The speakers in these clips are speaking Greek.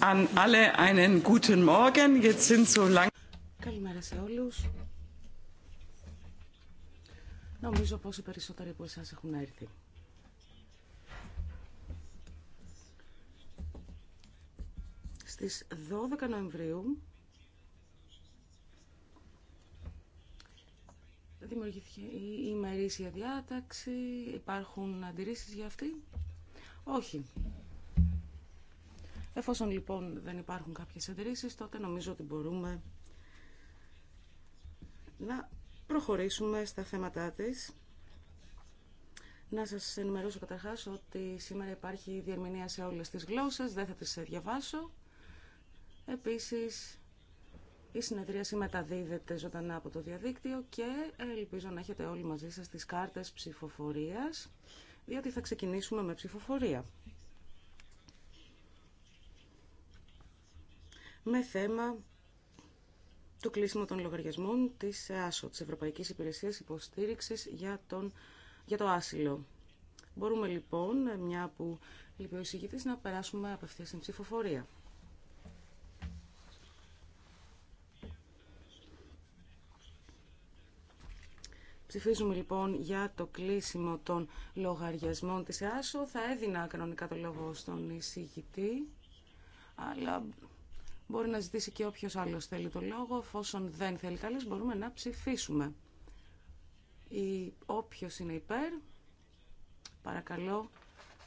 An alle einen guten Morgen. Jetzt sind so lang... Καλημέρα σε όλου. Νομίζω πω οι περισσότεροι από εσά έχουν έρθει. Στι 12 Νοεμβρίου δημιουργήθηκε η ημερήσια διάταξη. Υπάρχουν αντιρρήσει για αυτή. Όχι. Εφόσον λοιπόν δεν υπάρχουν κάποιες εντρήσεις, τότε νομίζω ότι μπορούμε να προχωρήσουμε στα θέματά της. Να σας ενημερώσω καταρχάς ότι σήμερα υπάρχει διερμηνία σε όλες τις γλώσσες, δεν θα τις διαβάσω. Επίσης, η συνεδρία μεταδίδεται ζωντανά από το διαδίκτυο και ελπίζω να έχετε όλοι μαζί σας τις κάρτες ψηφοφορίας διότι θα ξεκινήσουμε με ψηφοφορία. Με θέμα το κλείσιμο των λογαριασμών της ΕΑΣΟ, της Ευρωπαϊκής Υπηρεσίας Υποστήριξης για, τον, για το άσυλο. Μπορούμε λοιπόν, μια που λοιπόν ο να περάσουμε απευθείας στην ψηφοφορία. Ψηφίζουμε λοιπόν για το κλείσιμο των λογαριασμών της ΕΑΣΟ. Θα έδινα κανονικά το λόγο στον εισηγητή, αλλά μπορεί να ζητήσει και όποιος άλλος θέλει το λόγο. Εφόσον δεν θέλει καλής, μπορούμε να ψηφίσουμε. Ή όποιος είναι υπέρ, παρακαλώ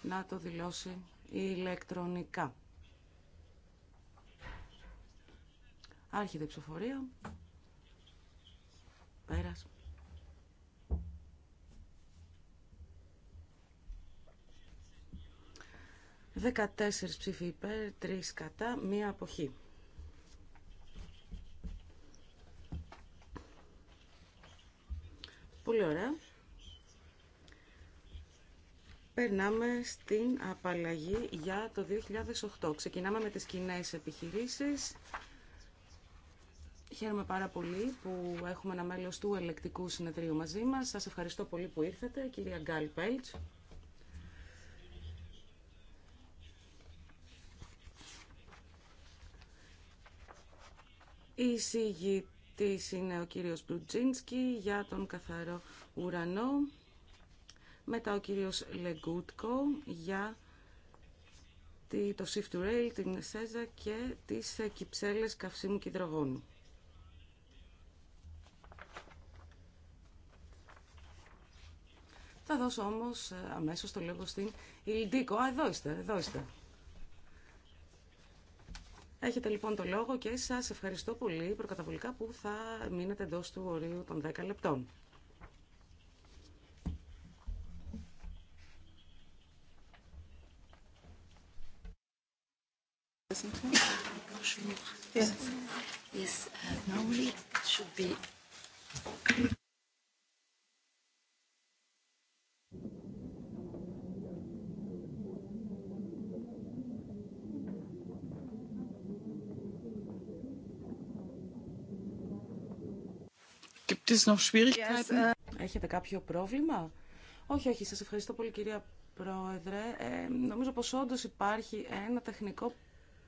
να το δηλώσει ηλεκτρονικά. Άρχεται η ψηφοφορία. Πέρας. 14 ψήφοι υπέρ, 3 κατά, μία αποχή. Πολύ ωραία. Περνάμε στην απαλλαγή για το 2008. Ξεκινάμε με τις κοινέ επιχειρήσεις. Χαίρομαι πάρα πολύ που έχουμε ένα μέλος του ελεκτικού συνεδρίου μαζί μας. Σας ευχαριστώ πολύ που ήρθατε, κυρία Γκάλ Πέλτς. Η είναι ο κύριος Μπλουτζίνσκι για τον καθαρό ουρανό. Μετά ο κύριος Λεγκούτκο για το Shift to Rail, την ΣΕΖΑ και τις ε, κυψέλες καυσίμου και υδρογόνου. Θα δώσω όμως ε, αμέσως το λόγο στην Ιλντίκο. Α, εδώ είστε, εδώ είστε. Έχετε λοιπόν το λόγο και σας ευχαριστώ πολύ προκαταβολικά που θα μείνετε εντό του ορίου των 10 λεπτών. Gibt es noch Schwierigkeiten? Uh, έχετε κάποιο πρόβλημα? Όχι, όχι. Σας ευχαριστώ πολύ κυρία Πρόεδρε. Ε, νομίζω πως όντως υπάρχει ένα τεχνικό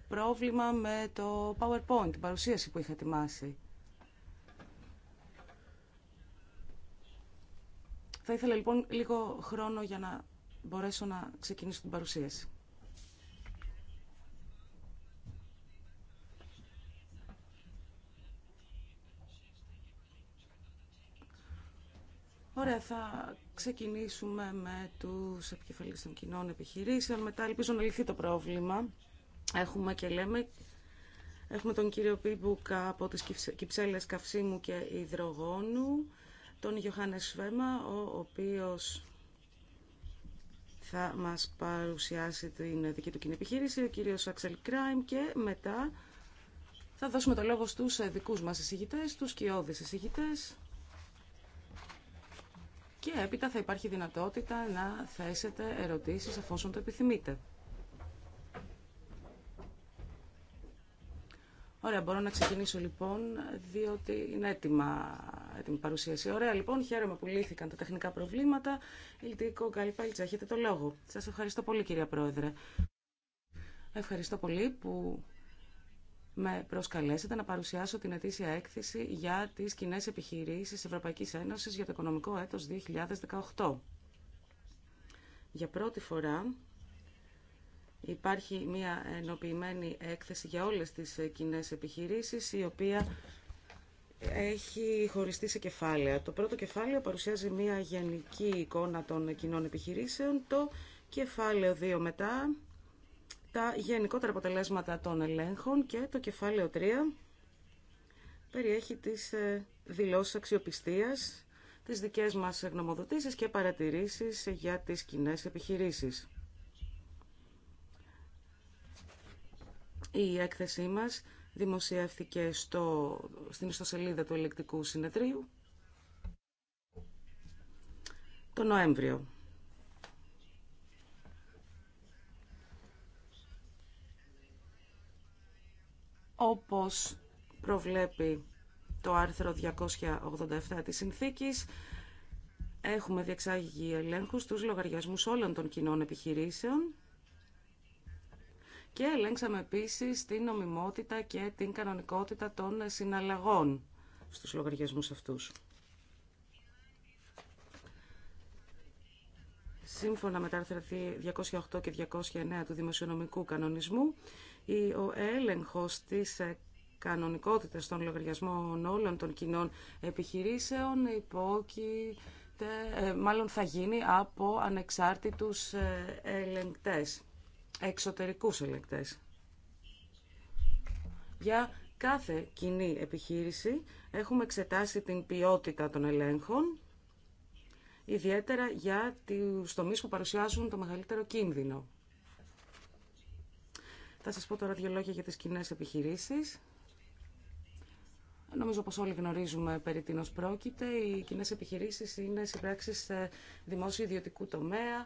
πρόβλημα με το PowerPoint, την παρουσίαση που είχα ετοιμάσει. Θα ήθελα λοιπόν λίγο χρόνο για να μπορέσω να ξεκινήσω την παρουσίαση. Ωραία, θα ξεκινήσουμε με τους επικεφαλείς των κοινών επιχειρήσεων. Μετά ελπίζω να λυθεί το πρόβλημα. Έχουμε και λέμε... Έχουμε τον κύριο Πίμπουκα από τις Κυψέλες Καυσίμου και Ιδρογόνου, τον Ιωάννη Σφέμα, ο οποίος θα μας παρουσιάσει την δική του κοινή επιχείρηση, ο κύριος Αξελ Κράιμ και μετά θα δώσουμε το λόγο στους δικούς μας εισηγητές, τους κοιόδης εισηγητές και έπειτα θα υπάρχει δυνατότητα να θέσετε ερωτήσεις εφόσον το επιθυμείτε. Ωραία, μπορώ να ξεκινήσω λοιπόν, διότι είναι έτοιμα, έτοιμη παρουσίαση. Ωραία, λοιπόν, χαίρομαι που λύθηκαν τα τεχνικά προβλήματα. Ηλτίκο παλιτσά, έχετε το λόγο. Σας ευχαριστώ πολύ, κυρία Πρόεδρε. Ευχαριστώ πολύ που με προσκαλέσετε να παρουσιάσω την ετήσια έκθεση για τις κοινέ επιχειρήσεις Ευρωπαϊκής Ένωσης για το οικονομικό έτος 2018. Για πρώτη φορά υπάρχει μια ενοποιημένη έκθεση για όλες τις κοινέ επιχειρήσεις η οποία έχει χωριστεί σε κεφάλαια. Το πρώτο κεφάλαιο παρουσιάζει μια γενική εικόνα των κοινών επιχειρήσεων, το κεφάλαιο 2 μετά τα γενικότερα αποτελέσματα των ελέγχων και το κεφάλαιο 3 περιέχει τις ε, δηλώσεις αξιοπιστίας, τις δικές μας γνωμοδοτήσεις και παρατηρήσεις για τις κοινέ επιχειρήσεις. Η έκθεσή μας δημοσιεύθηκε στο, στην ιστοσελίδα του Ελεκτικού Συνεδρίου το Νοέμβριο. όπως προβλέπει το άρθρο 287 της Συνθήκης, έχουμε διεξάγει ελέγχου στους λογαριασμούς όλων των κοινών επιχειρήσεων και ελέγξαμε επίσης την νομιμότητα και την κανονικότητα των συναλλαγών στους λογαριασμούς αυτούς. Σύμφωνα με τα άρθρα 208 και 209 του Δημοσιονομικού Κανονισμού, ο έλεγχος της ε, κανονικότητας των λογαριασμών όλων των κοινών επιχειρήσεων υπόκειται, ε, μάλλον θα γίνει από ανεξάρτητους ε, ελεγκτές, εξωτερικούς ελεγκτές. Για κάθε κοινή επιχείρηση έχουμε εξετάσει την ποιότητα των ελέγχων, ιδιαίτερα για τους τομείς που παρουσιάζουν το μεγαλύτερο κίνδυνο. Θα σας πω τώρα δύο λόγια για τις κοινέ επιχειρήσεις. Νομίζω πως όλοι γνωρίζουμε περί τίνος πρόκειται. Οι κοινέ επιχειρήσεις είναι συμπράξεις δημόσιο-ιδιωτικού τομέα,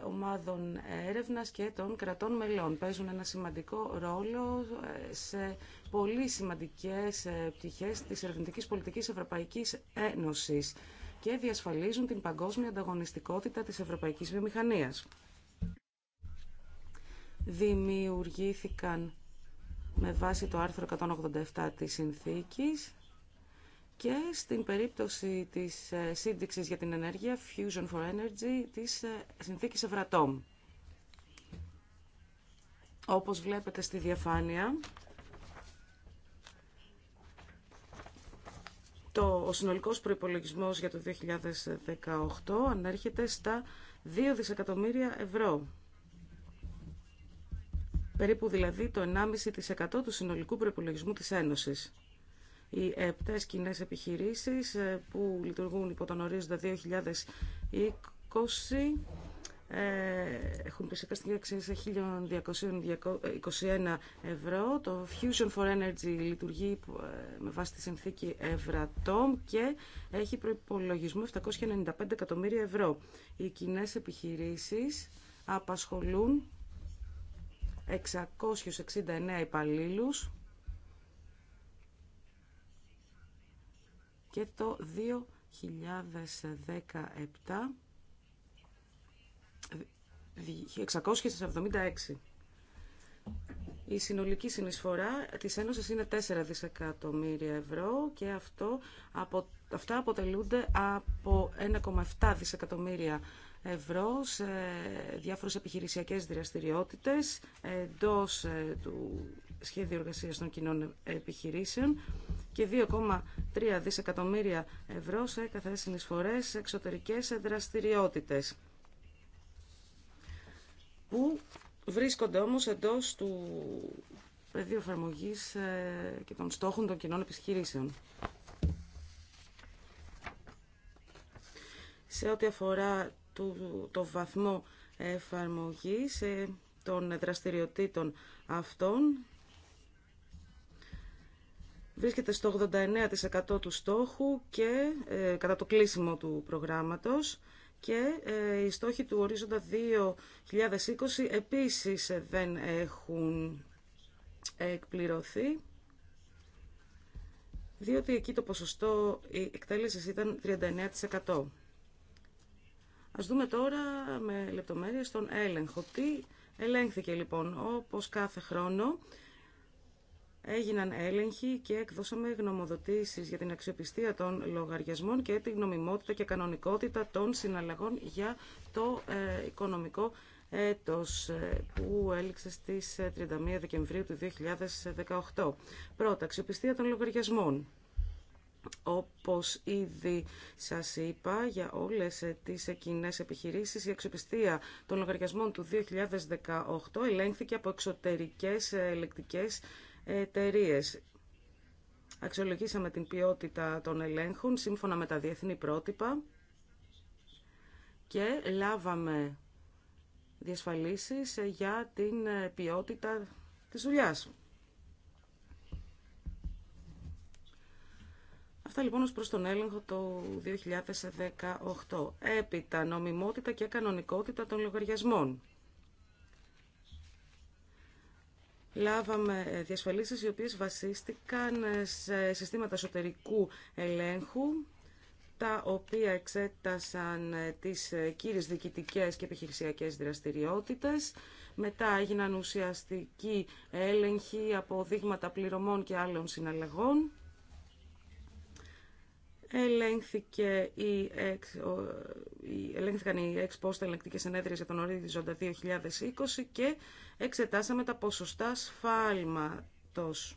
ε, ομάδων έρευνας και των κρατών μελών. Παίζουν ένα σημαντικό ρόλο ε, σε πολύ σημαντικές ε, πτυχές της ερευνητικής πολιτικής Ευρωπαϊκής Ένωσης και διασφαλίζουν την παγκόσμια ανταγωνιστικότητα της ευρωπαϊκής βιομηχανίας δημιουργήθηκαν με βάση το άρθρο 187 της συνθήκης και στην περίπτωση της ε, σύνδεξης για την ενέργεια Fusion for Energy της ε, συνθήκης Ευρατόμ. Όπως βλέπετε στη διαφάνεια, το, ο συνολικός προϋπολογισμός για το 2018 ανέρχεται στα 2 δισεκατομμύρια ευρώ περίπου δηλαδή το 1,5% του συνολικού προπολογισμού της Ένωσης. Οι 7 κοινέ επιχειρήσεις ε, που λειτουργούν υπό τον ορίζοντα 2020 ε, έχουν πλησιασει στην 1.221 ευρώ. Το Fusion for Energy λειτουργεί ε, με βάση τη συνθήκη Ευρατόμ και έχει προπολογισμό 795 εκατομμύρια ευρώ. Οι κοινέ επιχειρήσεις απασχολούν 669 υπαλλήλους και το 2017 676. Η συνολική συνεισφορά της Ένωσης είναι 4 δισεκατομμύρια ευρώ και αυτό, αυτά αποτελούνται από 1,7 δισεκατομμύρια ευρώ σε διάφορες επιχειρησιακές δραστηριότητες εντός ε, του σχέδιου εργασία των κοινών επιχειρήσεων και 2,3 δισεκατομμύρια ευρώ σε καθαρές συνεισφορές σε εξωτερικές δραστηριότητες που βρίσκονται όμως εντός του πεδίου εφαρμογή ε, και των στόχων των κοινών επιχειρήσεων. Σε ό,τι αφορά του, το βαθμό εφαρμογής ε, των δραστηριοτήτων αυτών βρίσκεται στο 89% του στόχου και ε, κατά το κλείσιμο του προγράμματος και ε, οι στόχοι του ορίζοντα 2020 επίσης δεν έχουν εκπληρωθεί διότι εκεί το ποσοστό εκτέλεσης ήταν 39%. Ας δούμε τώρα με λεπτομέρειες τον έλεγχο. Τι ελέγχθηκε λοιπόν, όπως κάθε χρόνο έγιναν έλεγχοι και έκδοσαμε γνωμοδοτήσεις για την αξιοπιστία των λογαριασμών και την γνωμιμότητα και κανονικότητα των συναλλαγών για το ε, οικονομικό έτος ε, που έληξε στις 31 ε, Δεκεμβρίου του 2018. Πρώτα, αξιοπιστία των λογαριασμών όπως ήδη σας είπα, για όλες ε, τις ε, κοινέ επιχειρήσεις, η αξιοπιστία των λογαριασμών του 2018 ελέγχθηκε από εξωτερικές ε, ελεκτικές εταιρείε. Αξιολογήσαμε την ποιότητα των ελέγχων σύμφωνα με τα διεθνή πρότυπα και λάβαμε διασφαλίσεις για την ποιότητα της δουλειάς. Αυτά λοιπόν ως προς τον έλεγχο το 2018. Έπειτα νομιμότητα και κανονικότητα των λογαριασμών. Λάβαμε ε, διασφαλίσεις οι οποίες βασίστηκαν ε, σε συστήματα εσωτερικού ελέγχου, τα οποία εξέτασαν ε, τις κύριες διοικητικές και επιχειρησιακές δραστηριότητες. Μετά έγιναν ουσιαστικοί έλεγχοι από δείγματα πληρωμών και άλλων συναλλαγών. Ελέγχθηκε η, εξ, η, ελέγχθηκαν οι εξπόστα ελεγκτικές συνέδριες για τον ορίζοντα 2020 και εξετάσαμε τα ποσοστά σφάλματος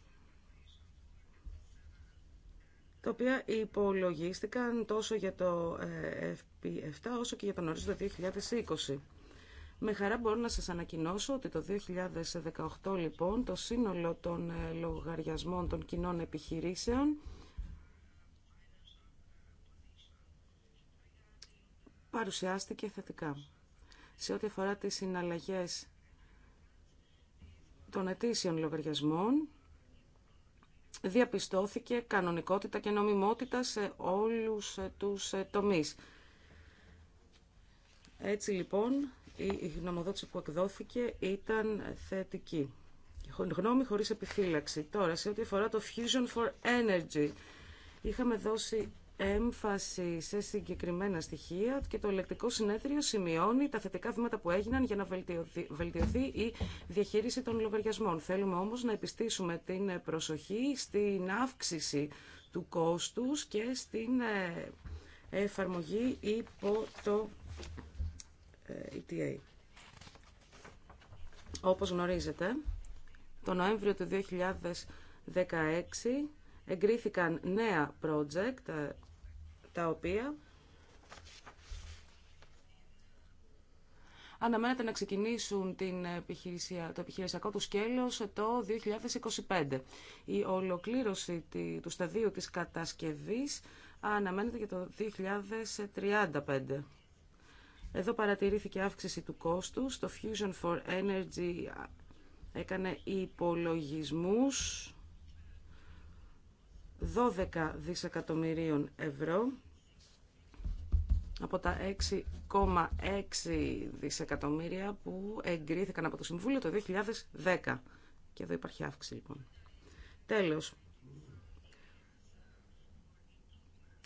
τα οποία υπολογίστηκαν τόσο για το ε, FP7 όσο και για τον ορίζοντα 2020. Με χαρά μπορώ να σας ανακοινώσω ότι το 2018 λοιπόν το σύνολο των ε, λογαριασμών των κοινών επιχειρήσεων παρουσιάστηκε θετικά. Σε ό,τι αφορά τις συναλλαγές των ετήσιων λογαριασμών, διαπιστώθηκε κανονικότητα και νομιμότητα σε όλους τους τομείς. Έτσι λοιπόν η γνωμοδότηση που εκδόθηκε ήταν θετική. Γνώμη χωρίς επιφύλαξη. Τώρα σε ό,τι αφορά το Fusion for Energy είχαμε δώσει έμφαση σε συγκεκριμένα στοιχεία και το ελεκτικό συνέδριο σημειώνει τα θετικά βήματα που έγιναν για να βελτιωθεί, η διαχείριση των λογαριασμών. Θέλουμε όμως να επιστήσουμε την προσοχή στην αύξηση του κόστους και στην ε, εφαρμογή υπό το ε, ETA. Όπως γνωρίζετε, το Νοέμβριο του 2016 εγκρίθηκαν νέα project ε, τα οποία αναμένεται να ξεκινήσουν την το επιχειρησιακό του σκέλος το 2025. Η ολοκλήρωση του σταδίου της κατασκευής αναμένεται για το 2035. Εδώ παρατηρήθηκε αύξηση του κόστου. Το Fusion for Energy έκανε υπολογισμούς 12 δισεκατομμυρίων ευρώ από τα 6,6 δισεκατομμύρια που εγκρίθηκαν από το Συμβούλιο το 2010. Και εδώ υπάρχει αύξηση λοιπόν. Τέλος,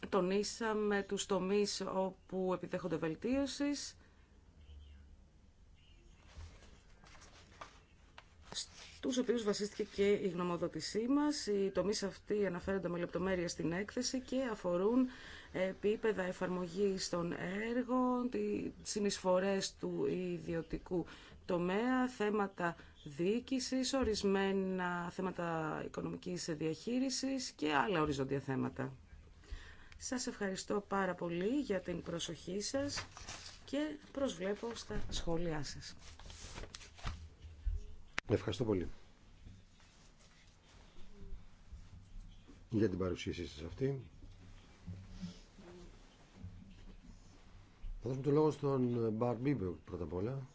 τονίσαμε τους τομείς όπου επιδέχονται βελτίωσης. Του οποίους βασίστηκε και η γνωμοδότησή μας. Οι τομείς αυτοί αναφέρονται με λεπτομέρεια στην έκθεση και αφορούν επίπεδα εφαρμογής των έργων, τι συνεισφορές του ιδιωτικού τομέα, θέματα διοίκησης, ορισμένα θέματα οικονομικής διαχείρισης και άλλα οριζόντια θέματα. Σας ευχαριστώ πάρα πολύ για την προσοχή σας και προσβλέπω στα σχόλιά σας. Ευχαριστώ πολύ για την παρουσίασή σας αυτή. Θα δώσουμε το λόγο στον ε, Μπαρ Μπίμπεκ πρώτα απ' όλα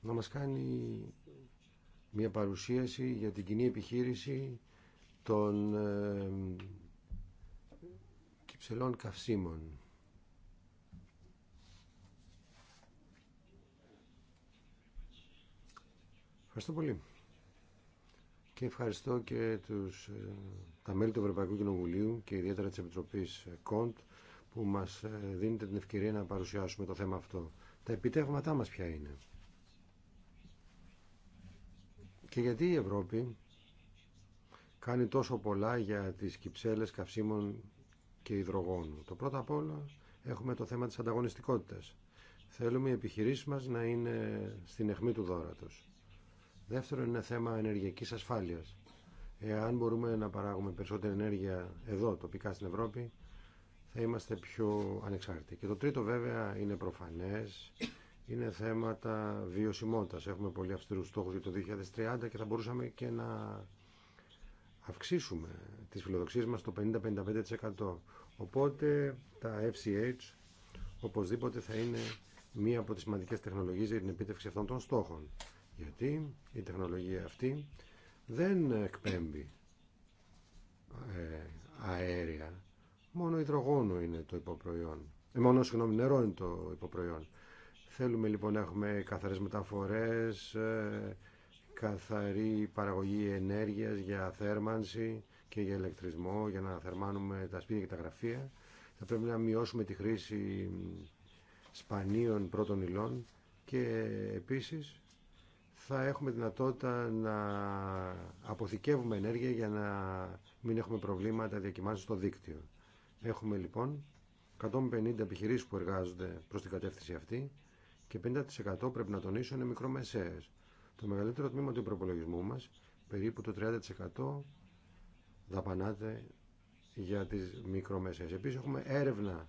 να μας κάνει μια παρουσίαση για την κοινή επιχείρηση των ε, κυψελών καυσίμων. Ευχαριστώ πολύ. Και ευχαριστώ και τους, ε, τα μέλη του Ευρωπαϊκού Κοινοβουλίου και ιδιαίτερα της Επιτροπής ΚΟΝΤ που μας ε, δίνετε την ευκαιρία να παρουσιάσουμε το θέμα αυτό. Τα επιτεύγματά μας ποια είναι. Και γιατί η Ευρώπη κάνει τόσο πολλά για τις κυψέλες καυσίμων και υδρογόνου. Το πρώτο απ' όλα έχουμε το θέμα της ανταγωνιστικότητας. Θέλουμε οι επιχειρήσεις μας να είναι στην αιχμή του δόρατος. Δεύτερο είναι θέμα ενεργειακής ασφάλειας. Εάν μπορούμε να παράγουμε περισσότερη ενέργεια εδώ τοπικά στην Ευρώπη, θα είμαστε πιο ανεξάρτητοι. Και το τρίτο βέβαια είναι προφανές, είναι θέματα βιωσιμότητας. Έχουμε πολύ αυστηρούς στόχους για το 2030 και θα μπορούσαμε και να αυξήσουμε τις φιλοδοξίες μας το 50-55%. Οπότε τα FCH οπωσδήποτε θα είναι μία από τις σημαντικές τεχνολογίες για την επίτευξη αυτών των στόχων. Γιατί η τεχνολογία αυτή δεν εκπέμπει ε, αέρια Μόνο υδρογόνο είναι το υποπροϊόν. Ε, μόνο, συγγνώμη, νερό είναι το υποπροϊόν. Θέλουμε λοιπόν να έχουμε καθαρές μεταφορές, ε, καθαρή παραγωγή ενέργειας για θέρμανση και για ηλεκτρισμό, για να θερμάνουμε τα σπίτια και τα γραφεία. Θα πρέπει να μειώσουμε τη χρήση σπανίων πρώτων υλών και επίσης θα έχουμε δυνατότητα να αποθηκεύουμε ενέργεια για να μην έχουμε προβλήματα διακοιμάσεις στο δίκτυο. Έχουμε λοιπόν 150 επιχειρήσεις που εργάζονται προς την κατεύθυνση αυτή και 50% πρέπει να τονίσω είναι μικρομεσαίες. Το μεγαλύτερο τμήμα του προπολογισμού μας, περίπου το 30% δαπανάται για τις μικρομεσαίες. Επίσης έχουμε έρευνα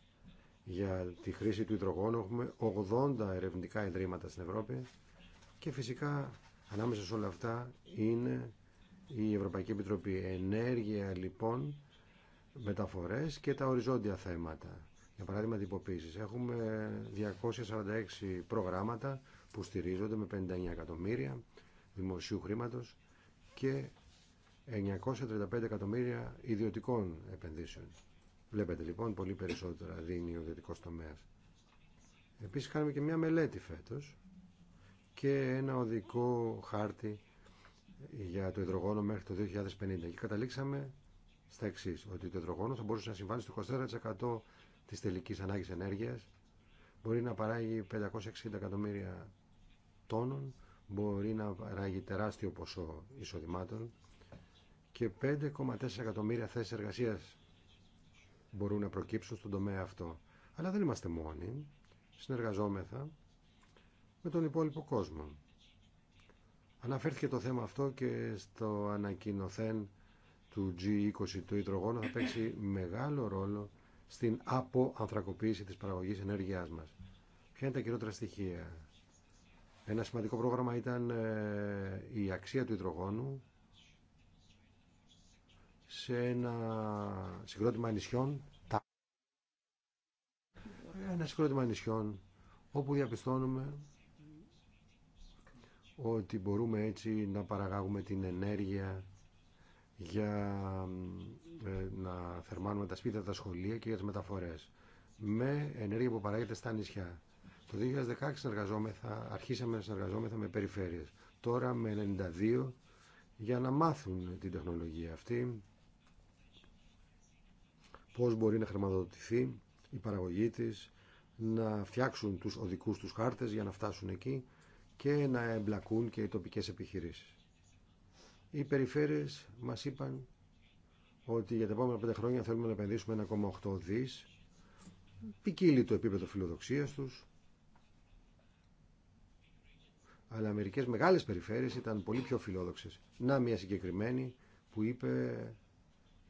για τη χρήση του υδρογόνου, έχουμε 80 ερευνητικά ιδρύματα στην Ευρώπη και φυσικά ανάμεσα σε όλα αυτά είναι η Ευρωπαϊκή Επιτροπή. Ενέργεια λοιπόν μεταφορές και τα οριζόντια θέματα. Για παράδειγμα, τυποποίησης. Έχουμε 246 προγράμματα που στηρίζονται με 59 εκατομμύρια δημοσίου χρήματος και 935 εκατομμύρια ιδιωτικών επενδύσεων. Βλέπετε λοιπόν πολύ περισσότερα δίνει ο ιδιωτικό τομέα. Επίσης κάνουμε και μια μελέτη φέτος και ένα οδικό χάρτη για το υδρογόνο μέχρι το 2050 και καταλήξαμε στα εξή, ότι το τετρογόνο θα μπορούσε να συμβάλλει στο 24% τη τελική ανάγκη ενέργεια, μπορεί να παράγει 560 εκατομμύρια τόνων, μπορεί να παράγει τεράστιο ποσό εισοδημάτων και 5,4 εκατομμύρια θέσει εργασία μπορούν να προκύψουν στον τομέα αυτό. Αλλά δεν είμαστε μόνοι. Συνεργαζόμεθα με τον υπόλοιπο κόσμο. Αναφέρθηκε το θέμα αυτό και στο ανακοινοθέν του G20 του υδρογόνο θα παίξει μεγάλο ρόλο στην αποανθρακοποίηση της παραγωγής ενέργειάς μας. Ποια είναι τα κυριότερα στοιχεία. Ένα σημαντικό πρόγραμμα ήταν ε, η αξία του υδρογόνου σε ένα συγκρότημα νησιών ένα συγκρότημα νησιών όπου διαπιστώνουμε ότι μπορούμε έτσι να παραγάγουμε την ενέργεια για ε, να θερμάνουμε τα σπίτια, τα σχολεία και για τις μεταφορές με ενέργεια που παράγεται στα νησιά. Το 2016 συνεργαζόμεθα, αρχίσαμε να συνεργαζόμεθα με περιφέρειες. Τώρα με 92 για να μάθουν την τεχνολογία αυτή, πώς μπορεί να χρηματοδοτηθεί η παραγωγή της, να φτιάξουν τους οδικούς τους χάρτες για να φτάσουν εκεί και να εμπλακούν και οι τοπικές επιχειρήσεις. Οι περιφέρειες μας είπαν ότι για τα επόμενα πέντε χρόνια θέλουμε να επενδύσουμε 1,8 δις. Ποικίλει το επίπεδο φιλοδοξίας τους. Αλλά μερικές μεγάλες περιφέρειες ήταν πολύ πιο φιλόδοξες. Να μια συγκεκριμένη που είπε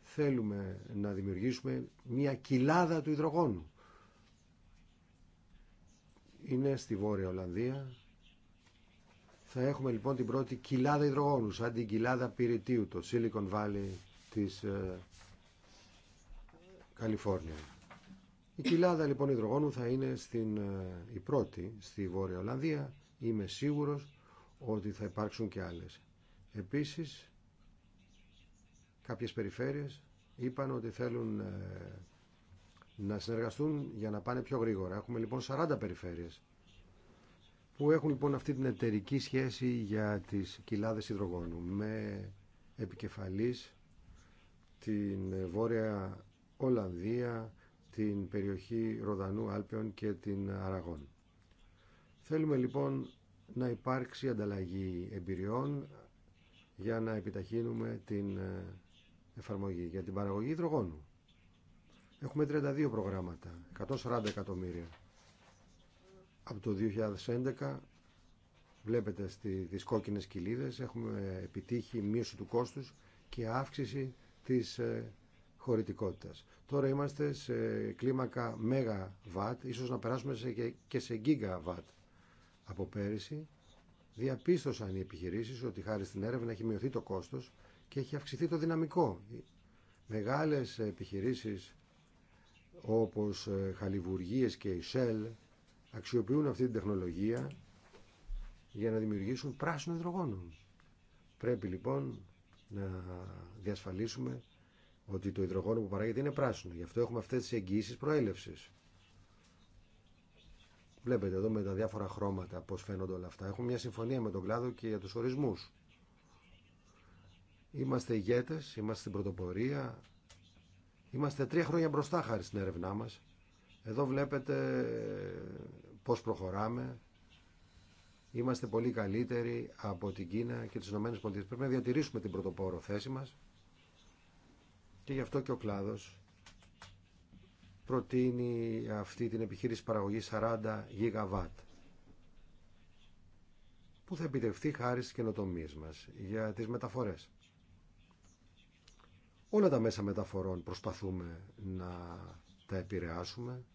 θέλουμε να δημιουργήσουμε μια κοιλάδα του υδρογόνου. Είναι στη Βόρεια Ολλανδία θα έχουμε λοιπόν την πρώτη κοιλάδα υδρογόνου, σαν την κοιλάδα πυρητίου, το Silicon Valley της ε, Καλιφόρνια. Η κοιλάδα λοιπόν υδρογόνου θα είναι στην, ε, η πρώτη στη Βόρεια Ολλανδία. Είμαι σίγουρος ότι θα υπάρξουν και άλλες. Επίσης, κάποιες περιφέρειες είπαν ότι θέλουν ε, να συνεργαστούν για να πάνε πιο γρήγορα. Έχουμε λοιπόν 40 περιφέρειες που έχουν λοιπόν αυτή την εταιρική σχέση για τις κοιλάδες υδρογόνου με επικεφαλής την Βόρεια Ολλανδία, την περιοχή Ροδανού Άλπαιων και την Αραγών. Θέλουμε λοιπόν να υπάρξει ανταλλαγή εμπειριών για να επιταχύνουμε την ε, εφαρμογή για την παραγωγή υδρογόνου. Έχουμε 32 προγράμματα, 140 εκατομμύρια από το 2011 βλέπετε στις κόκκινες κοιλίδες έχουμε επιτύχει μείωση του κόστους και αύξηση της ε, χωρητικότητας. Τώρα είμαστε σε κλίμακα μέγα βατ, ίσως να περάσουμε και σε γίγα βατ. Από πέρυσι διαπίστωσαν οι επιχειρήσεις ότι χάρη στην έρευνα έχει μειωθεί το κόστος και έχει αυξηθεί το δυναμικό. Μεγάλες επιχειρήσεις όπως ε, Χαλιβουργίες και η Shell αξιοποιούν αυτή την τεχνολογία για να δημιουργήσουν πράσινο υδρογόνο. Πρέπει λοιπόν να διασφαλίσουμε ότι το υδρογόνο που παράγεται είναι πράσινο. Γι' αυτό έχουμε αυτές τις εγγυήσεις προέλευσης. Βλέπετε εδώ με τα διάφορα χρώματα πώς φαίνονται όλα αυτά. Έχουμε μια συμφωνία με τον κλάδο και για τους ορισμούς. Είμαστε ηγέτες, είμαστε στην πρωτοπορία, είμαστε τρία χρόνια μπροστά χάρη στην έρευνά μας εδώ βλέπετε πώς προχωράμε. Είμαστε πολύ καλύτεροι από την Κίνα και τις Ηνωμένες Πολιτείες. Πρέπει να διατηρήσουμε την πρωτοπόρο θέση μας και γι' αυτό και ο κλάδος προτείνει αυτή την επιχείρηση παραγωγής 40 γιγαβάτ που θα επιτευχθεί χάρη στις καινοτομίες μας για τις μεταφορές. Όλα τα μέσα μεταφορών προσπαθούμε να τα επηρεάσουμε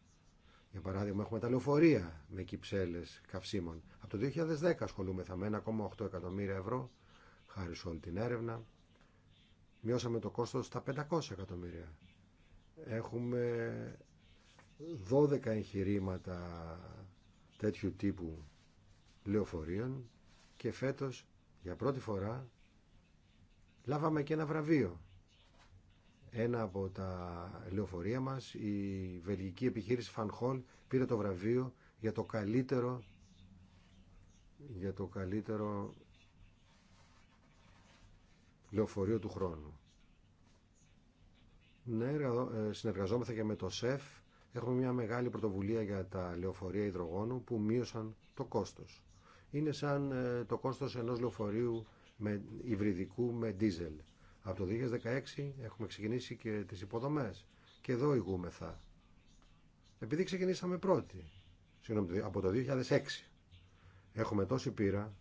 για παράδειγμα, έχουμε τα λεωφορεία με κυψέλε καυσίμων. Από το 2010 ασχολούμεθα με 1,8 εκατομμύρια ευρώ, χάρη σε όλη την έρευνα. Μειώσαμε το κόστος στα 500 εκατομμύρια. Έχουμε 12 εγχειρήματα τέτοιου τύπου λεωφορείων και φέτος για πρώτη φορά λάβαμε και ένα βραβείο ένα από τα λεωφορεία μας, η βελγική επιχείρηση Φανχόλ, πήρε το βραβείο για το καλύτερο για το καλύτερο λεωφορείο του χρόνου. Ναι, ε, συνεργαζόμαστε και με το ΣΕΦ. Έχουμε μια μεγάλη πρωτοβουλία για τα λεωφορεία υδρογόνου που μείωσαν το κόστος. Είναι σαν ε, το κόστος ενός λεωφορείου με, υβριδικού με δίζελ. Από το 2016 έχουμε ξεκινήσει και τις υποδομές και εδώ ηγούμεθα. Επειδή ξεκινήσαμε πρώτοι, από το 2006, έχουμε τόση πείρα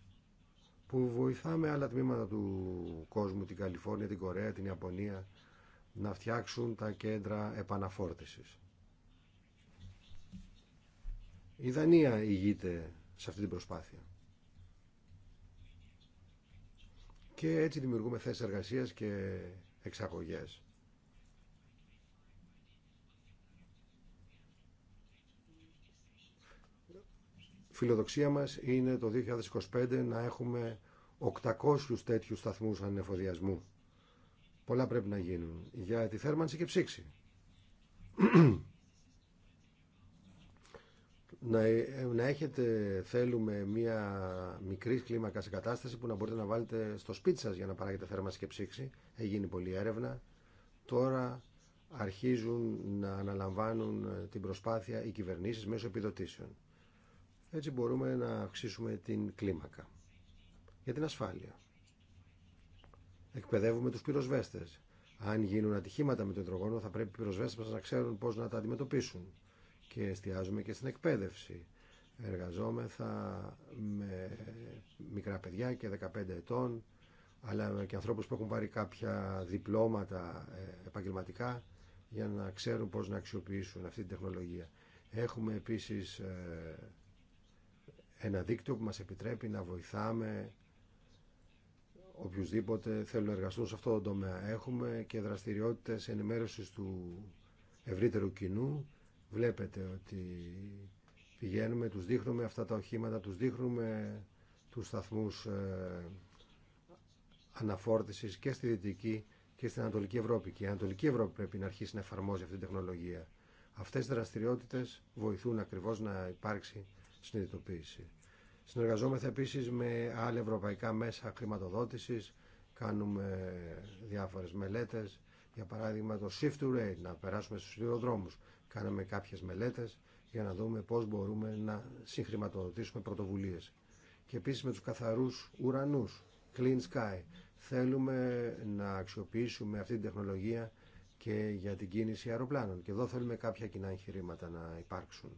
που βοηθάμε άλλα τμήματα του κόσμου, την Καλιφόρνια, την Κορέα, την Ιαπωνία, να φτιάξουν τα κέντρα επαναφόρτισης. Η Δανία ηγείται σε αυτή την προσπάθεια. και έτσι δημιουργούμε θέσεις εργασίας και εξαγωγές. Φιλοδοξία μας είναι το 2025 να έχουμε 800 τέτοιους σταθμούς ανεφοδιασμού. Πολλά πρέπει να γίνουν για τη θέρμανση και ψήξη να, έχετε, θέλουμε, μια μικρή κλίμακα σε κατάσταση που να μπορείτε να βάλετε στο σπίτι σας για να παράγετε θέρμανση και ψήξη. Έχει γίνει πολλή έρευνα. Τώρα αρχίζουν να αναλαμβάνουν ε, την προσπάθεια οι κυβερνήσεις μέσω επιδοτήσεων. Έτσι μπορούμε να αυξήσουμε την κλίμακα. Για την ασφάλεια. Εκπαιδεύουμε τους πυροσβέστες. Αν γίνουν ατυχήματα με το υδρογόνο θα πρέπει οι πυροσβέστες να ξέρουν πώς να τα αντιμετωπίσουν και εστιάζουμε και στην εκπαίδευση. Εργαζόμεθα με μικρά παιδιά και 15 ετών, αλλά και ανθρώπους που έχουν πάρει κάποια διπλώματα ε, επαγγελματικά για να ξέρουν πώς να αξιοποιήσουν αυτή την τεχνολογία. Έχουμε επίσης ε, ένα δίκτυο που μας επιτρέπει να βοηθάμε οποιουσδήποτε θέλουν να εργαστούν σε αυτό το τομέα. Έχουμε και δραστηριότητες ενημέρωσης του ευρύτερου κοινού Βλέπετε ότι πηγαίνουμε, τους δείχνουμε αυτά τα οχήματα, τους δείχνουμε τους σταθμούς ε, αναφόρτησης και στη Δυτική και στην Ανατολική Ευρώπη. Και η Ανατολική Ευρώπη πρέπει να αρχίσει να εφαρμόζει αυτή την τεχνολογία. Αυτές οι δραστηριότητες βοηθούν ακριβώς να υπάρξει συνειδητοποίηση. Συνεργαζόμαστε επίσης με άλλα ευρωπαϊκά μέσα χρηματοδότησης, κάνουμε διάφορες μελέτες, για παράδειγμα το shift to rail, να περάσουμε στους σιδηροδρόμους. Κάναμε κάποιες μελέτες για να δούμε πώς μπορούμε να συγχρηματοδοτήσουμε πρωτοβουλίες. Και επίσης με τους καθαρούς ουρανούς, Clean Sky, θέλουμε να αξιοποιήσουμε αυτή την τεχνολογία και για την κίνηση αεροπλάνων. Και εδώ θέλουμε κάποια κοινά εγχειρήματα να υπάρξουν.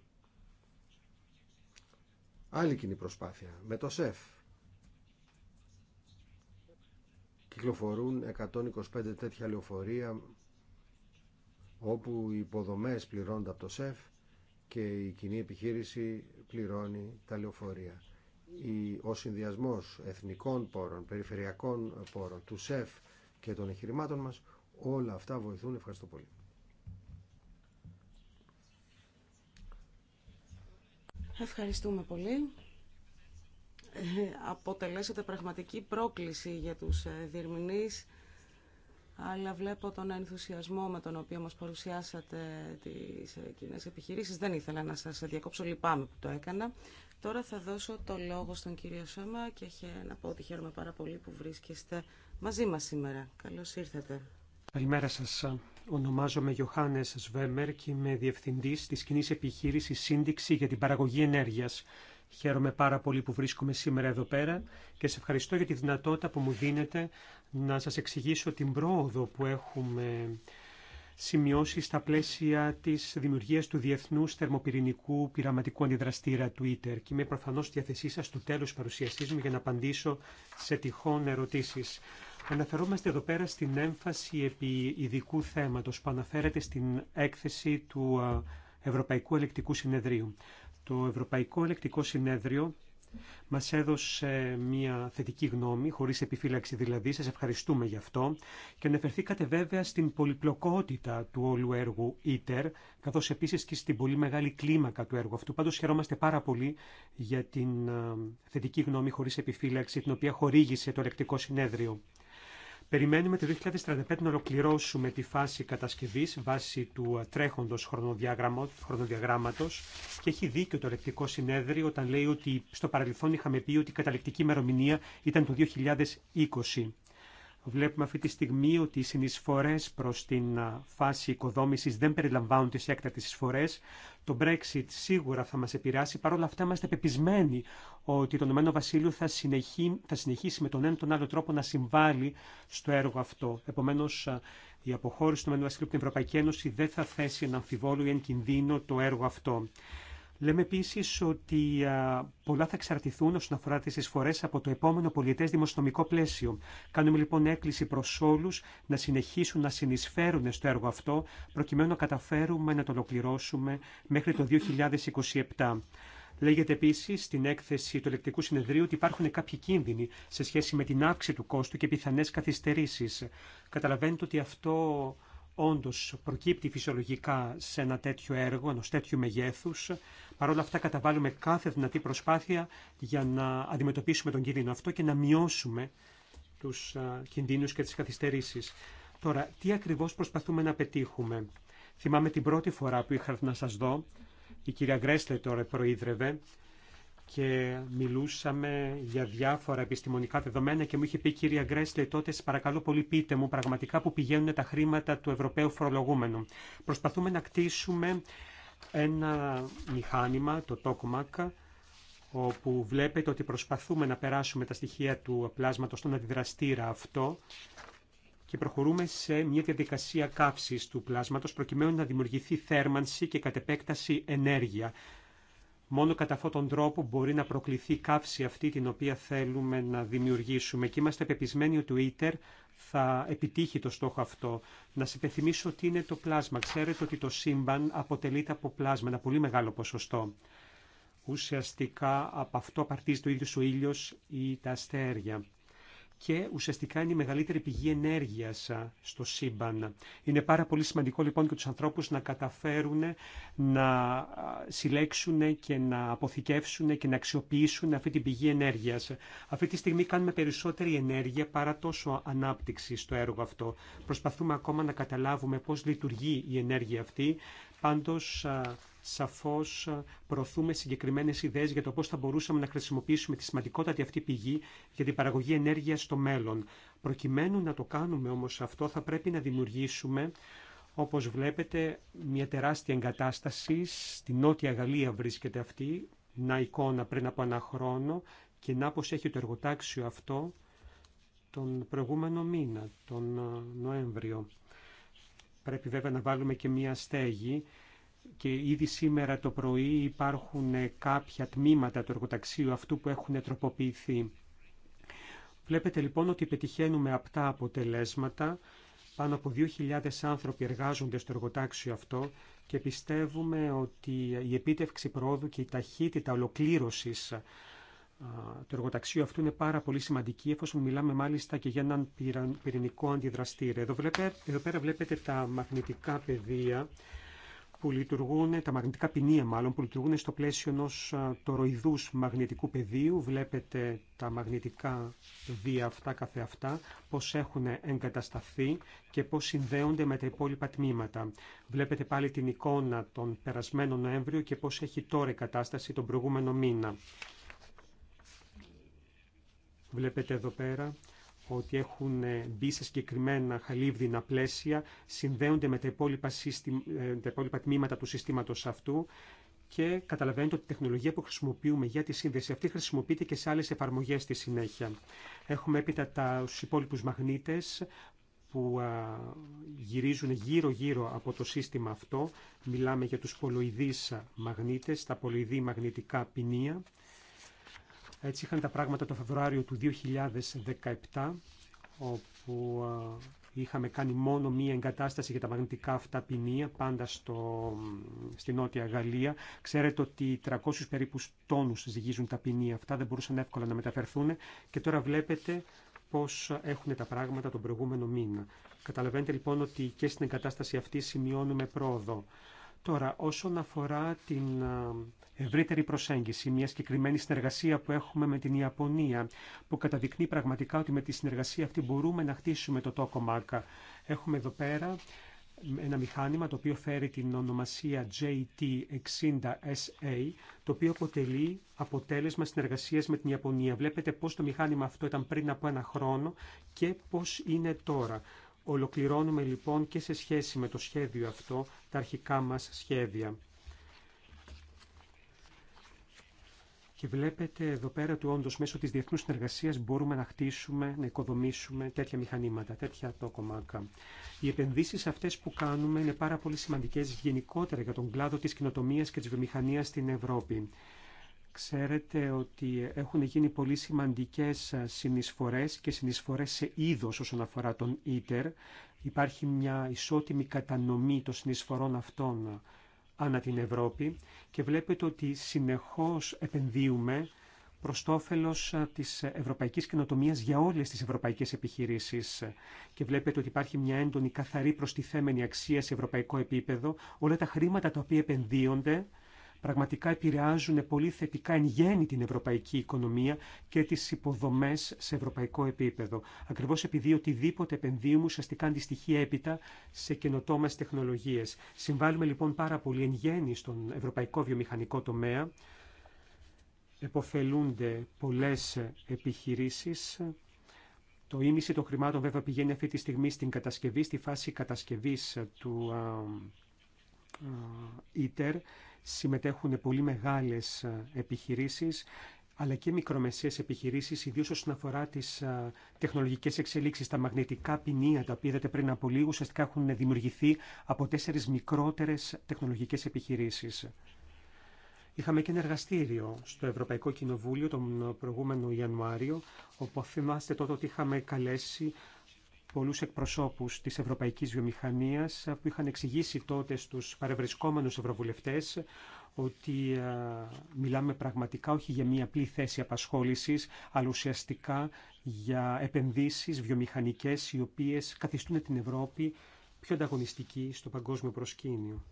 Άλλη κοινή προσπάθεια, με το ΣΕΦ. Κυκλοφορούν 125 τέτοια λεωφορεία όπου οι υποδομές πληρώνονται από το ΣΕΦ και η κοινή επιχείρηση πληρώνει τα λεωφορεία. Ο συνδυασμός εθνικών πόρων, περιφερειακών πόρων, του ΣΕΦ και των εγχειρημάτων μας, όλα αυτά βοηθούν. Ευχαριστώ πολύ. Ευχαριστούμε πολύ. Ε, αποτελέσατε πραγματική πρόκληση για τους ε, διερμηνείς αλλά βλέπω τον ενθουσιασμό με τον οποίο μας παρουσιάσατε τις ε, κοινέ επιχειρήσεις. Δεν ήθελα να σας διακόψω, λυπάμαι που το έκανα. Τώρα θα δώσω το λόγο στον κύριο Σώμα και να πω ότι χαίρομαι πάρα πολύ που βρίσκεστε μαζί μας σήμερα. Καλώς ήρθατε. Καλημέρα σας. Ονομάζομαι Γιωχάνες Σβέμερ και είμαι διευθυντής της κοινή επιχείρησης Σύνδεξη για την Παραγωγή Ενέργειας. Χαίρομαι πάρα πολύ που βρίσκομαι σήμερα εδώ πέρα και σε ευχαριστώ για τη δυνατότητα που μου δίνετε να σας εξηγήσω την πρόοδο που έχουμε σημειώσει στα πλαίσια της δημιουργίας του Διεθνούς Θερμοπυρηνικού Πειραματικού Αντιδραστήρα Twitter και είμαι προφανώς στη διαθεσή σας του τέλους παρουσιαστής μου για να απαντήσω σε τυχόν ερωτήσεις. Αναφερόμαστε εδώ πέρα στην έμφαση επί ειδικού θέματος που αναφέρεται στην έκθεση του Ευρωπαϊκού Ελεκτικού Συνεδρίου. Το Ευρωπαϊκό Ελεκτικό Συνέδριο μας έδωσε μια θετική γνώμη, χωρίς επιφύλαξη δηλαδή, σας ευχαριστούμε γι' αυτό, και αναφερθήκατε βέβαια στην πολυπλοκότητα του όλου έργου ITER, καθώς επίσης και στην πολύ μεγάλη κλίμακα του έργου αυτού. Πάντως χαιρόμαστε πάρα πολύ για την θετική γνώμη χωρίς επιφύλαξη, την οποία χορήγησε το Ελεκτικό Συνέδριο. Περιμένουμε το 2035 να ολοκληρώσουμε τη φάση κατασκευής βάσει του τρέχοντος χρονοδιαγράμματος και έχει δίκιο το ελεκτικό συνέδριο όταν λέει ότι στο παρελθόν είχαμε πει ότι η καταληκτική ημερομηνία ήταν το 2020. Βλέπουμε αυτή τη στιγμή ότι οι συνεισφορέ προ την φάση οικοδόμηση δεν περιλαμβάνουν τις έκτατες εισφορέ. Το Brexit σίγουρα θα μα επηρεάσει. Παρ' όλα αυτά είμαστε πεπισμένοι ότι το Ηνωμένο Βασίλειο θα, συνεχίσει με τον ένα τον άλλο τρόπο να συμβάλλει στο έργο αυτό. Επομένω, η αποχώρηση του Ηνωμένου Βασίλειου από την Ευρωπαϊκή Ένωση δεν θα θέσει ένα αμφιβόλο ή ένα κινδύνο το έργο αυτό. Λέμε επίση ότι πολλά θα εξαρτηθούν όσον αφορά τι εισφορέ από το επόμενο πολιτέ δημοσιονομικό πλαίσιο. Κάνουμε λοιπόν έκκληση προ όλου να συνεχίσουν να συνεισφέρουν στο έργο αυτό, προκειμένου να καταφέρουμε να το ολοκληρώσουμε μέχρι το 2027. Λέγεται επίση στην έκθεση του ελεκτικού συνεδρίου ότι υπάρχουν κάποιοι κίνδυνοι σε σχέση με την αύξηση του κόστου και πιθανέ καθυστερήσει. Καταλαβαίνετε ότι αυτό Όντω προκύπτει φυσιολογικά σε ένα τέτοιο έργο, ενό τέτοιου μεγέθους. Παρ' όλα αυτά καταβάλουμε κάθε δυνατή προσπάθεια για να αντιμετωπίσουμε τον κίνδυνο αυτό και να μειώσουμε τους κινδύνους και τι καθυστερήσει. Τώρα, τι ακριβώς προσπαθούμε να πετύχουμε. Θυμάμαι την πρώτη φορά που είχα να σα δω, η κυρία Γκρέσλε τώρα προείδρευε, και μιλούσαμε για διάφορα επιστημονικά δεδομένα και μου είχε πει η κυρία Γκρέσλε τότε, σας παρακαλώ πολύ πείτε μου πραγματικά που πηγαίνουν τα χρήματα του Ευρωπαίου φορολογούμενου. Προσπαθούμε να κτίσουμε ένα μηχάνημα, το TOCMAC, όπου βλέπετε ότι προσπαθούμε να περάσουμε τα στοιχεία του πλάσματος στον αντιδραστήρα αυτό και προχωρούμε σε μια διαδικασία καύσης του πλάσματος προκειμένου να δημιουργηθεί θέρμανση και κατ' επέκταση ενέργεια. Μόνο κατά αυτόν τον τρόπο μπορεί να προκληθεί η καύση αυτή την οποία θέλουμε να δημιουργήσουμε και είμαστε πεπισμένοι ότι ο ΙΤΕΡ θα επιτύχει το στόχο αυτό. Να σε υπενθυμίσω ότι είναι το πλάσμα. Ξέρετε ότι το σύμπαν αποτελείται από πλάσμα, ένα πολύ μεγάλο ποσοστό. Ουσιαστικά από αυτό απαρτίζει το ίδιο ο ήλιος ή τα αστέρια και ουσιαστικά είναι η μεγαλύτερη πηγή ενέργειας στο σύμπαν. Είναι πάρα πολύ σημαντικό λοιπόν και τους ανθρώπους να καταφέρουν να συλλέξουν και να αποθηκεύσουν και να αξιοποιήσουν αυτή την πηγή ενέργειας. Αυτή τη στιγμή κάνουμε περισσότερη ενέργεια παρά τόσο ανάπτυξη στο έργο αυτό. Προσπαθούμε ακόμα να καταλάβουμε πώς λειτουργεί η ενέργεια αυτή. Πάντως σαφώς ε, προωθούμε συγκεκριμένες ιδέες για το πώς θα μπορούσαμε να χρησιμοποιήσουμε τη σημαντικότατη αυτή πηγή για την παραγωγή ενέργειας στο μέλλον. Προκειμένου να το κάνουμε όμως αυτό θα πρέπει να δημιουργήσουμε όπως βλέπετε μια τεράστια εγκατάσταση, στη Νότια Γαλλία βρίσκεται αυτή, να εικόνα πριν από ένα χρόνο και να πως έχει το εργοτάξιο αυτό τον προηγούμενο μήνα, τον ε, Νοέμβριο. Πρέπει βέβαια να βάλουμε και μία στέγη και ήδη σήμερα το πρωί υπάρχουν κάποια τμήματα του εργοταξίου αυτού που έχουν τροποποιηθεί. Βλέπετε λοιπόν ότι πετυχαίνουμε απτά αποτελέσματα. Πάνω από 2.000 άνθρωποι εργάζονται στο εργοτάξιο αυτό και πιστεύουμε ότι η επίτευξη πρόοδου και η ταχύτητα ολοκλήρωσης του εργοταξίου αυτού είναι πάρα πολύ σημαντική, εφόσον μιλάμε μάλιστα και για έναν πυρηνικό αντιδραστήριο. Εδώ, εδώ πέρα βλέπετε τα μαγνητικά πεδία που λειτουργούν, τα μαγνητικά ποινία μάλλον, που λειτουργούν στο πλαίσιο ενό τοροειδού μαγνητικού πεδίου. Βλέπετε τα μαγνητικά βία αυτά καθεαυτά, πώ έχουν εγκατασταθεί και πώ συνδέονται με τα υπόλοιπα τμήματα. Βλέπετε πάλι την εικόνα τον περασμένο Νοέμβριο και πώ έχει τώρα η κατάσταση τον προηγούμενο μήνα. Βλέπετε εδώ πέρα ότι έχουν ε, μπει σε συγκεκριμένα χαλίβδινα πλαίσια, συνδέονται με τα υπόλοιπα, σύστημα, ε, τα υπόλοιπα τμήματα του συστήματος αυτού και καταλαβαίνετε ότι η τεχνολογία που χρησιμοποιούμε για τη σύνδεση αυτή χρησιμοποιείται και σε άλλες εφαρμογές στη συνέχεια. Έχουμε έπειτα τα, τους υπόλοιπους μαγνήτες που γυρίζουν γύρω-γύρω από το σύστημα αυτό. Μιλάμε για τους πολοειδείς μαγνήτες, τα πολοειδή μαγνητικά ποινία. Έτσι είχαν τα πράγματα το Φεβρουάριο του 2017, όπου είχαμε κάνει μόνο μία εγκατάσταση για τα μαγνητικά αυτά ποινία, πάντα στο, στη Νότια Γαλλία. Ξέρετε ότι 300 περίπου τόνους ζυγίζουν τα ποινία αυτά, δεν μπορούσαν εύκολα να μεταφερθούν και τώρα βλέπετε πώς έχουν τα πράγματα τον προηγούμενο μήνα. Καταλαβαίνετε λοιπόν ότι και στην εγκατάσταση αυτή σημειώνουμε πρόοδο. Τώρα, όσον αφορά την ευρύτερη προσέγγιση, μια συγκεκριμένη συνεργασία που έχουμε με την Ιαπωνία, που καταδεικνύει πραγματικά ότι με τη συνεργασία αυτή μπορούμε να χτίσουμε το τόκο ΜΑΚΑ. Έχουμε εδώ πέρα ένα μηχάνημα το οποίο φέρει την ονομασία JT60SA, το οποίο αποτελεί αποτέλεσμα συνεργασίας με την Ιαπωνία. Βλέπετε πώς το μηχάνημα αυτό ήταν πριν από ένα χρόνο και πώς είναι τώρα. Ολοκληρώνουμε λοιπόν και σε σχέση με το σχέδιο αυτό τα αρχικά μας σχέδια. Και βλέπετε εδώ πέρα του όντω μέσω της διεθνού συνεργασίας μπορούμε να χτίσουμε, να οικοδομήσουμε τέτοια μηχανήματα, τέτοια τόκομάκα. Οι επενδύσεις αυτές που κάνουμε είναι πάρα πολύ σημαντικές γενικότερα για τον κλάδο της κοινοτομία και της βιομηχανίας στην Ευρώπη. Ξέρετε ότι έχουν γίνει πολύ σημαντικές συνεισφορές και συνεισφορές σε είδος όσον αφορά τον ίτερ. Υπάρχει μια ισότιμη κατανομή των συνεισφορών αυτών ανά την Ευρώπη και βλέπετε ότι συνεχώς επενδύουμε προς το όφελος της ευρωπαϊκής καινοτομίας για όλες τις ευρωπαϊκές επιχειρήσεις. Και βλέπετε ότι υπάρχει μια έντονη καθαρή προστιθέμενη αξία σε ευρωπαϊκό επίπεδο. Όλα τα χρήματα τα οποία επενδύονται πραγματικά επηρεάζουν πολύ θετικά εν γέννη την ευρωπαϊκή οικονομία και τις υποδομές σε ευρωπαϊκό επίπεδο. Ακριβώς επειδή οτιδήποτε επενδύουμε ουσιαστικά αντιστοιχεί έπειτα σε καινοτόμες τεχνολογίες. Συμβάλλουμε λοιπόν πάρα πολύ εν γέννη στον ευρωπαϊκό βιομηχανικό τομέα. Εποφελούνται πολλές επιχειρήσεις. Το ίμιση των χρημάτων βέβαια πηγαίνει αυτή τη στιγμή στην κατασκευή, στη φάση κατασκευής του ΙΤΕΡ συμμετέχουν πολύ μεγάλες ε, επιχειρήσεις αλλά και μικρομεσαίες επιχειρήσεις, ιδίως όσον αφορά τις α, ε, τεχνολογικές εξελίξεις. Τα μαγνητικά ποινία, τα οποία είδατε πριν από λίγο, ουσιαστικά έχουν δημιουργηθεί από τέσσερις μικρότερες τεχνολογικές επιχειρήσεις. Είχαμε και ένα εργαστήριο στο Ευρωπαϊκό Κοινοβούλιο τον προηγούμενο Ιανουάριο, όπου θυμάστε τότε ότι είχαμε καλέσει πολλούς εκπροσώπους της Ευρωπαϊκής Βιομηχανίας ε, που είχαν εξηγήσει τότε στους παρευρισκόμενους ευρωβουλευτές ότι ε, μιλάμε πραγματικά όχι για μία απλή θέση απασχόλησης, αλλά ουσιαστικά για επενδύσεις βιομηχανικές οι οποίες καθιστούν την Ευρώπη πιο ανταγωνιστική στο παγκόσμιο προσκήνιο.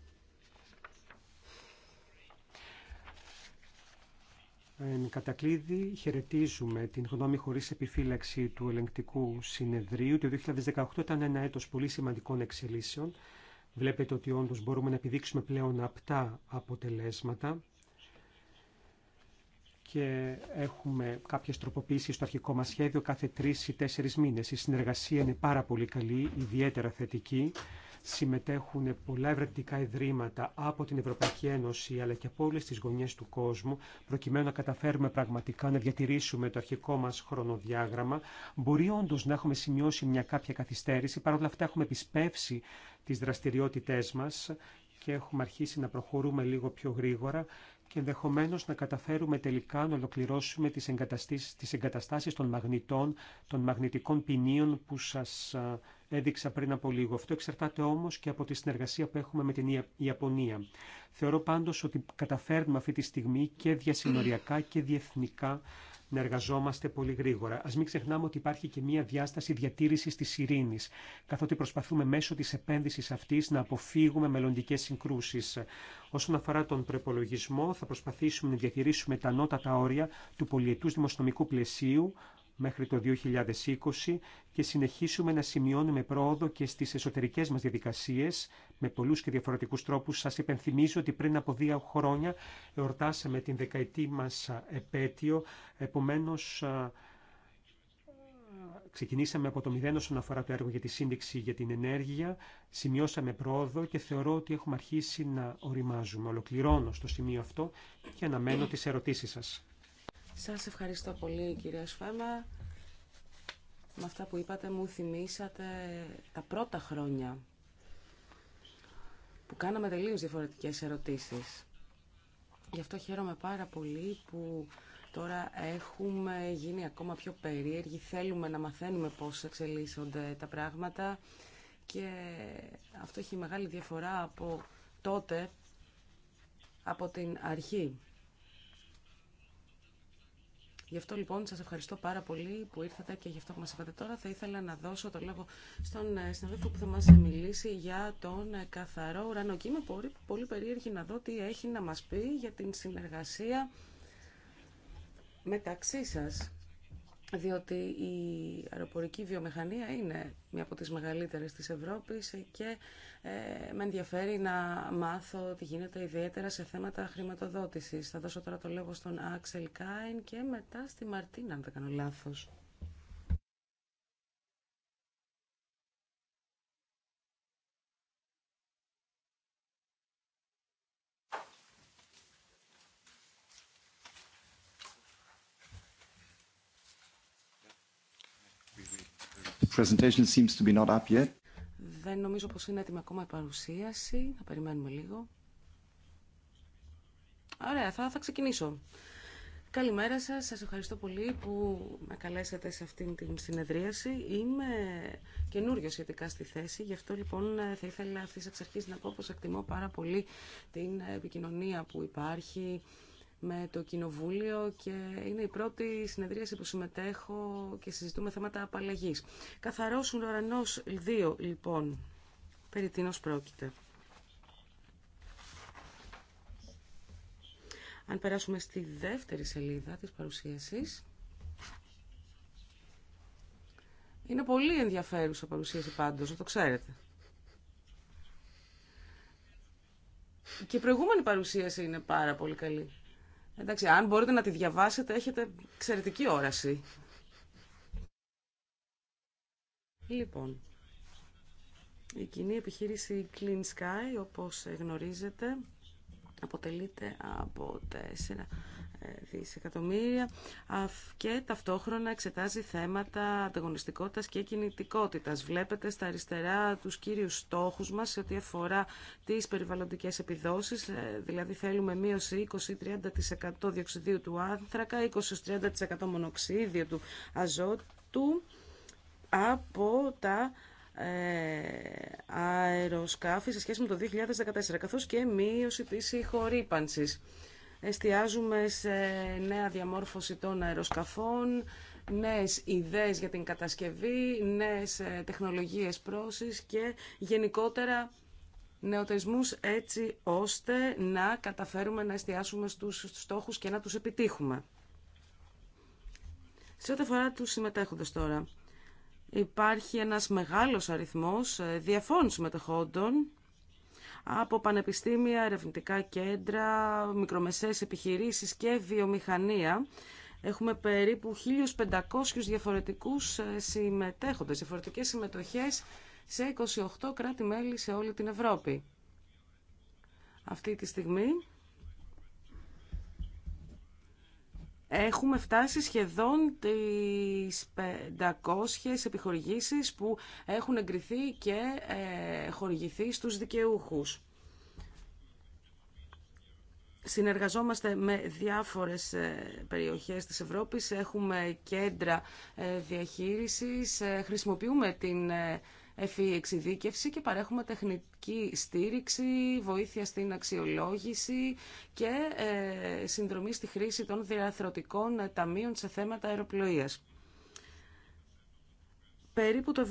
Εν κατακλείδη χαιρετίζουμε την γνώμη χωρίς επιφύλαξη του ελεγκτικού συνεδρίου. Το 2018 ήταν ένα έτος πολύ σημαντικών εξελίσεων. Βλέπετε ότι όντως μπορούμε να επιδείξουμε πλέον απτά αποτελέσματα και έχουμε κάποιες τροποποίησεις στο αρχικό μας σχέδιο κάθε τρεις ή τέσσερις μήνες. Η συνεργασία είναι πάρα πολύ καλή, ιδιαίτερα θετική συμμετέχουν πολλά ευρετικά ιδρύματα από την Ευρωπαϊκή Ένωση αλλά και από όλες τις γωνιές του κόσμου προκειμένου να καταφέρουμε πραγματικά να διατηρήσουμε το αρχικό μας χρονοδιάγραμμα. Μπορεί όντω να έχουμε σημειώσει μια κάποια καθυστέρηση, παρόλα αυτά έχουμε επισπεύσει τις δραστηριότητές μας και έχουμε αρχίσει να προχωρούμε λίγο πιο γρήγορα και ενδεχομένω να καταφέρουμε τελικά να ολοκληρώσουμε τις, εγκαταστάσεις, τις εγκαταστάσεις των μαγνητών, των μαγνητικών ποινίων που σας έδειξα πριν από λίγο. Αυτό εξαρτάται όμω και από τη συνεργασία που έχουμε με την Ιαπωνία. Θεωρώ πάντω ότι καταφέρνουμε αυτή τη στιγμή και διασυνοριακά και διεθνικά να εργαζόμαστε πολύ γρήγορα. Α μην ξεχνάμε ότι υπάρχει και μια διάσταση διατήρηση τη ειρήνη, καθότι προσπαθούμε μέσω τη επένδυση αυτή να αποφύγουμε μελλοντικέ συγκρούσει. Όσον αφορά τον προπολογισμό, θα προσπαθήσουμε να διατηρήσουμε τα ανώτατα όρια του πολιετού δημοσιονομικού πλαισίου, μέχρι το 2020 και συνεχίσουμε να σημειώνουμε πρόοδο και στις εσωτερικές μας διαδικασίες με πολλούς και διαφορετικούς τρόπους. Σας υπενθυμίζω ότι πριν από δύο χρόνια εορτάσαμε την δεκαετή μας επέτειο, επομένως ξεκινήσαμε από το μηδέν όσον αφορά το έργο για τη σύνδεξη για την ενέργεια, σημειώσαμε πρόοδο και θεωρώ ότι έχουμε αρχίσει να οριμάζουμε. Ολοκληρώνω στο σημείο αυτό και αναμένω τις ερωτήσεις σας. Σας ευχαριστώ πολύ κυρία Σφέμα. Με αυτά που είπατε μου θυμήσατε τα πρώτα χρόνια που κάναμε τελείω διαφορετικές ερωτήσεις. Γι' αυτό χαίρομαι πάρα πολύ που τώρα έχουμε γίνει ακόμα πιο περίεργοι. Θέλουμε να μαθαίνουμε πώς εξελίσσονται τα πράγματα και αυτό έχει μεγάλη διαφορά από τότε, από την αρχή. Γι' αυτό λοιπόν σα ευχαριστώ πάρα πολύ που ήρθατε και γι' αυτό που μα είπατε τώρα. Θα ήθελα να δώσω το λόγο στον ε, συναδέλφο που θα μα μιλήσει για τον ε, καθαρό ουρανό. Και είμαι πολύ, πολύ περίεργη να δω τι έχει να μα πει για την συνεργασία μεταξύ σας διότι η αεροπορική βιομηχανία είναι μία από τις μεγαλύτερες της Ευρώπης και ε, με ενδιαφέρει να μάθω τι γίνεται ιδιαίτερα σε θέματα χρηματοδότησης. Θα δώσω τώρα το λόγο στον Άξελ Κάιν και μετά στη Μαρτίνα, αν δεν κάνω λάθος. presentation seems to be not up yet. Δεν νομίζω πως είναι έτοιμη ακόμα η παρουσίαση. Θα περιμένουμε λίγο. Ωραία, θα, θα ξεκινήσω. Καλημέρα σας. Σας ευχαριστώ πολύ που με καλέσατε σε αυτήν την συνεδρίαση. Είμαι καινούριο σχετικά στη θέση, γι' αυτό λοιπόν θα ήθελα αυτής εξ αρχής να πω πως εκτιμώ πάρα πολύ την επικοινωνία που υπάρχει, με το Κοινοβούλιο και είναι η πρώτη συνεδρίαση που συμμετέχω και συζητούμε θέματα απαλλαγής. Καθαρός ουρανός 2, λοιπόν, περί τίνος πρόκειται. Αν περάσουμε στη δεύτερη σελίδα της παρουσίασης, είναι πολύ ενδιαφέρουσα παρουσίαση πάντως, το ξέρετε. Και η προηγούμενη παρουσίαση είναι πάρα πολύ καλή. Εντάξει, αν μπορείτε να τη διαβάσετε, έχετε εξαιρετική όραση. Λοιπόν, η κοινή επιχείρηση Clean Sky, όπως γνωρίζετε, αποτελείται από τέσσερα δισεκατομμύρια και ταυτόχρονα εξετάζει θέματα ανταγωνιστικότητας και κινητικότητας. Βλέπετε στα αριστερά τους κύριους στόχους μας σε ό,τι αφορά τις περιβαλλοντικές επιδόσεις, ε, δηλαδή θέλουμε μείωση 20-30% διοξιδίου του άνθρακα, 20-30% μονοξίδιο του αζότου από τα ε, αεροσκάφη σε σχέση με το 2014, καθώς και μείωση της συγχωρήπανσης εστιάζουμε σε νέα διαμόρφωση των αεροσκαφών, νέες ιδέες για την κατασκευή, νέες ε, τεχνολογίες πρόσης και γενικότερα νεοτερισμούς έτσι ώστε να καταφέρουμε να εστιάσουμε στους στόχους και να τους επιτύχουμε. Σε ό,τι αφορά τους συμμετέχοντες τώρα, υπάρχει ένας μεγάλος αριθμός ε, διαφών συμμετεχόντων από πανεπιστήμια, ερευνητικά κέντρα, μικρομεσαίες επιχειρήσεις και βιομηχανία. Έχουμε περίπου 1.500 διαφορετικούς ε, συμμετέχοντες, διαφορετικές συμμετοχές σε 28 κράτη-μέλη σε όλη την Ευρώπη. Αυτή τη στιγμή Έχουμε φτάσει σχεδόν τις 500 επιχορηγήσεις που έχουν εγκριθεί και ε, χορηγηθεί στους δικαιούχους. Συνεργαζόμαστε με διάφορες ε, περιοχές της Ευρώπης, έχουμε κέντρα ε, διαχείρισης, χρησιμοποιούμε την ευφύ εξειδίκευση και παρέχουμε τεχνική στήριξη, βοήθεια στην αξιολόγηση και ε, συνδρομή στη χρήση των διαθροτικών ε, ταμείων σε θέματα αεροπλοείας. Περίπου το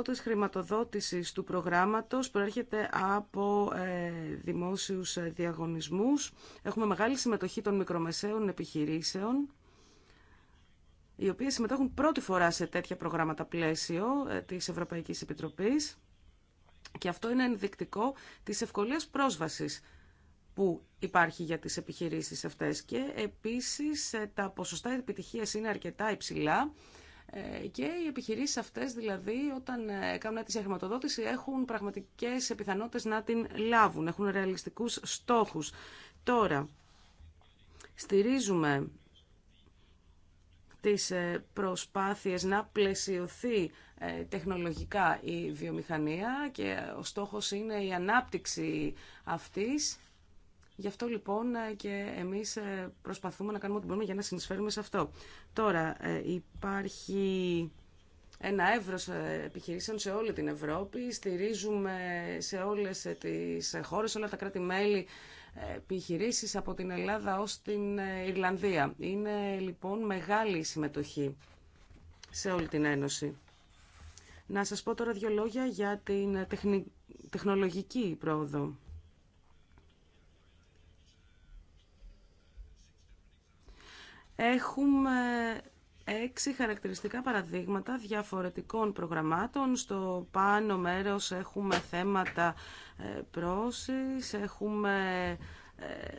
70% της χρηματοδότησης του προγράμματος προέρχεται από ε, δημόσιους διαγωνισμούς. Έχουμε μεγάλη συμμετοχή των μικρομεσαίων επιχειρήσεων οι οποίες συμμετέχουν πρώτη φορά σε τέτοια προγράμματα πλαίσιο ε, της Ευρωπαϊκής Επιτροπής και αυτό είναι ενδεικτικό της ευκολίας πρόσβασης που υπάρχει για τις επιχειρήσεις αυτές και επίσης ε, τα ποσοστά επιτυχίας είναι αρκετά υψηλά ε, και οι επιχειρήσεις αυτές δηλαδή όταν κάνουν αίτηση χρηματοδότηση έχουν πραγματικές επιθανότητες να την λάβουν, έχουν ρεαλιστικούς στόχους. Τώρα, στηρίζουμε τις ε, προσπάθειες να πλαισιωθεί ε, τεχνολογικά η βιομηχανία και ε, ο στόχος είναι η ανάπτυξη αυτής. Γι' αυτό λοιπόν και εμείς προσπαθούμε να κάνουμε ό,τι μπορούμε για να συνεισφέρουμε σε αυτό. Τώρα υπάρχει ένα εύρος επιχειρήσεων σε όλη την Ευρώπη. Στηρίζουμε σε όλες τις χώρες, όλα τα κράτη-μέλη επιχειρήσεις από την Ελλάδα ως την ε, Ιρλανδία. Είναι λοιπόν μεγάλη η συμμετοχή σε όλη την Ένωση. Να σας πω τώρα δύο λόγια για την ε, τεχνολογική πρόοδο. Έχουμε έξι χαρακτηριστικά παραδείγματα διαφορετικών προγραμμάτων. Στο πάνω μέρος έχουμε θέματα ε, πρόσης, έχουμε ε,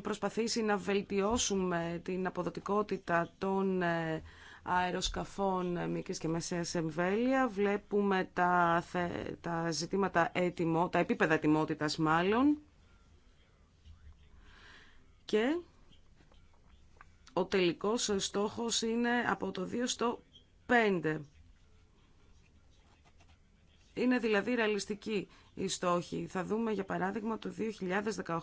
προσπαθήσει να βελτιώσουμε την αποδοτικότητα των ε, αεροσκαφών μικρής και μεσαίας εμβέλεια. Βλέπουμε τα, τα ζητήματα έτοιμο, τα επίπεδα ετοιμότητας μάλλον. Και ο τελικός στόχος είναι από το 2 στο 5. Είναι δηλαδή ρεαλιστική η στόχη. Θα δούμε για παράδειγμα το 2018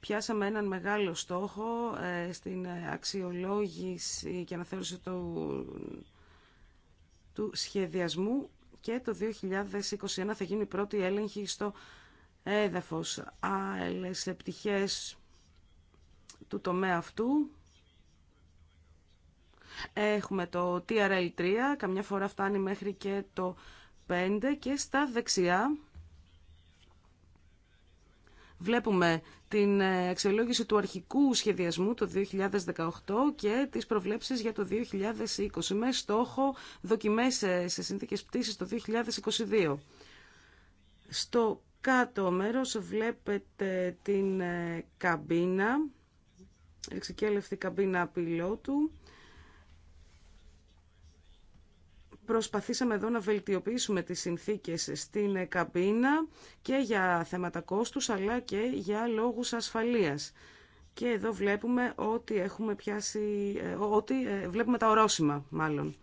πιάσαμε έναν μεγάλο στόχο ε, στην αξιολόγηση και αναθεώρηση του, του σχεδιασμού και το 2021 θα γίνει η πρώτη έλεγχη στο έδαφος. Άλλες επιτυχίες του τομέα αυτού Έχουμε το TRL3, καμιά φορά φτάνει μέχρι και το 5 και στα δεξιά βλέπουμε την ε, αξιολόγηση του αρχικού σχεδιασμού το 2018 και τις προβλέψεις για το 2020 με στόχο δοκιμές ε, σε συνθήκες πτήσης το 2022. Στο κάτω μέρος βλέπετε την ε, καμπίνα, εξεκέλευτη καμπίνα πιλότου Προσπαθήσαμε εδώ να βελτιοποιήσουμε τις συνθήκες στην καμπίνα και για θέματα κόστους αλλά και για λόγους ασφαλείας. Και εδώ βλέπουμε ότι έχουμε πιάσει, ε, ότι ε, βλέπουμε τα ορόσημα μάλλον.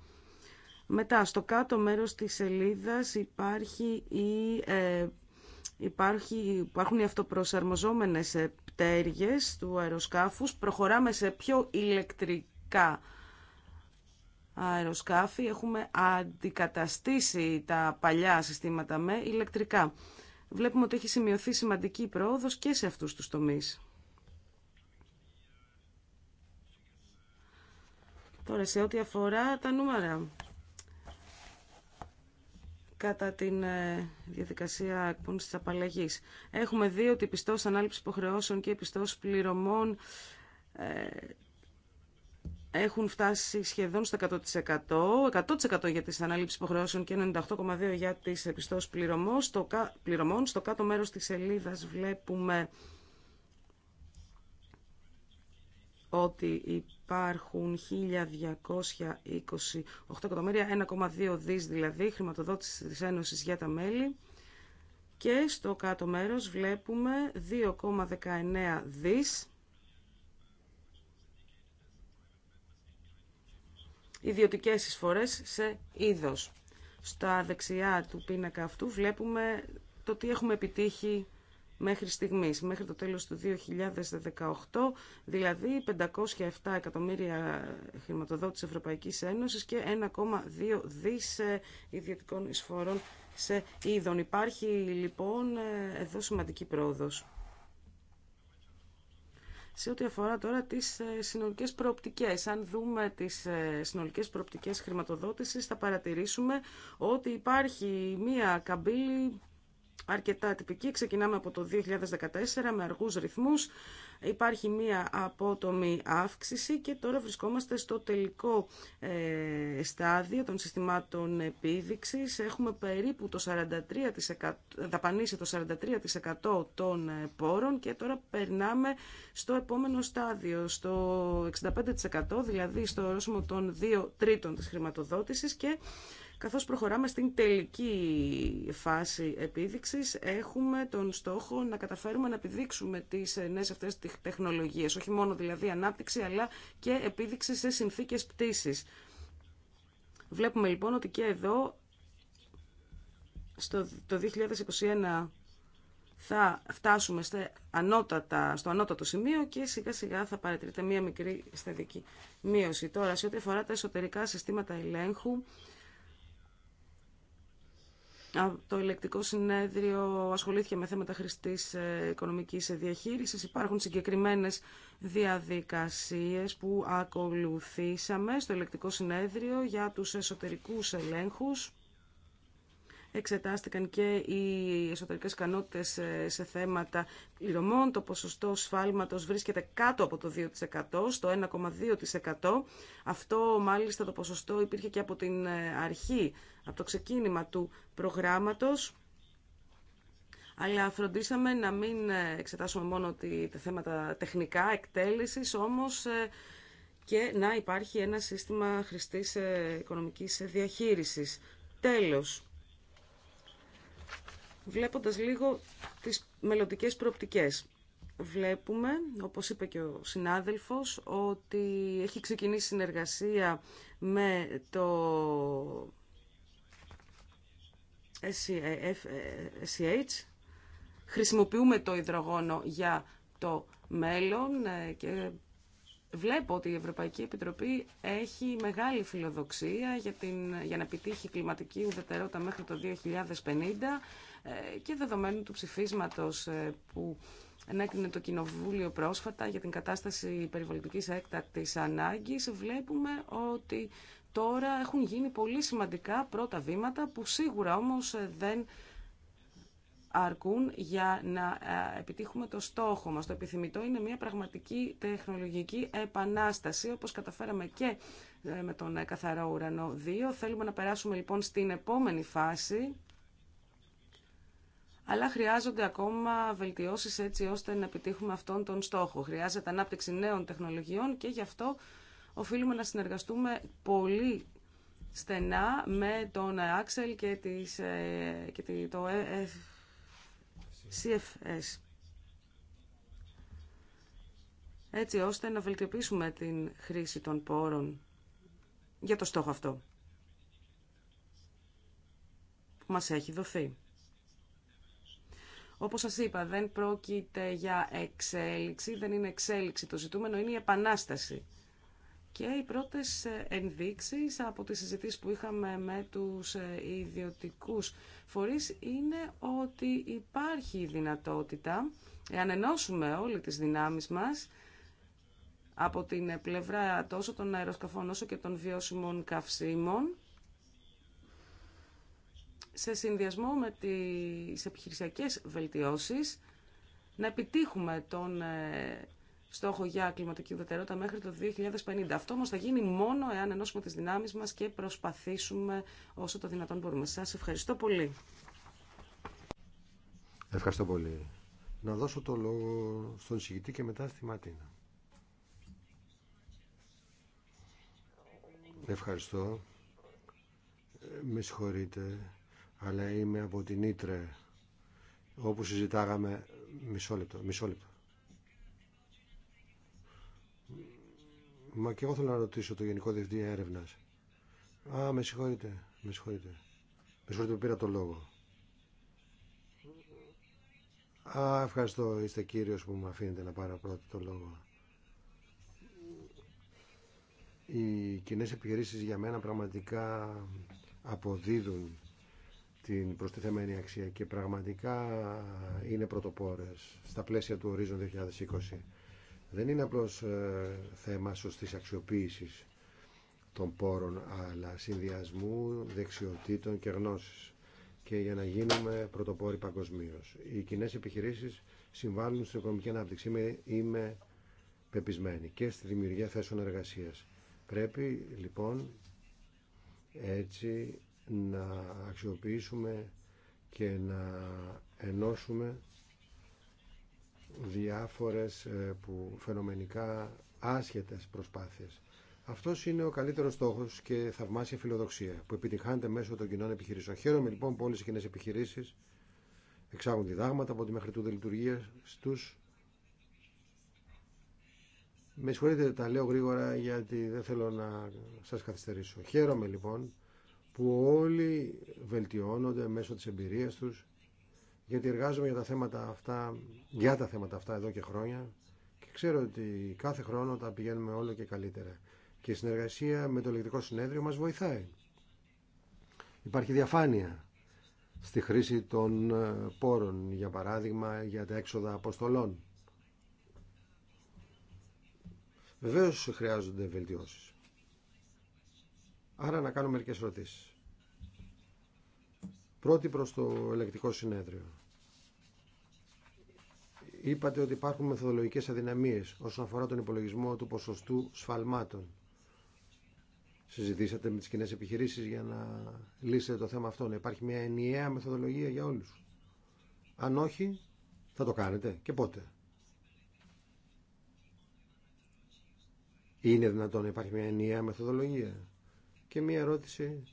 Μετά, στο κάτω μέρος της σελίδας υπάρχει η, ε, υπάρχει, υπάρχουν οι αυτοπροσαρμοζόμενες πτέρυγες του αεροσκάφους. Προχωράμε σε πιο ηλεκτρικά αεροσκάφη έχουμε αντικαταστήσει τα παλιά συστήματα με ηλεκτρικά. Βλέπουμε ότι έχει σημειωθεί σημαντική πρόοδος και σε αυτούς τους τομείς. Τώρα σε ό,τι αφορά τα νούμερα. Κατά την ε, διαδικασία εκπόνησης της απαλλαγής. Έχουμε δει ότι οι πιστώσεις υποχρεώσεων και οι πληρωμών ε, έχουν φτάσει σχεδόν στο 100%, 100% για τις αναλήψεις υποχρεώσεων και 98,2% για τις επιστώσεις πληρωμών. Στο, κάτω μέρος της σελίδας βλέπουμε ότι υπάρχουν 1.228 εκατομμύρια, 1,2 δις δηλαδή, χρηματοδότηση της Ένωσης για τα μέλη. Και στο κάτω μέρος βλέπουμε 2,19 δις ιδιωτικές εισφορές σε είδος. Στα δεξιά του πίνακα αυτού βλέπουμε το τι έχουμε επιτύχει μέχρι στιγμής, μέχρι το τέλος του 2018, δηλαδή 507 εκατομμύρια χρηματοδότης Ευρωπαϊκής Ένωσης και 1,2 δις ε, ιδιωτικών εισφορών σε είδων. Υπάρχει λοιπόν ε, εδώ σημαντική πρόοδος. Σε ό,τι αφορά τώρα τις ε, συνολικές προοπτικές, αν δούμε τις ε, συνολικές προοπτικές χρηματοδότησης, θα παρατηρήσουμε ότι υπάρχει μία καμπύλη αρκετά τυπική. Ξεκινάμε από το 2014 με αργούς ρυθμούς. Υπάρχει μία απότομη αύξηση και τώρα βρισκόμαστε στο τελικό ε, στάδιο των συστημάτων επίδειξης. Έχουμε περίπου το 43%, δαπανίσει το 43% των ε, πόρων και τώρα περνάμε στο επόμενο στάδιο, στο 65% δηλαδή στο ορόσημο των 2 τρίτων της χρηματοδότησης και Καθώς προχωράμε στην τελική φάση επίδειξης, έχουμε τον στόχο να καταφέρουμε να επιδείξουμε τις νέες αυτές τεχνολογίες, όχι μόνο δηλαδή ανάπτυξη, αλλά και επίδειξη σε συνθήκες πτήσης. Βλέπουμε λοιπόν ότι και εδώ στο, το 2021 θα φτάσουμε στο ανώτατα, στο ανώτατο σημείο και σιγά σιγά θα παρατηρείται μία μικρή στεδική μείωση. Τώρα, σε ό,τι αφορά τα εσωτερικά συστήματα ελέγχου, το ηλεκτικό συνέδριο ασχολήθηκε με θέματα χρηστής ε, οικονομικής ε, διαχείρισης. Υπάρχουν συγκεκριμένες διαδικασίες που ακολουθήσαμε στο ηλεκτικό συνέδριο για τους εσωτερικούς ελέγχους εξετάστηκαν και οι εσωτερικές κανότητε ε, σε θέματα πληρωμών. Το ποσοστό σφάλματος βρίσκεται κάτω από το 2%, στο 1,2%. Αυτό μάλιστα το ποσοστό υπήρχε και από την ε, αρχή, από το ξεκίνημα του προγράμματος αλλά φροντίσαμε να μην ε, εξετάσουμε μόνο τα θέματα τεχνικά, εκτέλεσης, όμως και να υπάρχει ένα σύστημα χρηστής οικονομικής διαχείρισης. Τέλος, βλέποντας λίγο τις μελλοντικέ προοπτικές. Βλέπουμε, όπως είπε και ο συνάδελφος, ότι έχει ξεκινήσει συνεργασία με το SCH. Χρησιμοποιούμε το υδρογόνο για το μέλλον ε, και βλέπω ότι η Ευρωπαϊκή Επιτροπή έχει μεγάλη φιλοδοξία για, την, για να επιτύχει κλιματική ουδετερότητα μέχρι το 2050 ε, και δεδομένου του ψηφίσματος ε, που ενέκρινε το Κοινοβούλιο πρόσφατα για την κατάσταση περιβαλλοντικής έκτακτης ανάγκης, βλέπουμε ότι τώρα έχουν γίνει πολύ σημαντικά πρώτα βήματα που σίγουρα όμως ε, δεν αρκούν για να επιτύχουμε το στόχο μας. Το επιθυμητό είναι μια πραγματική τεχνολογική επανάσταση, όπως καταφέραμε και με τον Καθαρό Ουρανό 2. Θέλουμε να περάσουμε λοιπόν στην επόμενη φάση αλλά χρειάζονται ακόμα βελτιώσεις έτσι ώστε να επιτύχουμε αυτόν τον στόχο. Χρειάζεται ανάπτυξη νέων τεχνολογιών και γι' αυτό οφείλουμε να συνεργαστούμε πολύ στενά με τον Axel και, τις, ε, και το ε, ε, CFS. Έτσι ώστε να βελτιωπήσουμε την χρήση των πόρων για το στόχο αυτό που μας έχει δοθεί. Όπως σας είπα, δεν πρόκειται για εξέλιξη, δεν είναι εξέλιξη το ζητούμενο, είναι η επανάσταση. Και οι πρώτες ενδείξεις από τις συζητήσεις που είχαμε με τους ε, ιδιωτικούς φορείς είναι ότι υπάρχει η δυνατότητα, εάν ενώσουμε όλοι τις δυνάμεις μας, από την πλευρά τόσο των αεροσκαφών όσο και των βιώσιμων καυσίμων, σε συνδυασμό με τις επιχειρησιακές βελτιώσεις να επιτύχουμε τον ε, στόχο για κλιματική ουδετερότητα μέχρι το 2050. Αυτό όμως θα γίνει μόνο εάν ενώσουμε τις δυνάμεις μας και προσπαθήσουμε όσο το δυνατόν μπορούμε. Σας ευχαριστώ πολύ. Ευχαριστώ πολύ. Να δώσω το λόγο στον συγκητή και μετά στη Ματίνα. Ευχαριστώ. Ε, με συγχωρείτε αλλά είμαι από την Ήτρε όπου συζητάγαμε μισό λεπτό, Μα και εγώ θέλω να ρωτήσω το Γενικό Διευθυντή Έρευνα. Α, με συγχωρείτε, με συγχωρείτε. Με συγχωρείτε που πήρα το λόγο. Α, ευχαριστώ, είστε κύριος που μου αφήνετε να πάρω πρώτο το λόγο. Οι κοινέ επιχειρήσει για μένα πραγματικά αποδίδουν την προστιθέμενη αξία και πραγματικά είναι πρωτοπόρες στα πλαίσια του Horizon 2020. Δεν είναι απλώς ε, θέμα σωστής αξιοποίησης των πόρων, αλλά συνδυασμού δεξιοτήτων και γνώσης και για να γίνουμε πρωτοπόροι παγκοσμίω. Οι κοινέ επιχειρήσεις συμβάλλουν στην οικονομική ανάπτυξη. Είμαι, είμαι πεπισμένη και στη δημιουργία θέσεων εργασία. Πρέπει λοιπόν έτσι να αξιοποιήσουμε και να ενώσουμε διάφορες ε, που φαινομενικά άσχετες προσπάθειες. Αυτός είναι ο καλύτερος στόχος και θαυμάσια φιλοδοξία που επιτυχάνεται μέσω των κοινών επιχειρήσεων. Χαίρομαι λοιπόν που όλε οι κοινέ επιχειρήσει εξάγουν διδάγματα από τη μέχρι τούδε λειτουργία του. Με συγχωρείτε τα λέω γρήγορα γιατί δεν θέλω να σα καθυστερήσω. Χαίρομαι λοιπόν που όλοι βελτιώνονται μέσω της εμπειρίας τους γιατί εργάζομαι για τα θέματα αυτά, για τα θέματα αυτά εδώ και χρόνια και ξέρω ότι κάθε χρόνο τα πηγαίνουμε όλο και καλύτερα. Και η συνεργασία με το Λεκτικό συνέδριο μας βοηθάει. Υπάρχει διαφάνεια στη χρήση των ε, πόρων, για παράδειγμα, για τα έξοδα αποστολών. Βεβαίως χρειάζονται βελτιώσεις. Άρα να κάνω μερικές ερωτήσεις. Πρώτη προς το ελεκτικό συνέδριο. Είπατε ότι υπάρχουν μεθοδολογικές αδυναμίες όσον αφορά τον υπολογισμό του ποσοστού σφαλμάτων. Συζητήσατε με τις κοινέ επιχειρήσεις για να λύσετε το θέμα αυτό. Να υπάρχει μια ενιαία μεθοδολογία για όλους. Αν όχι, θα το κάνετε. Και πότε. Είναι δυνατόν να υπάρχει μια ενιαία μεθοδολογία και μία ερώτηση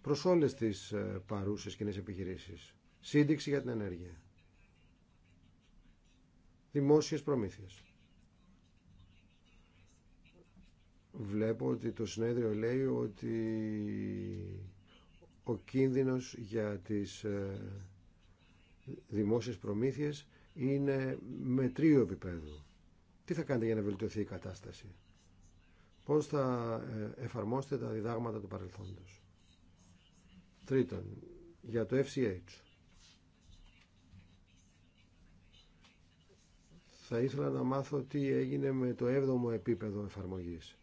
προς όλες τις ε, παρούσες κοινές επιχειρήσεις. Σύνδεξη για την ενέργεια. Δημόσιες προμήθειες. Βλέπω ότι το συνέδριο λέει ότι ο κίνδυνος για τις ε, δημόσιες προμήθειες είναι με τρίο επίπεδου. Τι θα κάνετε για να βελτιωθεί η κατάσταση. Πώς θα ε, εφαρμόσετε τα διδάγματα του παρελθόντος. Τρίτον, για το FCH. Θα ήθελα να μάθω τι έγινε με το 7ο επίπεδο εφαρμογής.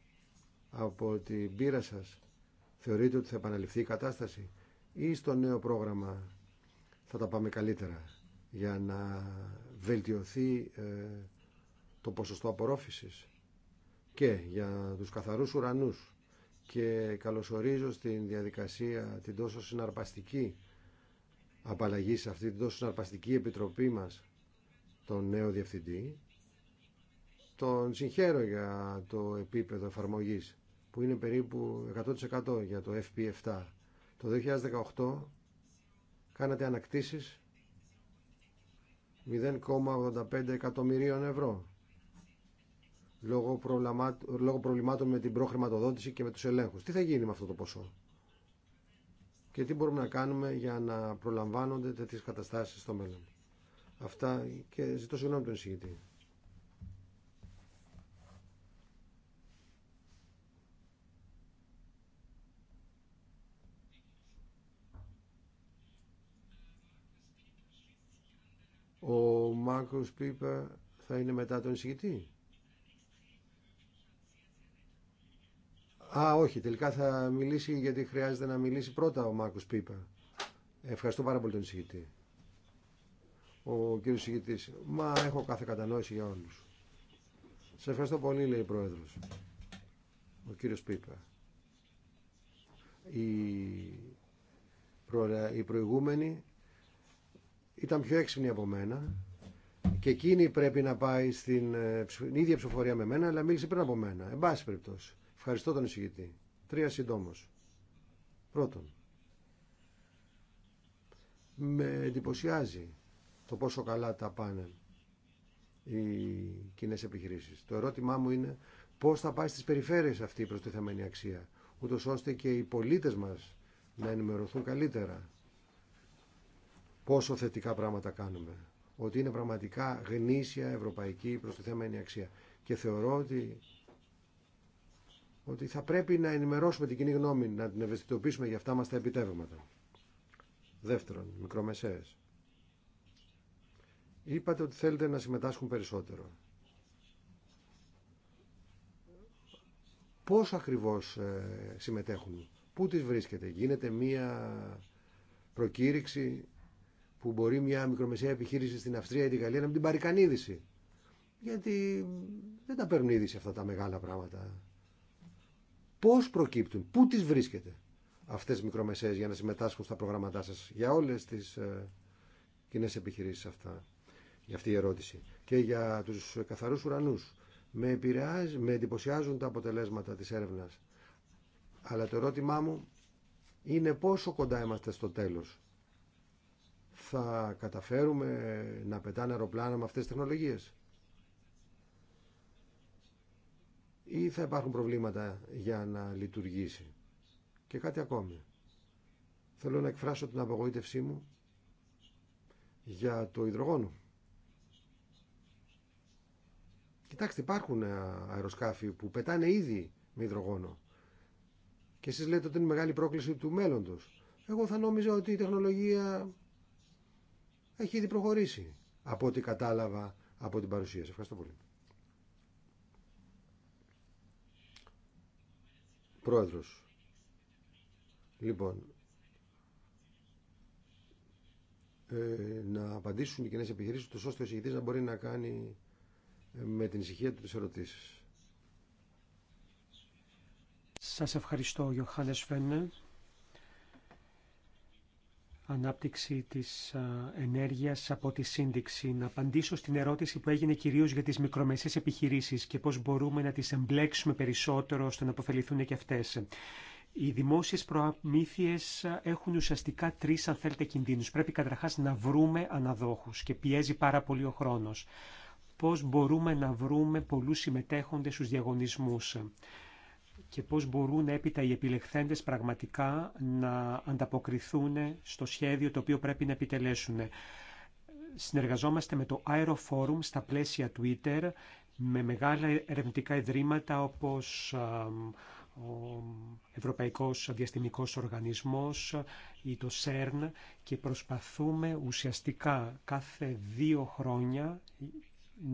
Από την πείρα σας θεωρείτε ότι θα επαναληφθεί η κατάσταση ή στο νέο πρόγραμμα θα τα πάμε καλύτερα για να βελτιωθεί ε, το ποσοστό απορρόφησης και για τους καθαρούς ουρανούς και καλωσορίζω στην διαδικασία την τόσο συναρπαστική απαλλαγή σε αυτή την τόσο συναρπαστική επιτροπή μας τον νέο διευθυντή τον συγχαίρω για το επίπεδο εφαρμογής που είναι περίπου 100% για το FP7 το 2018 κάνατε ανακτήσεις 0,85 εκατομμυρίων ευρώ λόγω, λόγω προβλημάτων με την προχρηματοδότηση και με τους ελέγχους. Τι θα γίνει με αυτό το ποσό και τι μπορούμε να κάνουμε για να προλαμβάνονται τέτοιες καταστάσεις στο μέλλον. Αυτά και ζητώ συγγνώμη τον εισηγητή. Ο Μάρκος Πίπερ θα είναι μετά τον εισηγητή. Α, όχι, τελικά θα μιλήσει γιατί χρειάζεται να μιλήσει πρώτα ο Μάρκο Πίπα. Ευχαριστώ πάρα πολύ τον εισηγητή. Ο κύριος εισηγητής, μα έχω κάθε κατανόηση για όλους. Σε ευχαριστώ πολύ, λέει η Πρόεδρος. Ο κύριος Πίπα. Η, η προηγούμενη ήταν πιο έξυπνη από μένα και εκείνη πρέπει να πάει στην ε, ίδια ψηφοφορία με μένα, αλλά μίλησε πριν από μένα. Εν πάση περιπτώσει. Ευχαριστώ τον εισηγητή. Τρία συντόμω. Πρώτον, με εντυπωσιάζει το πόσο καλά τα πάνε οι κοινέ επιχειρήσεις. Το ερώτημά μου είναι πώς θα πάει στις περιφέρειες αυτή η προστιθεμένη αξία, ούτω ώστε και οι πολίτες μας να ενημερωθούν καλύτερα πόσο θετικά πράγματα κάνουμε. Ότι είναι πραγματικά γνήσια ευρωπαϊκή προστιθέμενη αξία. Και θεωρώ ότι ότι θα πρέπει να ενημερώσουμε την κοινή γνώμη, να την ευαισθητοποιήσουμε για αυτά μας τα επιτεύγματα. Δεύτερον, μικρομεσαίες. Είπατε ότι θέλετε να συμμετάσχουν περισσότερο. Πώς ακριβώς ε, συμμετέχουν, πού τις βρίσκεται. Γίνεται μία προκήρυξη που μπορεί μια μικρομεσαία επιχείρηση στην Αυστρία ή τη Γαλλία να μην την πάρει Γιατί δεν τα παίρνουν είδηση αυτά τα μεγάλα πράγματα. Πώς προκύπτουν, πού τις βρίσκεται αυτές οι μικρομεσαίες για να συμμετάσχουν στα προγράμματά σα για όλες τις ε, κοινέ επιχειρήσεις αυτά, για αυτή η ερώτηση. Και για τους καθαρούς ουρανούς. Με, με εντυπωσιάζουν τα αποτελέσματα της έρευνας. Αλλά το ερώτημά μου είναι πόσο κοντά είμαστε στο τέλος. Θα καταφέρουμε να πετάνε αεροπλάνα με αυτές τις τεχνολογίες. ή θα υπάρχουν προβλήματα για να λειτουργήσει. Και κάτι ακόμη. Θέλω να εκφράσω την απογοήτευσή μου για το υδρογόνο. Κοιτάξτε, υπάρχουν ε, αεροσκάφη που πετάνε ήδη με υδρογόνο. Και εσείς λέτε ότι είναι μεγάλη πρόκληση του μέλλοντος. Εγώ θα νόμιζα ότι η τεχνολογία έχει ήδη προχωρήσει. Από ό,τι κατάλαβα από την παρουσία. ευχαριστώ πολύ. Πρόεδρος. Λοιπόν, ε, να απαντήσουν οι κοινές επιχειρήσεις του ώστε ο συγητής να μπορεί να κάνει ε, με την ησυχία του τις ερωτήσεις. Σας ευχαριστώ, Γιωχάνες Φένε ανάπτυξη της ενέργειας από τη σύνδεξη. Να απαντήσω στην ερώτηση που έγινε κυρίως για τις μικρομεσαίες επιχειρήσεις και πώς μπορούμε να τις εμπλέξουμε περισσότερο ώστε να αποφεληθούν και αυτές. Οι δημόσιες προμήθειες έχουν ουσιαστικά τρεις αν θέλετε κινδύνους. Πρέπει καταρχάς να βρούμε αναδόχους και πιέζει πάρα πολύ ο χρόνος. Πώς μπορούμε να βρούμε πολλούς συμμετέχοντες στους διαγωνισμούς και πώς μπορούν έπειτα οι επιλεχθέντες πραγματικά να ανταποκριθούν στο σχέδιο το οποίο πρέπει να επιτελέσουν. Συνεργαζόμαστε με το Aeroforum στα πλαίσια Twitter, με μεγάλα ερευνητικά ιδρύματα όπως ο Ευρωπαϊκός Διαστημικός Οργανισμός ή το CERN και προσπαθούμε ουσιαστικά κάθε δύο χρόνια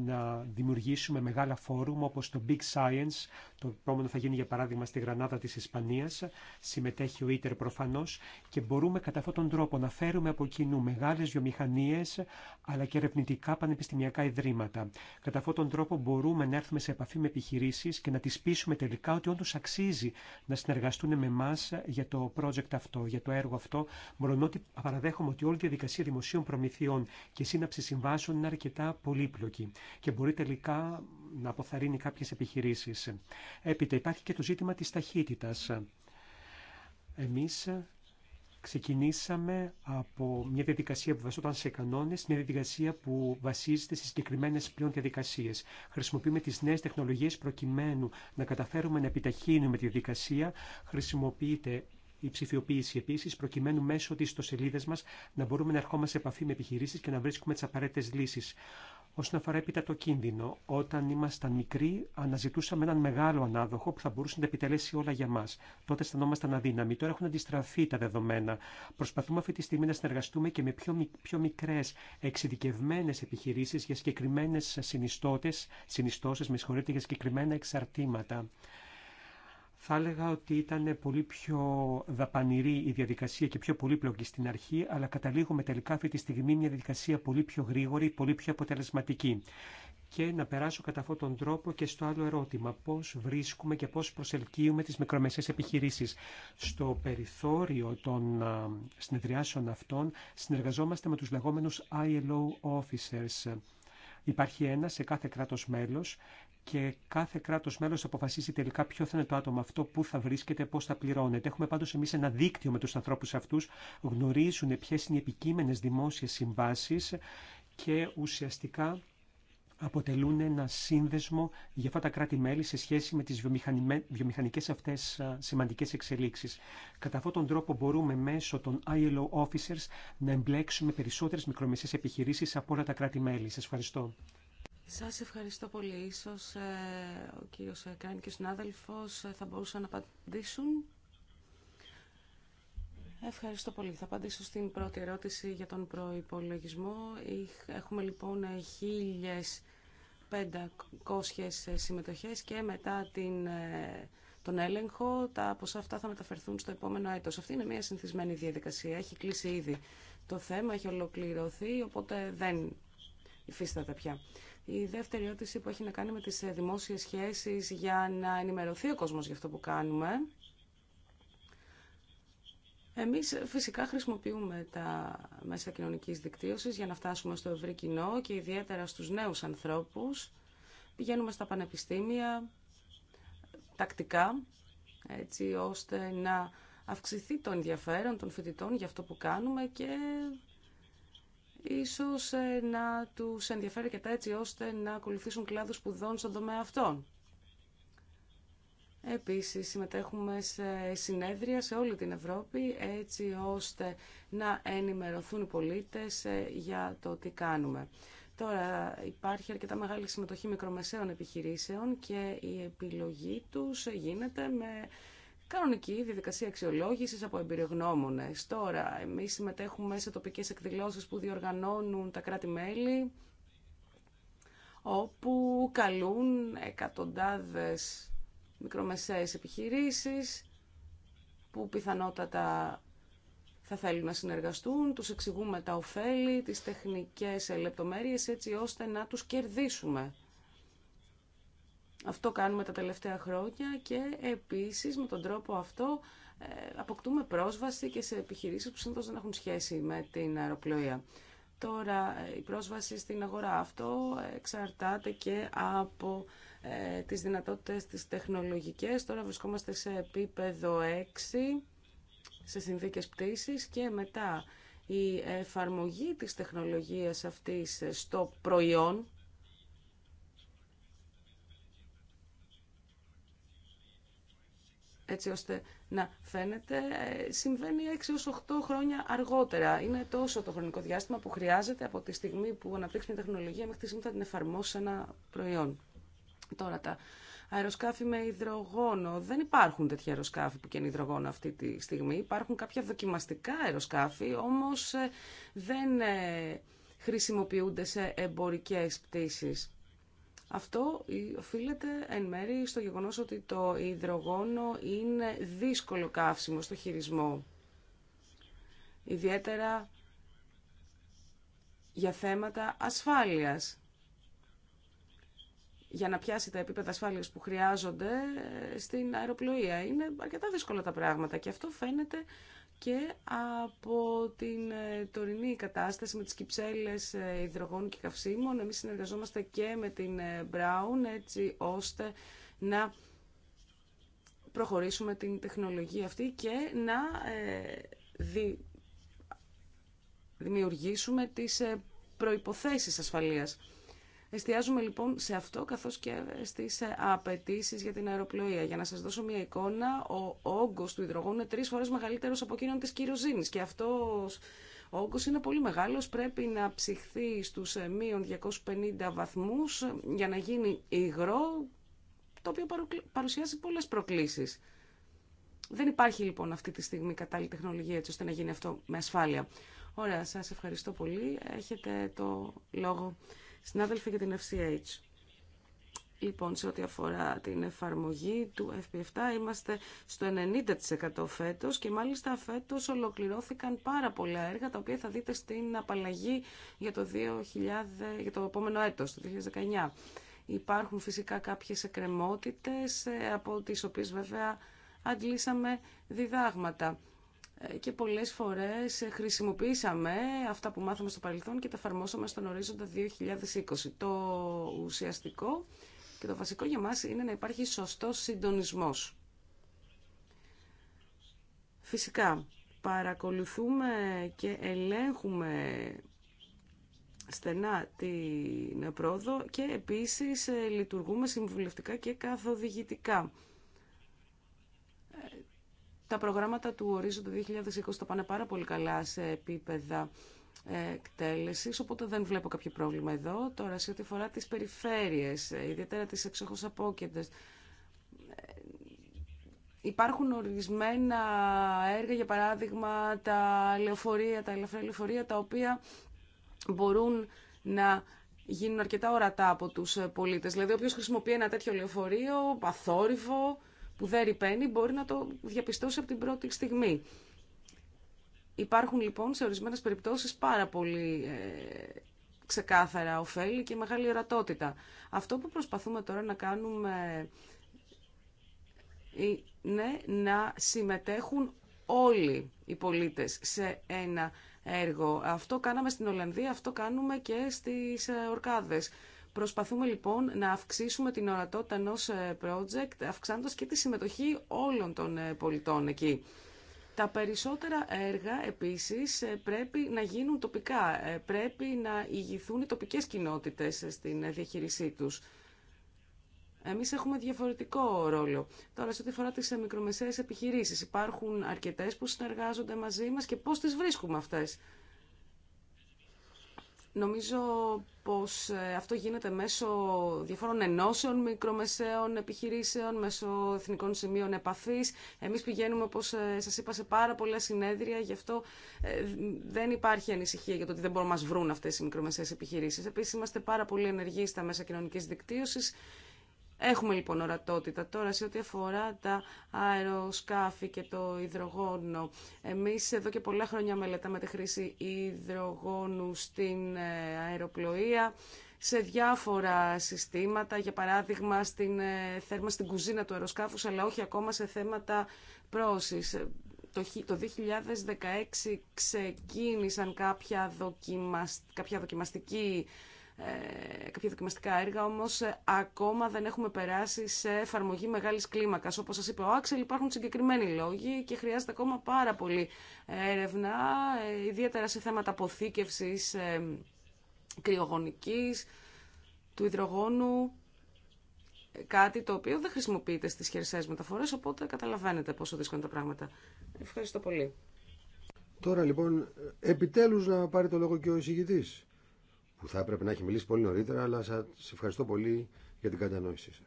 να δημιουργήσουμε μεγάλα φόρουμ όπως το Big Science, το επόμενο θα γίνει για παράδειγμα στη Γρανάδα της Ισπανίας, συμμετέχει ο Ίτερ προφανώς και μπορούμε κατά αυτόν τον τρόπο να φέρουμε από κοινού μεγάλες βιομηχανίες αλλά και ερευνητικά πανεπιστημιακά ιδρύματα. Κατά αυτόν τον τρόπο μπορούμε να έρθουμε σε επαφή με επιχειρήσεις και να τις πείσουμε τελικά ότι όντως αξίζει να συνεργαστούν με εμά για το project αυτό, για το έργο αυτό, μπορώ ότι παραδέχομαι ότι όλη η διαδικασία δημοσίων προμηθειών και σύναψη συμβάσεων είναι αρκετά πολύπλοκη και μπορεί τελικά να αποθαρρύνει κάποιες επιχειρήσεις. Έπειτα υπάρχει και το ζήτημα της ταχύτητας. Εμείς ξεκινήσαμε από μια διαδικασία που βασόταν σε κανόνε, μια διαδικασία που βασίζεται σε συγκεκριμένε πλέον διαδικασίε. Χρησιμοποιούμε τι νέε τεχνολογίε προκειμένου να καταφέρουμε να επιταχύνουμε τη διαδικασία. Χρησιμοποιείται η ψηφιοποίηση επίση, προκειμένου μέσω τη ιστοσελίδα μα να μπορούμε να ερχόμαστε σε επαφή με επιχειρήσει και να βρίσκουμε τι απαραίτητε λύσει. Όσον αφορά έπειτα το κίνδυνο, όταν ήμασταν μικροί, αναζητούσαμε έναν μεγάλο ανάδοχο που θα μπορούσε να επιτελέσει όλα για μα. Τότε αισθανόμασταν αδύναμοι. Τώρα έχουν αντιστραφεί τα δεδομένα. Προσπαθούμε αυτή τη στιγμή να συνεργαστούμε και με πιο, πιο μικρέ εξειδικευμένε επιχειρήσει για συγκεκριμένε συνιστώσει, με συγχωρείτε, για συγκεκριμένα εξαρτήματα θα έλεγα ότι ήταν πολύ πιο δαπανηρή η διαδικασία και πιο πολύπλοκη στην αρχή, αλλά καταλήγουμε τελικά αυτή τη στιγμή μια διαδικασία πολύ πιο γρήγορη, πολύ πιο αποτελεσματική. Και να περάσω κατά αυτόν τον τρόπο και στο άλλο ερώτημα, πώς βρίσκουμε και πώς προσελκύουμε τις μικρομεσαίες επιχειρήσεις. Στο περιθώριο των συνεδριάσεων αυτών συνεργαζόμαστε με τους λεγόμενους ILO officers. Υπάρχει ένα σε κάθε κράτος μέλος και κάθε κράτο μέλο αποφασίσει τελικά ποιο θα είναι το άτομο αυτό, πού θα βρίσκεται, πώ θα πληρώνεται. Έχουμε πάντω εμεί ένα δίκτυο με του ανθρώπου αυτού, γνωρίζουν ποιε είναι οι επικείμενε δημόσιε συμβάσει και ουσιαστικά αποτελούν ένα σύνδεσμο για αυτά τα κράτη-μέλη σε σχέση με τις βιομηχανικές αυτές σημαντικές εξελίξεις. Κατά αυτόν τον τρόπο μπορούμε μέσω των ILO officers να εμπλέξουμε περισσότερες μικρομεσαίες επιχειρήσεις από όλα τα κράτη-μέλη. Σας ευχαριστώ. Σας ευχαριστώ πολύ. Ίσως ε, ο κύριος Κράνη και ο συνάδελφος ε, θα μπορούσαν να απαντήσουν. Ευχαριστώ πολύ. Θα απαντήσω στην πρώτη ερώτηση για τον προϋπολογισμό. Έχουμε λοιπόν 1.500 ε, συμμετοχές και μετά την, τον έλεγχο τα ποσά αυτά θα μεταφερθούν στο επόμενο έτος. Αυτή είναι μια συνηθισμένη διαδικασία. Έχει κλείσει ήδη το θέμα, έχει ολοκληρωθεί, οπότε δεν υφίσταται πια. Η δεύτερη ερώτηση που έχει να κάνει με τις ε, δημόσιες σχέσεις για να ενημερωθεί ο κόσμος για αυτό που κάνουμε. Εμείς ε, φυσικά χρησιμοποιούμε τα μέσα κοινωνικής δικτύωσης για να φτάσουμε στο ευρύ κοινό και ιδιαίτερα στους νέους ανθρώπους. Πηγαίνουμε στα πανεπιστήμια τακτικά, έτσι ώστε να αυξηθεί το ενδιαφέρον των φοιτητών για αυτό που κάνουμε και ίσως ε, να τους ενδιαφέρει και έτσι ώστε να ακολουθήσουν κλάδους σπουδών στον τομέα αυτών. Επίσης, συμμετέχουμε σε συνέδρια σε όλη την Ευρώπη, έτσι ώστε να ενημερωθούν οι πολίτες ε, για το τι κάνουμε. Τώρα, υπάρχει αρκετά μεγάλη συμμετοχή μικρομεσαίων επιχειρήσεων και η επιλογή τους γίνεται με κανονική διαδικασία αξιολόγηση από εμπειρογνώμονε. Τώρα, εμεί συμμετέχουμε σε τοπικέ εκδηλώσει που διοργανώνουν τα κράτη-μέλη, όπου καλούν εκατοντάδες μικρομεσαίες επιχειρήσεις που πιθανότατα θα θέλουν να συνεργαστούν, τους εξηγούμε τα ωφέλη, τις τεχνικές λεπτομέρειε έτσι ώστε να τους κερδίσουμε. Αυτό κάνουμε τα τελευταία χρόνια και επίσης με τον τρόπο αυτό ε, αποκτούμε πρόσβαση και σε επιχειρήσεις που συνήθως δεν έχουν σχέση με την αεροπλοεία. Τώρα ε, η πρόσβαση στην αγορά αυτό εξαρτάται και από ε, τις δυνατότητες της τεχνολογικές. Τώρα βρισκόμαστε σε επίπεδο 6 σε συνθήκες πτήσης και μετά η εφαρμογή της τεχνολογίας αυτής στο προϊόν έτσι ώστε να φαίνεται, ε, συμβαίνει 6 8 χρόνια αργότερα. Είναι τόσο το χρονικό διάστημα που χρειάζεται από τη στιγμή που μια τεχνολογία μέχρι τη στιγμή που θα την εφαρμόσει ένα προϊόν. Τώρα τα αεροσκάφη με υδρογόνο. Δεν υπάρχουν τέτοια αεροσκάφη που καίνουν υδρογόνο αυτή τη στιγμή. Υπάρχουν κάποια δοκιμαστικά αεροσκάφη, όμως ε, δεν ε, χρησιμοποιούνται σε εμπορικές πτήσεις. Αυτό οφείλεται εν μέρη στο γεγονός ότι το υδρογόνο είναι δύσκολο καύσιμο στο χειρισμό. Ιδιαίτερα για θέματα ασφάλειας. Για να πιάσει τα επίπεδα ασφάλειας που χρειάζονται ε, στην αεροπλοεία. Είναι αρκετά δύσκολα τα πράγματα και αυτό φαίνεται και από την ε, τωρινή κατάσταση με τις κυψέλες ε, υδρογόνου και καυσίμων. Εμείς συνεργαζόμαστε και με την ε, Brown έτσι ώστε να προχωρήσουμε την τεχνολογία αυτή και να δημιουργήσουμε τις προϋποθέσεις ασφαλείας. Εστιάζουμε λοιπόν σε αυτό καθώς και στις ε, απαιτήσει για την αεροπλοεία. Για να σας δώσω μια εικόνα, ο όγκος του υδρογόνου είναι τρεις φορές μεγαλύτερος από εκείνον της κυροζήνης και αυτός ο όγκος είναι πολύ μεγάλος, πρέπει να ψυχθεί στους ε, μείον 250 βαθμούς για να γίνει υγρό, το οποίο παρουσιάζει πολλές προκλήσεις. Δεν υπάρχει λοιπόν αυτή τη στιγμή κατάλληλη τεχνολογία έτσι ώστε να γίνει αυτό με ασφάλεια. Ωραία, σας ευχαριστώ πολύ. Έχετε το λόγο Συνάδελφοι για την FCH. Λοιπόν, σε ό,τι αφορά την εφαρμογή του FP7, είμαστε στο 90% φέτος και μάλιστα φέτος ολοκληρώθηκαν πάρα πολλά έργα, τα οποία θα δείτε στην απαλλαγή για το, 2000, για το επόμενο έτος, το 2019. Υπάρχουν φυσικά κάποιες εκκρεμότητες, ε, από τις οποίες βέβαια αντλήσαμε διδάγματα. Ε, και πολλές φορές χρησιμοποίησαμε αυτά που μάθαμε στο παρελθόν και τα εφαρμόσαμε στον ορίζοντα 2020. Το ουσιαστικό και το βασικό για μας είναι να υπάρχει σωστός συντονισμός. Φυσικά, παρακολουθούμε και ελέγχουμε στενά την πρόοδο και επίσης ε, λειτουργούμε συμβουλευτικά και καθοδηγητικά τα προγράμματα του ορίζοντα 2020 τα πάνε πάρα πολύ καλά σε επίπεδα ε, εκτέλεση, οπότε δεν βλέπω κάποιο πρόβλημα εδώ. Τώρα, σε ό,τι αφορά τι περιφέρειε, ε, ιδιαίτερα τι εξόχω απόκεντε, ε, υπάρχουν ορισμένα έργα, για παράδειγμα τα λεωφορεία, τα ελαφρά λεωφορεία, τα οποία μπορούν να γίνουν αρκετά ορατά από τους πολίτες. Δηλαδή, όποιος χρησιμοποιεί ένα τέτοιο λεωφορείο, παθόρυβο, που δεν ρηπαίνει μπορεί να το διαπιστώσει από την πρώτη στιγμή. Υπάρχουν λοιπόν σε ορισμένες περιπτώσεις πάρα πολύ ε, ξεκάθαρα ωφέλη και μεγάλη ορατότητα. Αυτό που προσπαθούμε τώρα να κάνουμε είναι να συμμετέχουν όλοι οι πολίτες σε ένα έργο. Αυτό κάναμε στην Ολλανδία, αυτό κάνουμε και στις ε, Ορκάδες. Προσπαθούμε λοιπόν να αυξήσουμε την ορατότητα ενό ε, project, αυξάνοντα και τη συμμετοχή όλων των ε, πολιτών εκεί. Τα περισσότερα έργα επίσης ε, πρέπει να γίνουν τοπικά, πρέπει να ηγηθούν οι τοπικές κοινότητες στην διαχείρισή τους. Εμείς έχουμε διαφορετικό ρόλο. Τώρα, σε ό,τι αφορά τις μικρομεσαίες επιχειρήσεις, υπάρχουν αρκετές που συνεργάζονται μαζί μας και πώς τις βρίσκουμε αυτές. Νομίζω πως ε, αυτό γίνεται μέσω διαφόρων ενώσεων μικρομεσαίων επιχειρήσεων, μέσω εθνικών σημείων επαφής. Εμείς πηγαίνουμε, όπως ε, σας είπα, σε πάρα πολλά συνέδρια, γι' αυτό ε, δεν υπάρχει ανησυχία για το ότι δεν μπορούν να μας βρουν αυτές οι μικρομεσαίες επιχειρήσεις. Επίσης, είμαστε πάρα πολύ ενεργοί στα μέσα κοινωνικής δικτύωσης Έχουμε λοιπόν ορατότητα τώρα σε ό,τι αφορά τα αεροσκάφη και το υδρογόνο. Εμείς εδώ και πολλά χρόνια μελετάμε τη χρήση υδρογόνου στην ε, αεροπλοεία σε διάφορα συστήματα, για παράδειγμα στην ε, θέρμα στην κουζίνα του αεροσκάφους, αλλά όχι ακόμα σε θέματα πρόσης. Το 2016 ξεκίνησαν κάποια, δοκιμασ... κάποια δοκιμαστική ε, κάποια δοκιμαστικά έργα, όμως ε, ακόμα δεν έχουμε περάσει σε εφαρμογή μεγάλη κλίμακα. Όπω σα είπε ο Άξελ, υπάρχουν συγκεκριμένοι λόγοι και χρειάζεται ακόμα πάρα πολύ έρευνα, ε, ιδιαίτερα σε θέματα αποθήκευσης κρυογονική, του υδρογόνου, κάτι το οποίο δεν χρησιμοποιείται στις χερσαίες μεταφορές, οπότε καταλαβαίνετε πόσο δύσκολα είναι τα πράγματα. Ευχαριστώ πολύ. Τώρα λοιπόν, επιτέλους να πάρει το λόγο και ο εισηγητής που θα έπρεπε να έχει μιλήσει πολύ νωρίτερα, αλλά σα ευχαριστώ πολύ για την κατανόησή σας.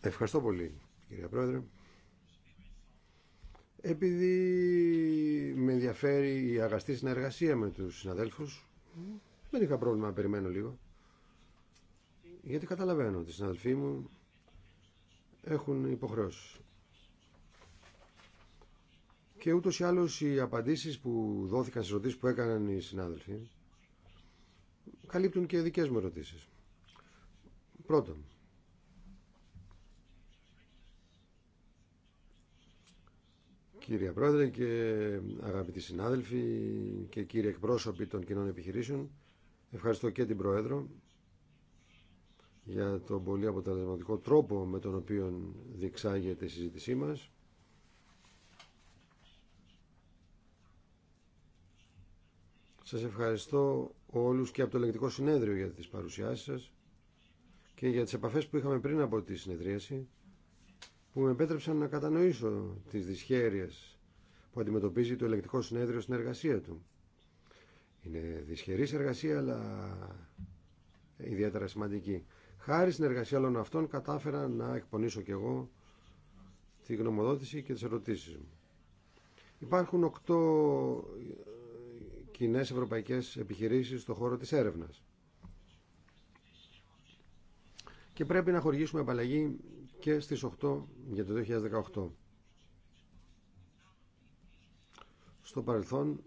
Ευχαριστώ πολύ, κυρία Πρόεδρε. Επειδή με ενδιαφέρει η αγαστή συνεργασία με τους συναδέλφους, δεν είχα πρόβλημα να περιμένω λίγο. Γιατί καταλαβαίνω ότι οι συναδελφοί μου έχουν υποχρεώσει. Και ούτω ή άλλω οι απαντήσεις που δόθηκαν στι ερωτήσει που έκαναν οι συνάδελφοι καλύπτουν και δικέ μου ερωτήσει. Πρώτον, κύριε Πρόεδρε και αγαπητοί συνάδελφοι και κύριοι εκπρόσωποι των κοινών επιχειρήσεων, ευχαριστώ και την Πρόεδρο για τον πολύ αποτελεσματικό τρόπο με τον οποίο διεξάγεται η συζήτησή μας. Σας ευχαριστώ όλους και από το Ελεγκτικό Συνέδριο για τις παρουσιάσεις σας και για τις επαφές που είχαμε πριν από τη συνεδρίαση που με επέτρεψαν να κατανοήσω τις δυσχέρειες που αντιμετωπίζει το Ελεγκτικό Συνέδριο στην εργασία του. Είναι δυσχερή εργασία αλλά ιδιαίτερα σημαντική. Χάρη στην εργασία όλων αυτών κατάφερα να εκπονήσω κι εγώ τη γνωμοδότηση και τις ερωτήσεις μου. Υπάρχουν οκτώ κοινέ ευρωπαϊκέ επιχειρήσει στον χώρο τη έρευνα. Και πρέπει να χορηγήσουμε απαλλαγή και στι 8 για το 2018. Στο παρελθόν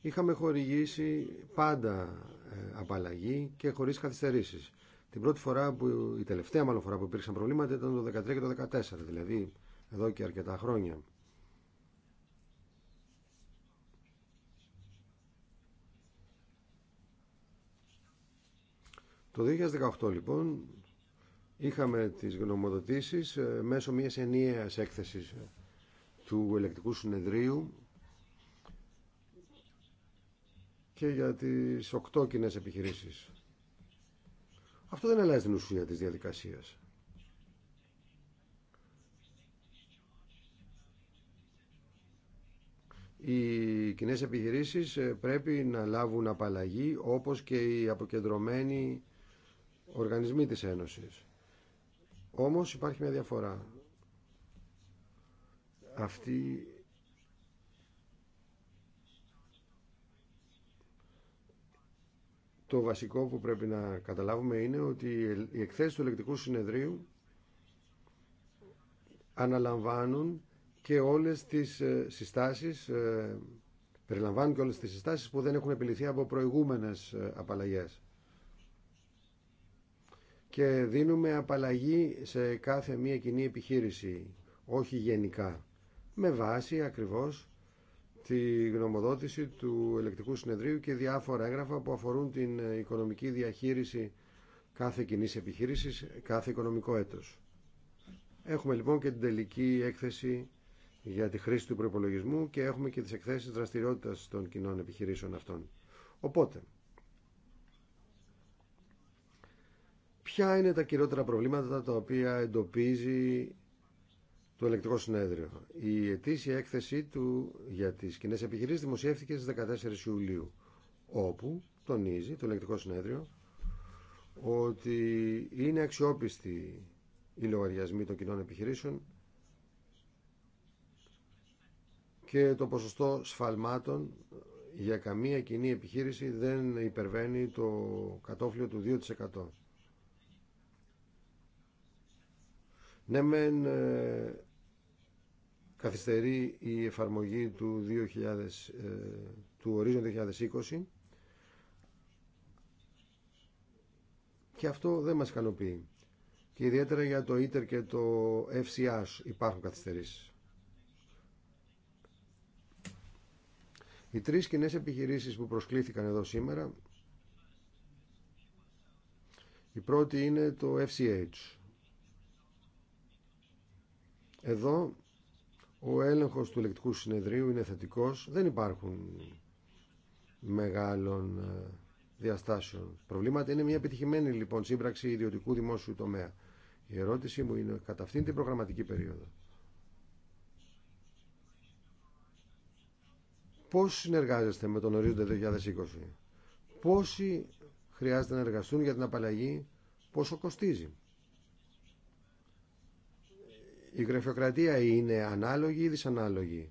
είχαμε χορηγήσει πάντα ε, απαλλαγή και χωρίς καθυστερήσεις. Την πρώτη φορά, που, η τελευταία μάλλον φορά που υπήρξαν προβλήματα ήταν το 2013 και το 2014, δηλαδή εδώ και αρκετά χρόνια. Το 2018 λοιπόν είχαμε τις γνωμοδοτήσεις ε, μέσω μιας ενιαίας έκθεσης ε, του ελεκτικού συνεδρίου και για τις οκτώ κοινέ επιχειρήσεις. Αυτό δεν αλλάζει την ουσία της διαδικασίας. Οι κοινέ επιχειρήσεις ε, πρέπει να λάβουν απαλλαγή όπως και οι αποκεντρωμένοι οργανισμοί της Ένωσης. Όμως υπάρχει μια διαφορά. Αυτή το βασικό που πρέπει να καταλάβουμε είναι ότι οι εκθέσεις του ελεκτικού συνεδρίου αναλαμβάνουν και όλες τις ε, συστάσεις ε, περιλαμβάνουν και όλες τις συστάσεις που δεν έχουν επιληθεί από προηγούμενες ε, απαλλαγές και δίνουμε απαλλαγή σε κάθε μία κοινή επιχείρηση, όχι γενικά, με βάση ακριβώς τη γνωμοδότηση του Ελεκτικού Συνεδρίου και διάφορα έγγραφα που αφορούν την οικονομική διαχείριση κάθε κοινή επιχείρηση, κάθε οικονομικό έτος. Έχουμε λοιπόν και την τελική έκθεση για τη χρήση του προπολογισμού και έχουμε και τις εκθέσεις δραστηριότητας των κοινών επιχειρήσεων αυτών. Οπότε, Ποια είναι τα κυριότερα προβλήματα τα οποία εντοπίζει το ελεκτικό συνέδριο. Η ετήσια έκθεσή του για τις κοινέ επιχειρήσεις δημοσιεύτηκε στι 14 Ιουλίου, όπου τονίζει το ελεκτικό συνέδριο ότι είναι αξιόπιστη οι λογαριασμοί των κοινών επιχειρήσεων και το ποσοστό σφαλμάτων για καμία κοινή επιχείρηση δεν υπερβαίνει το κατόφλιο του 2%. Ναι, μεν ε, καθυστερεί η εφαρμογή του, 2000, ε, του 2020 και αυτό δεν μας ικανοποιεί. Και ιδιαίτερα για το ITER και το FCS υπάρχουν καθυστερήσεις. Οι τρεις κοινέ επιχειρήσεις που προσκλήθηκαν εδώ σήμερα, η πρώτη είναι το FCH, εδώ ο έλεγχος του ελεκτικού συνεδρίου είναι θετικός. Δεν υπάρχουν μεγάλων ε, διαστάσεων προβλήματα. Είναι μια επιτυχημένη λοιπόν σύμπραξη ιδιωτικού δημόσιου τομέα. Η ερώτησή μου είναι κατά αυτήν την προγραμματική περίοδο. Πώς συνεργάζεστε με τον ορίζοντα 2020. Πόσοι χρειάζεται να εργαστούν για την απαλλαγή, πόσο κοστίζει. Η γραφειοκρατία είναι ανάλογη ή δυσανάλογη.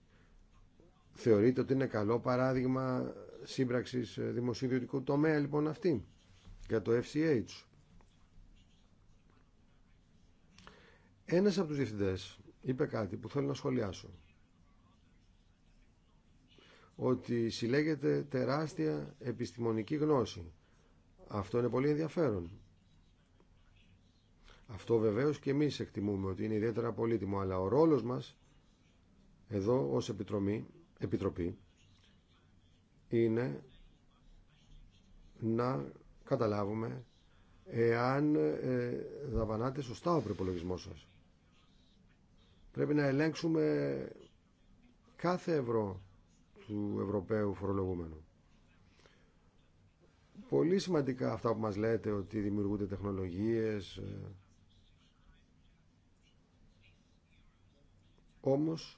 Θεωρείτε ότι είναι καλό παράδειγμα σύμπραξης ε, δημοσιοδιωτικού τομέα λοιπόν αυτή για το FCH. Ένας από τους διευθυντές είπε κάτι που θέλω να σχολιάσω. Ότι συλλέγεται τεράστια επιστημονική γνώση. Αυτό είναι πολύ ενδιαφέρον. Αυτό βεβαίως και εμείς εκτιμούμε ότι είναι ιδιαίτερα πολύτιμο, αλλά ο ρόλος μας εδώ ως επιτρομή, Επιτροπή είναι να καταλάβουμε εάν ε, δαπανάτε σωστά ο προπολογισμό σας. Πρέπει να ελέγξουμε κάθε ευρώ του Ευρωπαίου φορολογούμενου. Πολύ σημαντικά αυτά που μας λέτε ότι δημιουργούνται τεχνολογίες, ε, Όμως,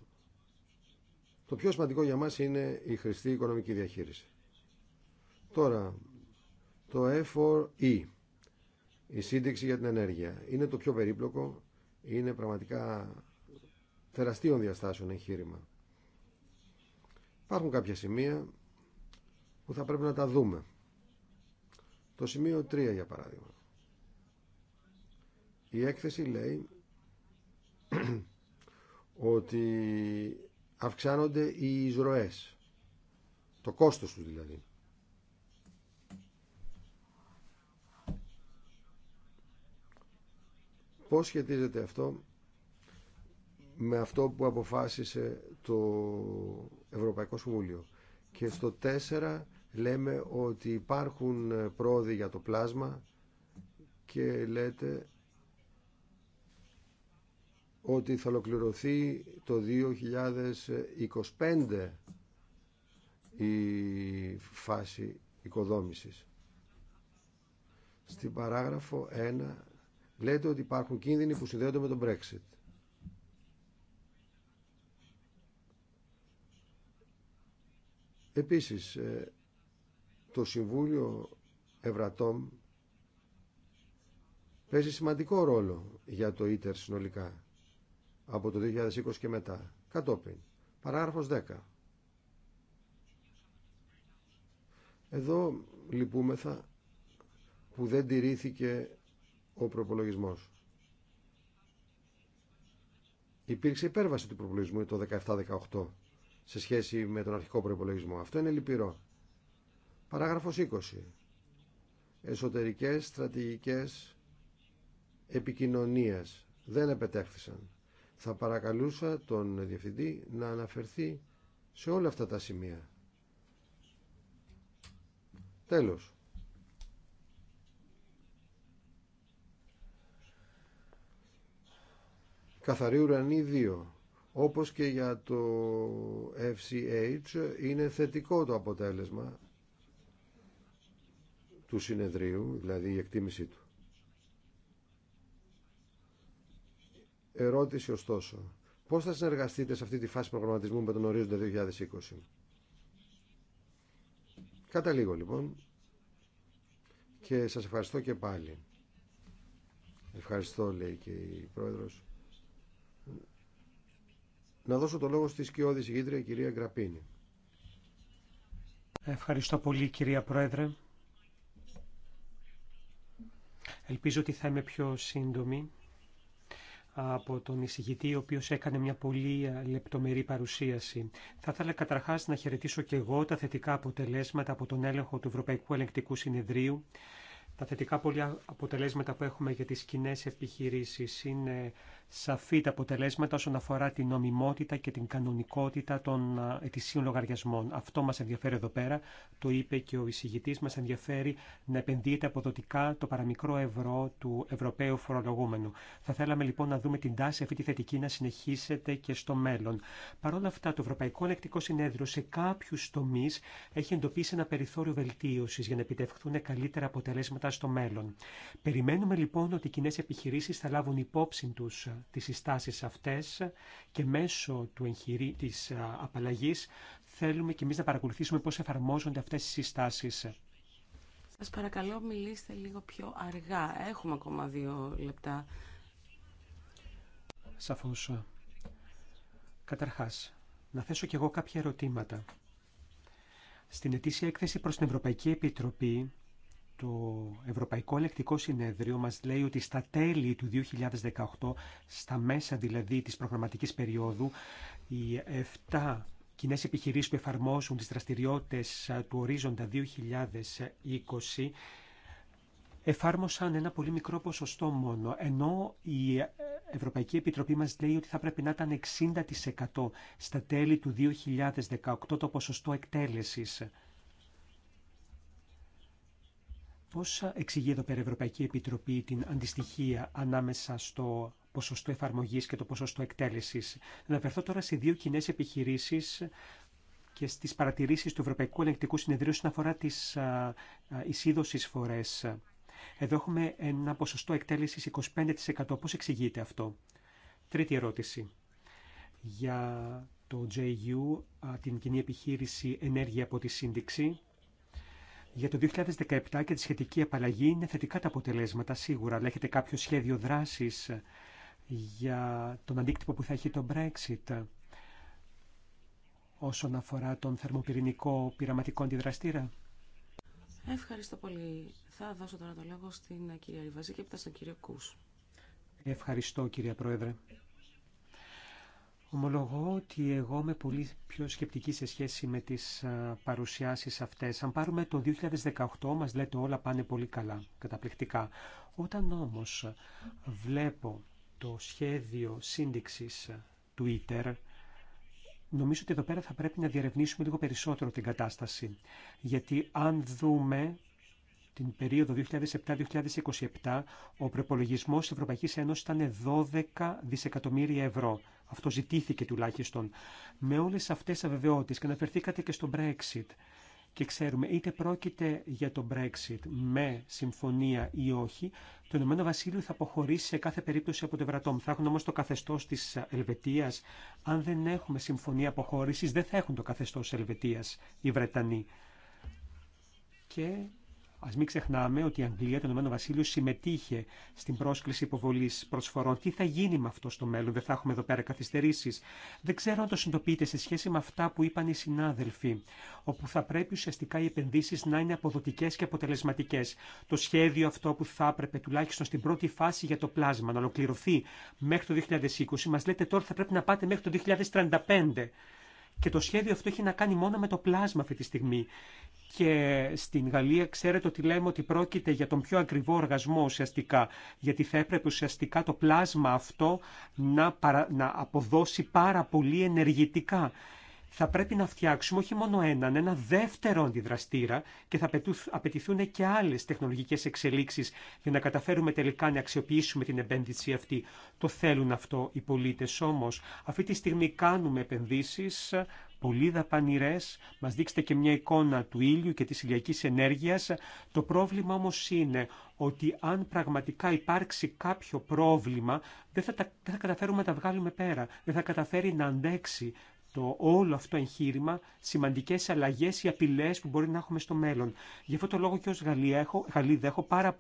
το πιο σημαντικό για μας είναι η χρηστή οικονομική διαχείριση. Τώρα, το f 4 e η σύνδεξη για την ενέργεια, είναι το πιο περίπλοκο, είναι πραγματικά τεραστίων διαστάσεων εγχείρημα. Υπάρχουν κάποια σημεία που θα πρέπει να τα δούμε. Το σημείο 3 για παράδειγμα. Η έκθεση λέει ότι αυξάνονται οι εισρωές. Το κόστος του δηλαδή. Πώς σχετίζεται αυτό με αυτό που αποφάσισε το Ευρωπαϊκό Συμβούλιο. Και στο 4 λέμε ότι υπάρχουν πρόοδοι για το πλάσμα και λέτε ότι θα ολοκληρωθεί το 2025 η φάση οικοδόμησης. Στην παράγραφο 1 λέτε ότι υπάρχουν κίνδυνοι που συνδέονται με τον Brexit. Επίσης, ε, το Συμβούλιο Ευρατόμ παίζει σημαντικό ρόλο για το ίτερ συνολικά από το 2020 και μετά. Κατόπιν. Παράγραφος 10. Εδώ λυπούμεθα που δεν τηρήθηκε ο προπολογισμός. Υπήρξε υπέρβαση του προπολογισμού το 17-18 σε σχέση με τον αρχικό προπολογισμό. Αυτό είναι λυπηρό. Παράγραφος 20. Εσωτερικές στρατηγικές επικοινωνίες δεν επετέχθησαν. Θα παρακαλούσα τον Διευθυντή να αναφερθεί σε όλα αυτά τα σημεία. Τέλος. Καθαρή ουρανή 2. Όπως και για το FCH είναι θετικό το αποτέλεσμα του συνεδρίου, δηλαδή η εκτίμησή του. Ερώτηση ωστόσο, πώς θα συνεργαστείτε σε αυτή τη φάση προγραμματισμού με τον ορίζοντα 2020. Κατά λίγο λοιπόν και σας ευχαριστώ και πάλι. Ευχαριστώ λέει και η Πρόεδρος. Να δώσω το λόγο στη σκιώδη η κυρία Γκραπίνη. Ευχαριστώ πολύ κυρία Πρόεδρε. Ελπίζω ότι θα είμαι πιο σύντομη από τον εισηγητή, ο οποίος έκανε μια πολύ ε, λεπτομερή παρουσίαση. Θα ήθελα καταρχάς να χαιρετήσω και εγώ τα θετικά αποτελέσματα από τον έλεγχο του Ευρωπαϊκού Ελεγκτικού Συνεδρίου. Τα θετικά πολλά αποτελέσματα που έχουμε για τις κοινέ επιχειρήσεις είναι σαφή τα αποτελέσματα όσον αφορά την νομιμότητα και την κανονικότητα των ετησίων λογαριασμών. Αυτό μας ενδιαφέρει εδώ πέρα, το είπε και ο εισηγητής, μας ενδιαφέρει να επενδύεται αποδοτικά το παραμικρό ευρώ του Ευρωπαίου φορολογούμενου. Θα θέλαμε λοιπόν να δούμε την τάση αυτή τη θετική να συνεχίσετε και στο μέλλον. Παρόλα αυτά, το Ευρωπαϊκό Ελεκτικό Συνέδριο σε κάποιου τομεί έχει εντοπίσει ένα περιθώριο βελτίωση για να επιτευχθούν καλύτερα αποτελέσματα στο μέλλον. Περιμένουμε λοιπόν ότι οι κοινέ επιχειρήσει θα λάβουν υπόψη του τις συστάσεις αυτές και μέσω του εγχειρή, της απαλλαγής θέλουμε και εμείς να παρακολουθήσουμε πώς εφαρμόζονται αυτές οι συστάσεις. Σας παρακαλώ μιλήστε λίγο πιο αργά. Έχουμε ακόμα δύο λεπτά. Σαφώς. Καταρχάς, να θέσω κι εγώ κάποια ερωτήματα. Στην ετήσια έκθεση προς την Ευρωπαϊκή Επιτροπή το Ευρωπαϊκό Ελεκτικό Συνέδριο μας λέει ότι στα τέλη του 2018, στα μέσα δηλαδή της προγραμματικής περίοδου, οι 7 κοινέ επιχειρήσεις που εφαρμόσουν τις δραστηριότητες του ορίζοντα 2020 εφάρμοσαν ένα πολύ μικρό ποσοστό μόνο, ενώ η Ευρωπαϊκή Επιτροπή μας λέει ότι θα πρέπει να ήταν 60% στα τέλη του 2018 το ποσοστό εκτέλεσης. Πώς εξηγεί εδώ πέρα η Ευρωπαϊκή Επιτροπή την αντιστοιχία ανάμεσα στο ποσοστό εφαρμογής και το ποσοστό εκτέλεσης. Να αναφερθώ τώρα σε δύο κοινέ επιχειρήσεις και στις παρατηρήσεις του Ευρωπαϊκού Ελεγκτικού Συνεδρίου στην αφορά τις εισίδωσης φορές. Εδώ έχουμε ένα ποσοστό εκτέλεσης 25%. Πώς εξηγείται αυτό. Τρίτη ερώτηση. Για το JU, την κοινή επιχείρηση ενέργεια από τη σύνδεξη, για το 2017 και τη σχετική απαλλαγή είναι θετικά τα αποτελέσματα σίγουρα, αλλά έχετε κάποιο σχέδιο δράσης για τον αντίκτυπο που θα έχει το Brexit όσον αφορά τον θερμοπυρηνικό πειραματικό αντιδραστήρα. Ευχαριστώ πολύ. Θα δώσω τώρα το λόγο στην κυρία Ριβαζή και μετά στον κύριο Κούς. Ευχαριστώ κυρία Πρόεδρε. Ομολογώ ότι εγώ είμαι πολύ πιο σκεπτική σε σχέση με τις παρουσιάσεις αυτές. Αν πάρουμε το 2018 μας λέτε όλα πάνε πολύ καλά, καταπληκτικά. Όταν όμως βλέπω το σχέδιο σύνδεξης Twitter, νομίζω ότι εδώ πέρα θα πρέπει να διαρευνήσουμε λίγο περισσότερο την κατάσταση. Γιατί αν δούμε την περίοδο 2007-2027, ο προπολογισμό της Ευρωπαϊκής Ένωσης ήταν 12 δισεκατομμύρια ευρώ. Αυτό ζητήθηκε τουλάχιστον. Με όλες αυτές τις αβεβαιότητε και αναφερθήκατε και στο Brexit και ξέρουμε είτε πρόκειται για το Brexit με συμφωνία ή όχι, το Ηνωμένο Βασίλειο θα αποχωρήσει σε κάθε περίπτωση από το Ευρατόμ. Θα έχουν όμω το καθεστώ τη Ελβετία. Αν δεν έχουμε συμφωνία αποχώρηση, δεν θα έχουν το καθεστώ Ελβετία οι Βρετανοί. Και Α μην ξεχνάμε ότι η Αγγλία, το Ηνωμένο Βασίλειο, συμμετείχε στην πρόσκληση υποβολή προσφορών. Τι θα γίνει με αυτό στο μέλλον, δεν θα έχουμε εδώ πέρα καθυστερήσει. Δεν ξέρω αν το συνειδητοποιείτε σε σχέση με αυτά που είπαν οι συνάδελφοι, όπου θα πρέπει ουσιαστικά οι επενδύσει να είναι αποδοτικέ και αποτελεσματικέ. Το σχέδιο αυτό που θα έπρεπε τουλάχιστον στην πρώτη φάση για το πλάσμα να ολοκληρωθεί μέχρι το 2020, μα λέτε τώρα θα πρέπει να πάτε μέχρι το 2035. Και το σχέδιο αυτό έχει να κάνει μόνο με το πλάσμα αυτή τη στιγμή και στην Γαλλία ξέρετε ότι λέμε ότι πρόκειται για τον πιο ακριβό οργασμό ουσιαστικά, γιατί θα έπρεπε ουσιαστικά το πλάσμα αυτό να, να αποδώσει πάρα πολύ ενεργητικά. Θα πρέπει να φτιάξουμε όχι μόνο έναν, ένα δεύτερο αντιδραστήρα και θα απαιτηθούν και άλλε τεχνολογικέ εξελίξει για να καταφέρουμε τελικά να αξιοποιήσουμε την επένδυση αυτή. Το θέλουν αυτό οι πολίτε όμω. Αυτή τη στιγμή κάνουμε επενδύσει πολύ δαπανηρές, μας δείξετε και μια εικόνα του ήλιου και της ηλιακής ενέργειας. Το πρόβλημα όμως είναι ότι αν πραγματικά υπάρξει κάποιο πρόβλημα, δεν θα, δεν θα καταφέρουμε να τα βγάλουμε πέρα, δεν θα καταφέρει να αντέξει το όλο αυτό εγχείρημα σημαντικέ αλλαγέ ή απειλέ που μπορεί να έχουμε στο μέλλον. Γι' αυτό το λόγο και ω έχω, Γαλλίδα έχω πάρα,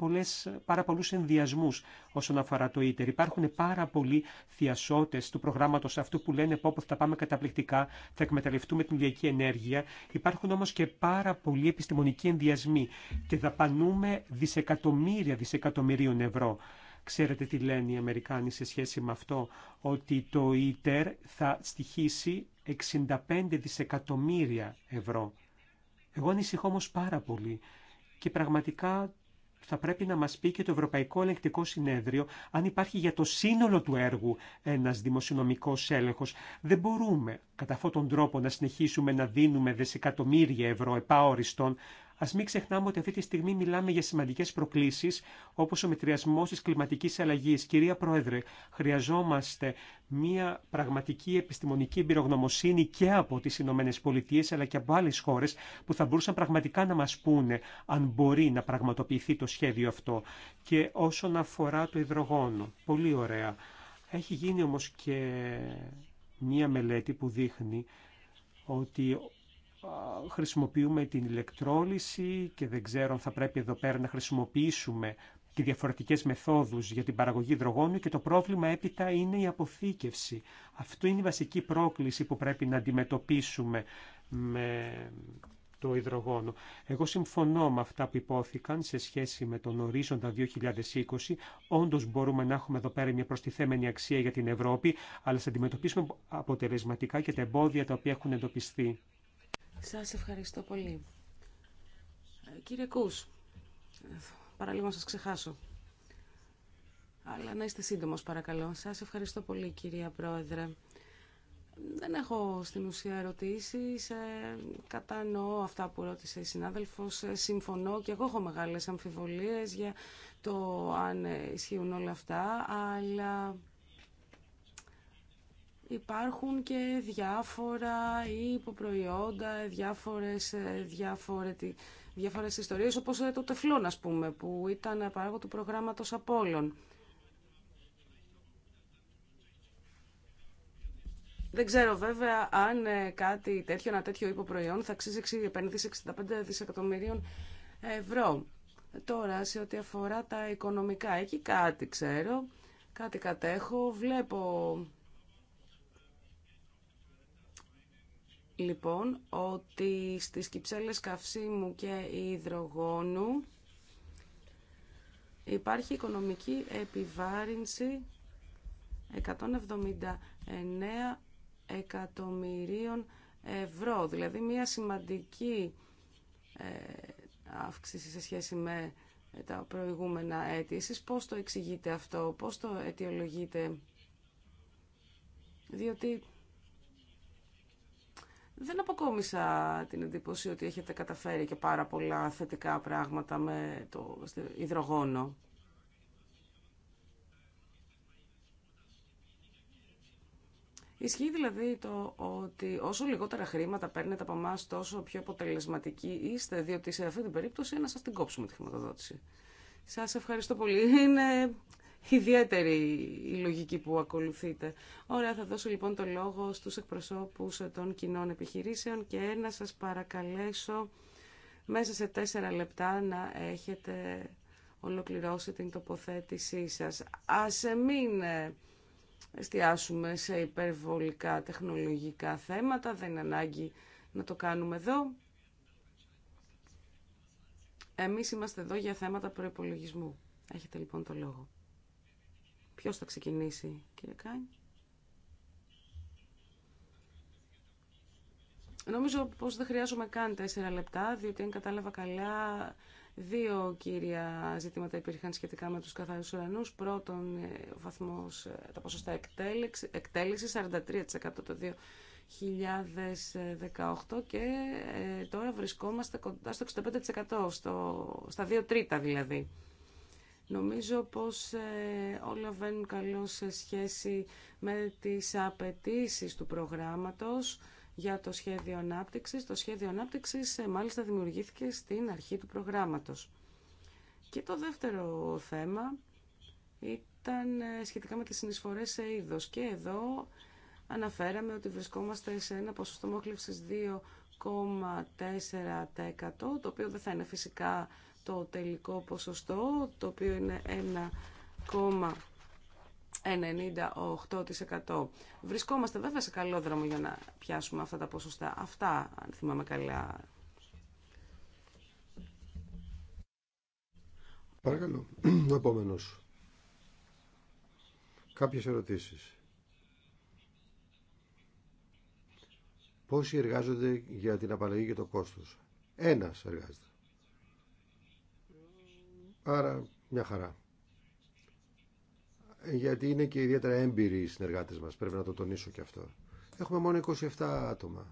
πάρα πολλού ενδιασμού όσον αφορά το ίτερ. Υπάρχουν πάρα πολλοί θειασότε του προγράμματο αυτού που λένε πω θα πάμε καταπληκτικά, θα εκμεταλλευτούμε την ηλιακή ενέργεια. Υπάρχουν όμω και πάρα πολλοί επιστημονικοί ενδιασμοί και δαπανούμε δισεκατομμύρια δισεκατομμυρίων ευρώ. Ξέρετε τι λένε οι Αμερικάνοι σε σχέση με αυτό, ότι το ΙΤΕΡ θα στοιχήσει 65 δισεκατομμύρια ευρώ. Εγώ ανησυχώ όμως πάρα πολύ και πραγματικά θα πρέπει να μας πει και το Ευρωπαϊκό Ελεγκτικό Συνέδριο αν υπάρχει για το σύνολο του έργου ένας δημοσιονομικός έλεγχος. Δεν μπορούμε κατά αυτόν τον τρόπο να συνεχίσουμε να δίνουμε δισεκατομμύρια ευρώ επαόριστον Α μην ξεχνάμε ότι αυτή τη στιγμή μιλάμε για σημαντικέ προκλήσει, όπω ο μετριασμό τη κλιματική αλλαγή. Κυρία Πρόεδρε, χρειαζόμαστε μια πραγματική επιστημονική εμπειρογνωμοσύνη και από τι Ηνωμένε Πολιτείε, αλλά και από άλλε χώρε, που θα μπορούσαν πραγματικά να μα πούνε αν μπορεί να πραγματοποιηθεί το σχέδιο αυτό. Και όσον αφορά το υδρογόνο, πολύ ωραία. Έχει γίνει όμω και μία μελέτη που δείχνει ότι χρησιμοποιούμε την ηλεκτρόλυση και δεν ξέρω αν θα πρέπει εδώ πέρα να χρησιμοποιήσουμε και διαφορετικές μεθόδους για την παραγωγή υδρογόνου και το πρόβλημα έπειτα είναι η αποθήκευση. Αυτό είναι η βασική πρόκληση που πρέπει να αντιμετωπίσουμε με το υδρογόνο. Εγώ συμφωνώ με αυτά που υπόθηκαν σε σχέση με τον ορίζοντα 2020. Όντω μπορούμε να έχουμε εδώ πέρα μια προστιθέμενη αξία για την Ευρώπη, αλλά θα αντιμετωπίσουμε αποτελεσματικά και τα εμπόδια τα οποία έχουν εντοπιστεί. Σας ευχαριστώ πολύ. Κύριε Κούς, παραλίγο να σας ξεχάσω. Αλλά να είστε σύντομος παρακαλώ. Σας ευχαριστώ πολύ κυρία Πρόεδρε. Δεν έχω στην ουσία ερωτήσεις. Ε, κατανοώ αυτά που ρώτησε η συνάδελφος. Ε, συμφωνώ και εγώ έχω μεγάλες αμφιβολίες για το αν ε, ισχύουν όλα αυτά, αλλά υπάρχουν και διάφορα υποπροϊόντα, διάφορες, ε, διάφορετι, διάφορες ιστορίες, όπως ε, το τεφλόν, ας πούμε, που ήταν παράγω του προγράμματος Απόλλων. Δεν ξέρω βέβαια αν ε, κάτι τέτοιο, ένα τέτοιο υποπροϊόν θα αξίζει επένδυση 65 δισεκατομμυρίων ευρώ. Τώρα, σε ό,τι αφορά τα οικονομικά, εκεί κάτι ξέρω, κάτι κατέχω, βλέπω λοιπόν ότι στις κυψέλες καυσίμου και υδρογόνου υπάρχει οικονομική επιβάρυνση 179 εκατομμυρίων ευρώ, δηλαδή μια σημαντική ε, αύξηση σε σχέση με τα προηγούμενα έτη. Εσείς πώς το εξηγείτε αυτό, πώς το αιτιολογείτε, διότι δεν αποκόμισα την εντύπωση ότι έχετε καταφέρει και πάρα πολλά θετικά πράγματα με το υδρογόνο. Ισχύει δηλαδή το ότι όσο λιγότερα χρήματα παίρνετε από εμά, τόσο πιο αποτελεσματικοί είστε, διότι σε αυτή την περίπτωση να σα την κόψουμε τη χρηματοδότηση. Σας ευχαριστώ πολύ. Είναι ιδιαίτερη η λογική που ακολουθείτε. Ωραία, θα δώσω λοιπόν το λόγο στους εκπροσώπους των κοινών επιχειρήσεων και να σας παρακαλέσω μέσα σε τέσσερα λεπτά να έχετε ολοκληρώσει την τοποθέτησή σας. Ας μην εστιάσουμε σε υπερβολικά τεχνολογικά θέματα, δεν είναι ανάγκη να το κάνουμε εδώ. Εμείς είμαστε εδώ για θέματα προϋπολογισμού. Έχετε λοιπόν το λόγο. Ποιος θα ξεκινήσει, κύριε Κάιν. Νομίζω πως δεν χρειάζομαι καν τέσσερα λεπτά, διότι αν κατάλαβα καλά, δύο κύρια ζητήματα υπήρχαν σχετικά με τους καθαρούς ουρανούς. Πρώτον, ε, ο βαθμός, ε, τα ποσοστά εκτέλεξη, 43% το 2018 και ε, τώρα βρισκόμαστε κοντά στο 65%, στο, στα δύο τρίτα δηλαδή. Νομίζω πως ε, όλα βαίνουν καλό σε σχέση με τις απαιτήσει του προγράμματος για το σχέδιο ανάπτυξης. Το σχέδιο ανάπτυξης ε, μάλιστα δημιουργήθηκε στην αρχή του προγράμματος. Και το δεύτερο θέμα ήταν ε, σχετικά με τις συνεισφορές σε είδος. Και εδώ αναφέραμε ότι βρισκόμαστε σε ένα ποσοστό μόχλευσης 2,4%, το οποίο δεν θα είναι φυσικά το τελικό ποσοστό, το οποίο είναι 1,98%. Βρισκόμαστε βέβαια σε καλό δρόμο για να πιάσουμε αυτά τα ποσοστά. Αυτά, αν θυμάμαι καλά. Παρακαλώ, ο επόμενος. Κάποιες ερωτήσεις. Πόσοι εργάζονται για την απαλλαγή και το κόστος. Ένας εργάζεται. Άρα μια χαρά. Γιατί είναι και ιδιαίτερα έμπειροι οι συνεργάτες μας, πρέπει να το τονίσω και αυτό. Έχουμε μόνο 27 άτομα.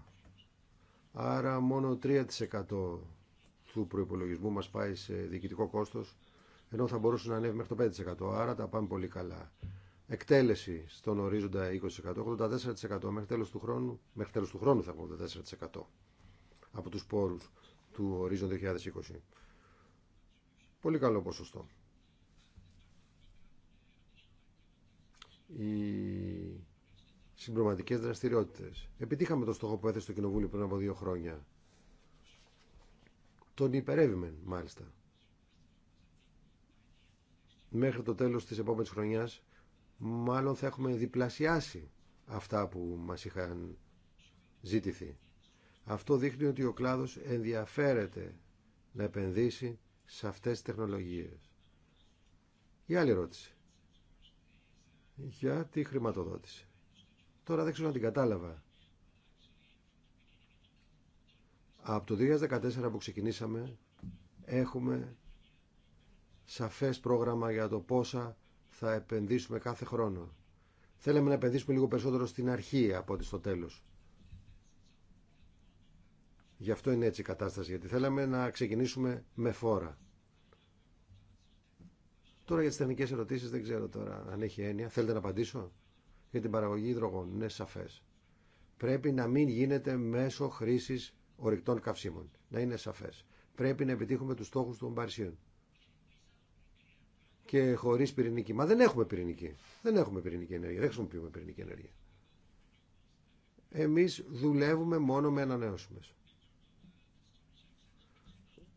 Άρα μόνο 3% του προϋπολογισμού μας πάει σε διοικητικό κόστος, ενώ θα μπορούσε να ανέβει μέχρι το 5%. Άρα τα πάμε πολύ καλά. Εκτέλεση στον ορίζοντα 20%, 84% μέχρι τέλος του χρόνου, μέχρι τέλος του χρόνου θα έχουμε 84% από τους πόρους του ορίζοντα 2020. Πολύ καλό ποσοστό. Οι συμπληρωματικέ δραστηριότητες. Επιτύχαμε το στόχο που έθεσε το Κοινοβούλιο πριν από δύο χρόνια. Τον υπερεύημεν, μάλιστα. Μέχρι το τέλος της επόμενης χρονιάς, μάλλον θα έχουμε διπλασιάσει αυτά που μας είχαν ζήτηθει. Αυτό δείχνει ότι ο κλάδος ενδιαφέρεται να επενδύσει σε αυτές τις τεχνολογίες. Η άλλη ερώτηση. Για τη χρηματοδότηση. Τώρα δεν ξέρω αν την κατάλαβα. Από το 2014 που ξεκινήσαμε έχουμε σαφές πρόγραμμα για το πόσα θα επενδύσουμε κάθε χρόνο. Θέλαμε να επενδύσουμε λίγο περισσότερο στην αρχή από ότι στο τέλος. Γι' αυτό είναι έτσι η κατάσταση, γιατί θέλαμε να ξεκινήσουμε με φόρα. Τώρα για τι τεχνικέ ερωτήσει δεν ξέρω τώρα αν έχει έννοια. Θέλετε να απαντήσω για την παραγωγή υδρογόνων. Είναι σαφές. Πρέπει να μην γίνεται μέσω χρήση ορυκτών καυσίμων. Να είναι σαφές. Πρέπει να επιτύχουμε του στόχου των Παρισίων. Και χωρί πυρηνική. Μα δεν έχουμε πυρηνική. Δεν έχουμε πυρηνική ενέργεια. Δεν χρησιμοποιούμε πυρηνική ενέργεια. Εμεί δουλεύουμε μόνο με ανανεώσιμε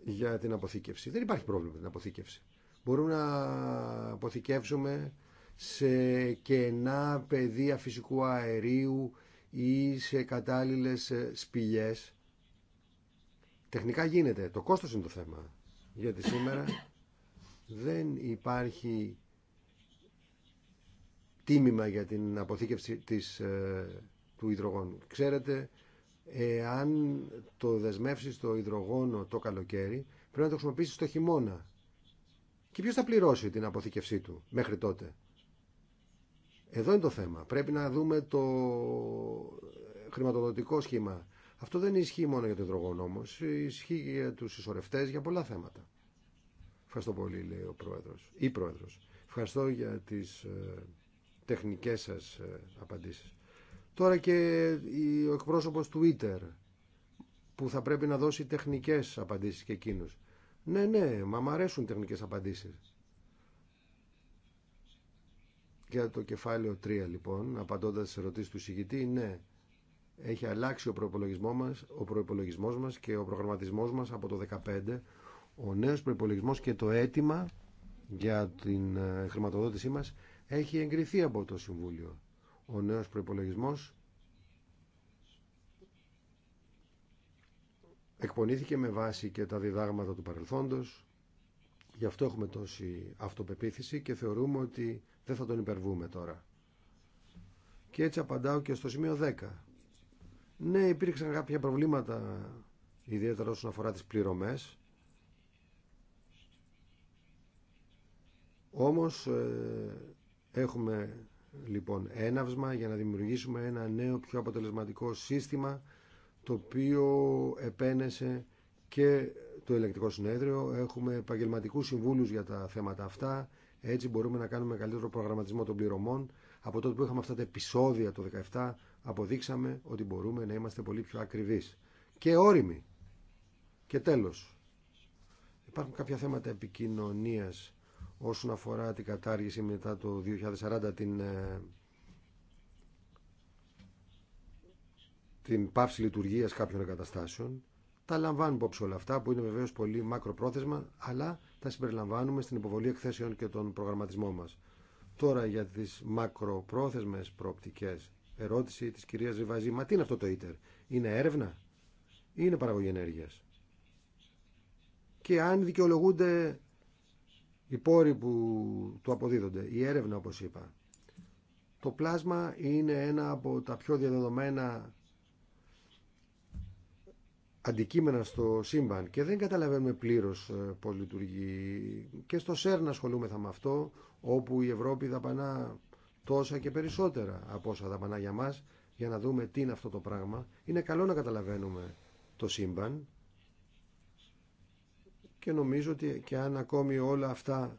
για την αποθήκευση. Δεν υπάρχει πρόβλημα με την αποθήκευση. Μπορούμε να αποθηκεύσουμε σε κενά πεδία φυσικού αερίου ή σε κατάλληλες σπηλιές. Τεχνικά γίνεται. Το κόστος είναι το θέμα. Γιατί σήμερα δεν υπάρχει τίμημα για την αποθήκευση της, ε, του υδρογόνου. Ξέρετε εάν το δεσμεύσει το υδρογόνο το καλοκαίρι, πρέπει να το χρησιμοποιήσει το χειμώνα. Και ποιο θα πληρώσει την αποθήκευσή του μέχρι τότε. Εδώ είναι το θέμα. Πρέπει να δούμε το χρηματοδοτικό σχήμα. Αυτό δεν ισχύει μόνο για το υδρογόνο όμω, ισχύει για του συσσωρευτέ, για πολλά θέματα. Ευχαριστώ πολύ, λέει ο πρόεδρο ή πρόεδρο. Ευχαριστώ για τι ε, τεχνικέ σα ε, απαντήσει. Τώρα και ο εκπρόσωπος Twitter που θα πρέπει να δώσει τεχνικές απαντήσεις και εκείνους. Ναι, ναι, μα μ' αρέσουν τεχνικές απαντήσεις. Για το κεφάλαιο 3 λοιπόν, απαντώντας στις ερωτήσεις του συγκητή, ναι, έχει αλλάξει ο προπολογισμό μας, ο προϋπολογισμός μας και ο προγραμματισμός μας από το 2015. Ο νέος προϋπολογισμός και το αίτημα για την ε, χρηματοδότησή μας έχει εγκριθεί από το Συμβούλιο. Ο νέος προϋπολογισμός εκπονήθηκε με βάση και τα διδάγματα του παρελθόντος. Γι' αυτό έχουμε τόση αυτοπεποίθηση και θεωρούμε ότι δεν θα τον υπερβούμε τώρα. Και έτσι απαντάω και στο σημείο 10. Ναι, υπήρξαν κάποια προβλήματα, ιδιαίτερα όσον αφορά τις πληρωμές. Όμως ε, έχουμε λοιπόν έναυσμα για να δημιουργήσουμε ένα νέο πιο αποτελεσματικό σύστημα το οποίο επένεσε και το ηλεκτρικό συνέδριο. Έχουμε επαγγελματικού συμβούλους για τα θέματα αυτά. Έτσι μπορούμε να κάνουμε καλύτερο προγραμματισμό των πληρωμών. Από τότε που είχαμε αυτά τα επεισόδια το 2017 αποδείξαμε ότι μπορούμε να είμαστε πολύ πιο ακριβείς και όριμοι. Και τέλος, υπάρχουν κάποια θέματα επικοινωνίας όσον αφορά την κατάργηση μετά το 2040 την, ε, την πάυση λειτουργίας κάποιων εγκαταστάσεων. Τα λαμβάνουμε υπόψη όλα αυτά που είναι βεβαίως πολύ μακροπρόθεσμα αλλά τα συμπεριλαμβάνουμε στην υποβολή εκθέσεων και τον προγραμματισμό μας. Τώρα για τις μακροπρόθεσμες προοπτικές ερώτηση της κυρίας Ριβαζή. Μα τι είναι αυτό το ίτερ. Είναι έρευνα ή είναι παραγωγή ενέργειας. Και αν δικαιολογούνται οι πόροι που του αποδίδονται, η έρευνα όπως είπα. Το πλάσμα είναι ένα από τα πιο διαδεδομένα αντικείμενα στο σύμπαν και δεν καταλαβαίνουμε πλήρως ε, πώς λειτουργεί. Και στο ΣΕΡΝ ασχολούμεθα με αυτό, όπου η Ευρώπη δαπανά τόσα και περισσότερα από όσα δαπανά για μας, για να δούμε τι είναι αυτό το πράγμα. Είναι καλό να καταλαβαίνουμε το σύμπαν, και νομίζω ότι και αν ακόμη όλα αυτά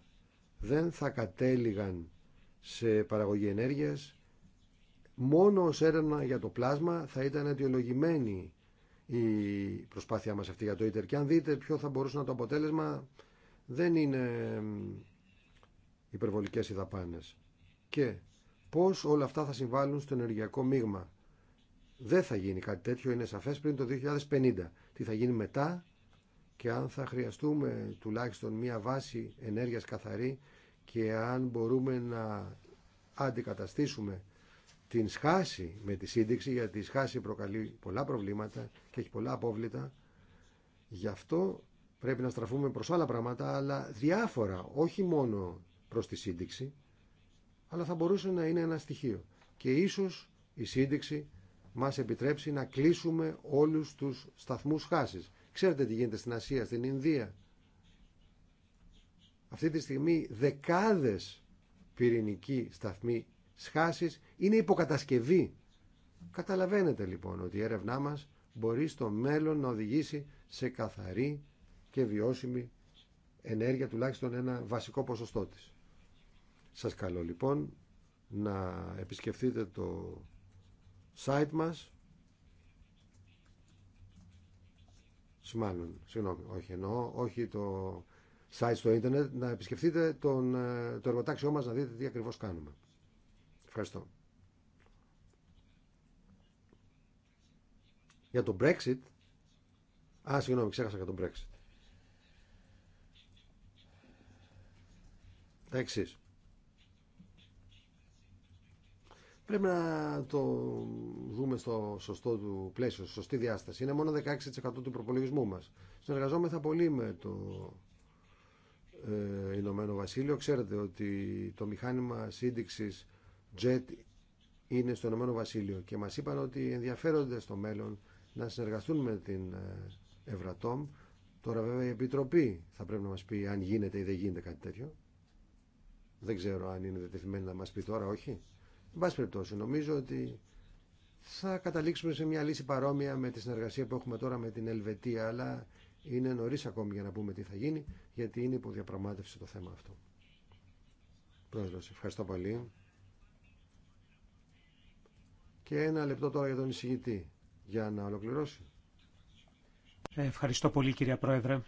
δεν θα κατέληγαν σε παραγωγή ενέργειας, μόνο ως έρευνα για το πλάσμα θα ήταν αιτιολογημένη η προσπάθειά μας αυτή για το ίτερ. Και αν δείτε ποιο θα μπορούσε να το αποτέλεσμα, δεν είναι υπερβολικές οι δαπάνες. Και πώς όλα αυτά θα συμβάλλουν στο ενεργειακό μείγμα. Δεν θα γίνει κάτι τέτοιο, είναι σαφές, πριν το 2050. Τι θα γίνει μετά, και αν θα χρειαστούμε τουλάχιστον μία βάση ενέργειας καθαρή και αν μπορούμε να αντικαταστήσουμε την σχάση με τη σύνδεξη, γιατί η σχάση προκαλεί πολλά προβλήματα και έχει πολλά απόβλητα. Γι' αυτό πρέπει να στραφούμε προς άλλα πράγματα, αλλά διάφορα, όχι μόνο προς τη σύνδεξη, αλλά θα μπορούσε να είναι ένα στοιχείο. Και ίσως η σύνδεξη μας επιτρέψει να κλείσουμε όλους τους σταθμούς χάσης. Ξέρετε τι γίνεται στην Ασία, στην Ινδία. Αυτή τη στιγμή δεκάδες πυρηνικοί σταθμοί σχάσης είναι υποκατασκευή. Καταλαβαίνετε λοιπόν ότι η έρευνά μας μπορεί στο μέλλον να οδηγήσει σε καθαρή και βιώσιμη ενέργεια τουλάχιστον ένα βασικό ποσοστό της. Σας καλώ λοιπόν να επισκεφτείτε το site μας σημάνουν συγγνώμη, όχι εννοώ, όχι το site στο ίντερνετ, να επισκεφτείτε τον, ε, το εργοτάξιό μας να δείτε τι ακριβώς κάνουμε. Ευχαριστώ. Για το Brexit, α, συγγνώμη, ξέχασα για το Brexit. Τα εξής. Πρέπει να το δούμε στο σωστό του πλαίσιο, στη σωστή διάσταση. Είναι μόνο 16% του προπολογισμού μας. Συνεργαζόμεθα πολύ με το ε, Ηνωμένο Βασίλειο. Ξέρετε ότι το μηχάνημα σύνδεξης JET είναι στο Ηνωμένο Βασίλειο και μας είπαν ότι ενδιαφέρονται στο μέλλον να συνεργαστούν με την ε, Ευρατόμ. Τώρα βέβαια η Επιτροπή θα πρέπει να μας πει αν γίνεται ή δεν γίνεται κάτι τέτοιο. Δεν ξέρω αν είναι δεδεθειμένη να μας πει τώρα, όχι πάση περιπτώσει, νομίζω ότι θα καταλήξουμε σε μια λύση παρόμοια με τη συνεργασία που έχουμε τώρα με την Ελβετία, αλλά είναι νωρί ακόμη για να πούμε τι θα γίνει, γιατί είναι υποδιαπραγμάτευση το θέμα αυτό. Πρόεδρος, ευχαριστώ πολύ. Και ένα λεπτό τώρα για τον εισηγητή, για να ολοκληρώσει. Ε, ευχαριστώ πολύ κύριε Πρόεδρε.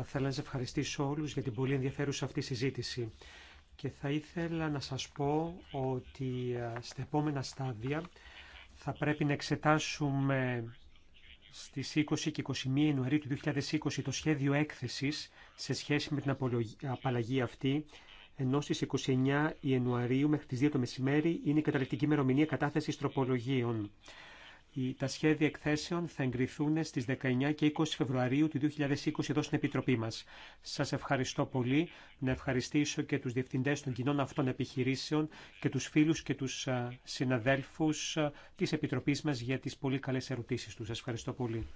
Θα ήθελα να σας ευχαριστήσω όλους για την πολύ ενδιαφέρουσα αυτή συζήτηση. Και θα ήθελα να σας πω ότι ε, στα επόμενα στάδια θα πρέπει να εξετάσουμε στις 20 και 21 Ιανουαρίου του 2020 το σχέδιο έκθεσης σε σχέση με την απαλλαγή αυτή, ενώ στις 29 Ιανουαρίου μέχρι τις 2 το μεσημέρι είναι η καταληκτική ημερομηνία κατάθεσης τροπολογίων τα σχέδια εκθέσεων θα εγκριθούν στις 19 και 20 Φεβρουαρίου του 2020 εδώ στην Επιτροπή μας. Σας ευχαριστώ πολύ. Να ευχαριστήσω και τους διευθυντές των κοινών αυτών επιχειρήσεων και τους φίλους και τους συναδέλφους της Επιτροπής μας για τις πολύ καλές ερωτήσεις τους. Σας ευχαριστώ πολύ.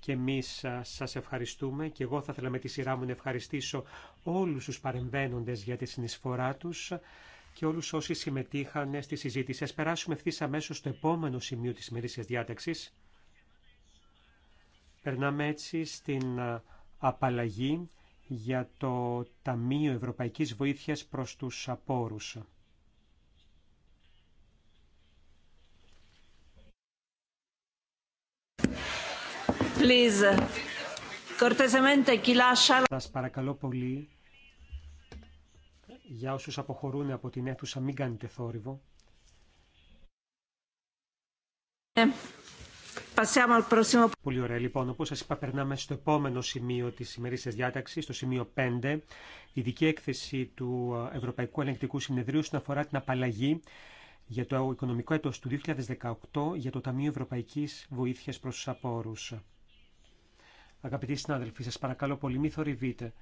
Και εμείς σας ευχαριστούμε και εγώ θα ήθελα με τη σειρά μου να ευχαριστήσω όλους τους παρεμβαίνοντες για τη συνεισφορά τους και όλους όσοι συμμετείχαν στη συζήτηση. Ας περάσουμε ευθύ αμέσως στο επόμενο σημείο της ημερήσιας διάταξης. Περνάμε έτσι στην απαλλαγή για το Ταμείο Ευρωπαϊκής Βοήθειας προς τους Απόρους. Please. Σας παρακαλώ πολύ για όσους αποχωρούν από την αίθουσα μην κάνετε θόρυβο. Ε, πολύ ωραία. Λοιπόν, όπως σας είπα, περνάμε στο επόμενο σημείο της σημερινή διάταξη. στο σημείο 5, ειδική έκθεση του Ευρωπαϊκού Ελεγκτικού Συνεδρίου στην αφορά την απαλλαγή για το οικονομικό έτος του 2018 για το Ταμείο Ευρωπαϊκής Βοήθειας προς τους Απόρους. Αγαπητοί συνάδελφοι, σας παρακαλώ πολύ μη θορυβείτε.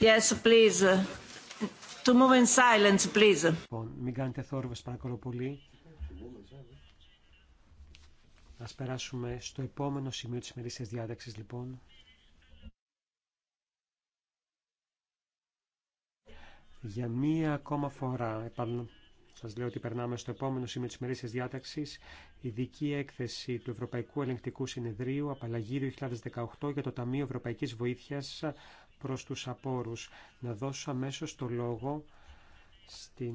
Yes, please. To move in silence, please. Λοιπόν, μην κάνετε θόρυβος παρακαλώ πολύ. Ας περάσουμε στο επόμενο σημείο της μερίσιας διάταξης, λοιπόν. Για μία ακόμα φορά, σα σας λέω ότι περνάμε στο επόμενο σημείο της μερίσιας διάταξης, ειδική έκθεση του Ευρωπαϊκού Ελεγκτικού Συνεδρίου, απαλλαγή 2018 για το Ταμείο Ευρωπαϊκής Βοήθειας προς τους απόρους. Να δώσω αμέσως το λόγο στην,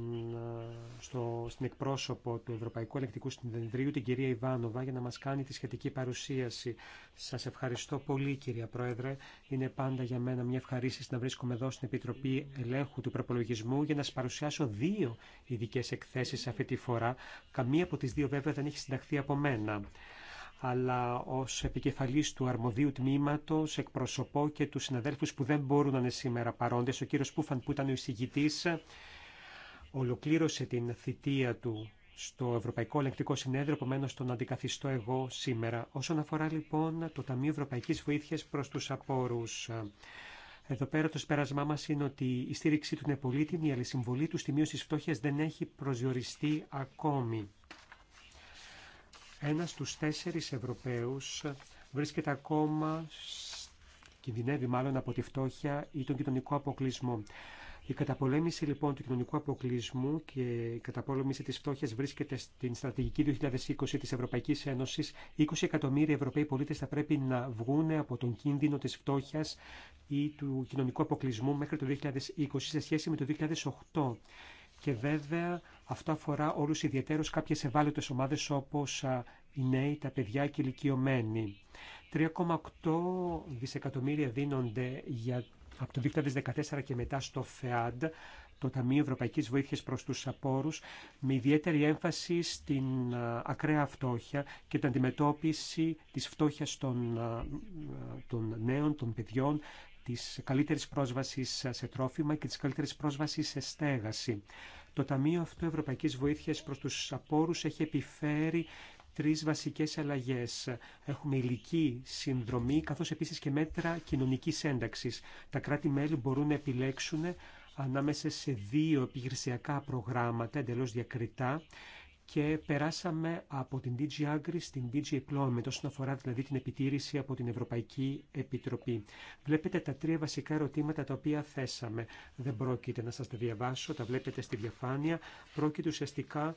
στο, στην εκπρόσωπο του Ευρωπαϊκού Ελεκτικού Συνδεδρίου, την κυρία Ιβάνοβα, για να μας κάνει τη σχετική παρουσίαση. Σας ευχαριστώ πολύ, κυρία Πρόεδρε. Είναι πάντα για μένα μια ευχαρίστηση να βρίσκομαι εδώ στην Επιτροπή Ελέγχου του Προπολογισμού για να σας παρουσιάσω δύο ειδικέ εκθέσεις αυτή τη φορά. Καμία από τις δύο βέβαια δεν έχει συνταχθεί από μένα αλλά ως επικεφαλής του αρμοδίου τμήματος εκπροσωπώ και τους συναδέλφους που δεν μπορούν να είναι σήμερα παρόντες. Ο κύριος Πούφαν που ήταν ο εισηγητής ολοκλήρωσε την θητεία του στο Ευρωπαϊκό Ελεκτικό Συνέδριο, επομένω τον αντικαθιστώ εγώ σήμερα. Όσον αφορά λοιπόν το Ταμείο Ευρωπαϊκής Βοήθειας προς τους απόρους. Εδώ πέρα το σπέρασμά μα είναι ότι η στήριξή του είναι πολύτιμη, αλλά η συμβολή του στη μείωση τη φτώχεια δεν έχει προσδιοριστεί ακόμη ένας στους τέσσερις Ευρωπαίους βρίσκεται ακόμα, κινδυνεύει μάλλον από τη φτώχεια ή τον κοινωνικό αποκλεισμό. Η καταπολέμηση λοιπόν του κοινωνικού αποκλεισμού και η καταπολέμηση της φτώχειας βρίσκεται στην στρατηγική 2020 της Ευρωπαϊκής Ένωσης. 20 εκατομμύρια Ευρωπαίοι πολίτες θα πρέπει να βγουν από τον κίνδυνο της φτώχειας ή του κοινωνικού αποκλεισμού μέχρι το 2020 σε σχέση με το 2008 και βέβαια αυτό αφορά όλου ιδιαίτερου κάποιες ευάλωτε ομάδες όπως οι νέοι, τα παιδιά και οι ηλικιωμένοι. 3,8 δισεκατομμύρια δίνονται για, από το 2014 και μετά στο ΦΕΑΝΤ, το Ταμείο Ευρωπαϊκής Βοήθειας προς τους Απόρους, με ιδιαίτερη έμφαση στην ακραία φτώχεια και την αντιμετώπιση της φτώχειας των, των νέων, των παιδιών της καλύτερης πρόσβασης σε τρόφιμα και της καλύτερης πρόσβασης σε στέγαση. Το Ταμείο αυτό Ευρωπαϊκής Βοήθειας προς τους απόρους έχει επιφέρει τρεις βασικές αλλαγές. Έχουμε ηλική συνδρομή, καθώς επίσης και μέτρα κοινωνικής ένταξης. Τα κράτη-μέλη μπορούν να επιλέξουν ανάμεσα σε δύο επιχειρησιακά προγράμματα εντελώς διακριτά και περάσαμε από την DG Agri στην DG Employment όσον αφορά δηλαδή την επιτήρηση από την Ευρωπαϊκή Επιτροπή. Βλέπετε τα τρία βασικά ερωτήματα τα οποία θέσαμε. Δεν πρόκειται να σας τα διαβάσω, τα βλέπετε στη διαφάνεια. Πρόκειται ουσιαστικά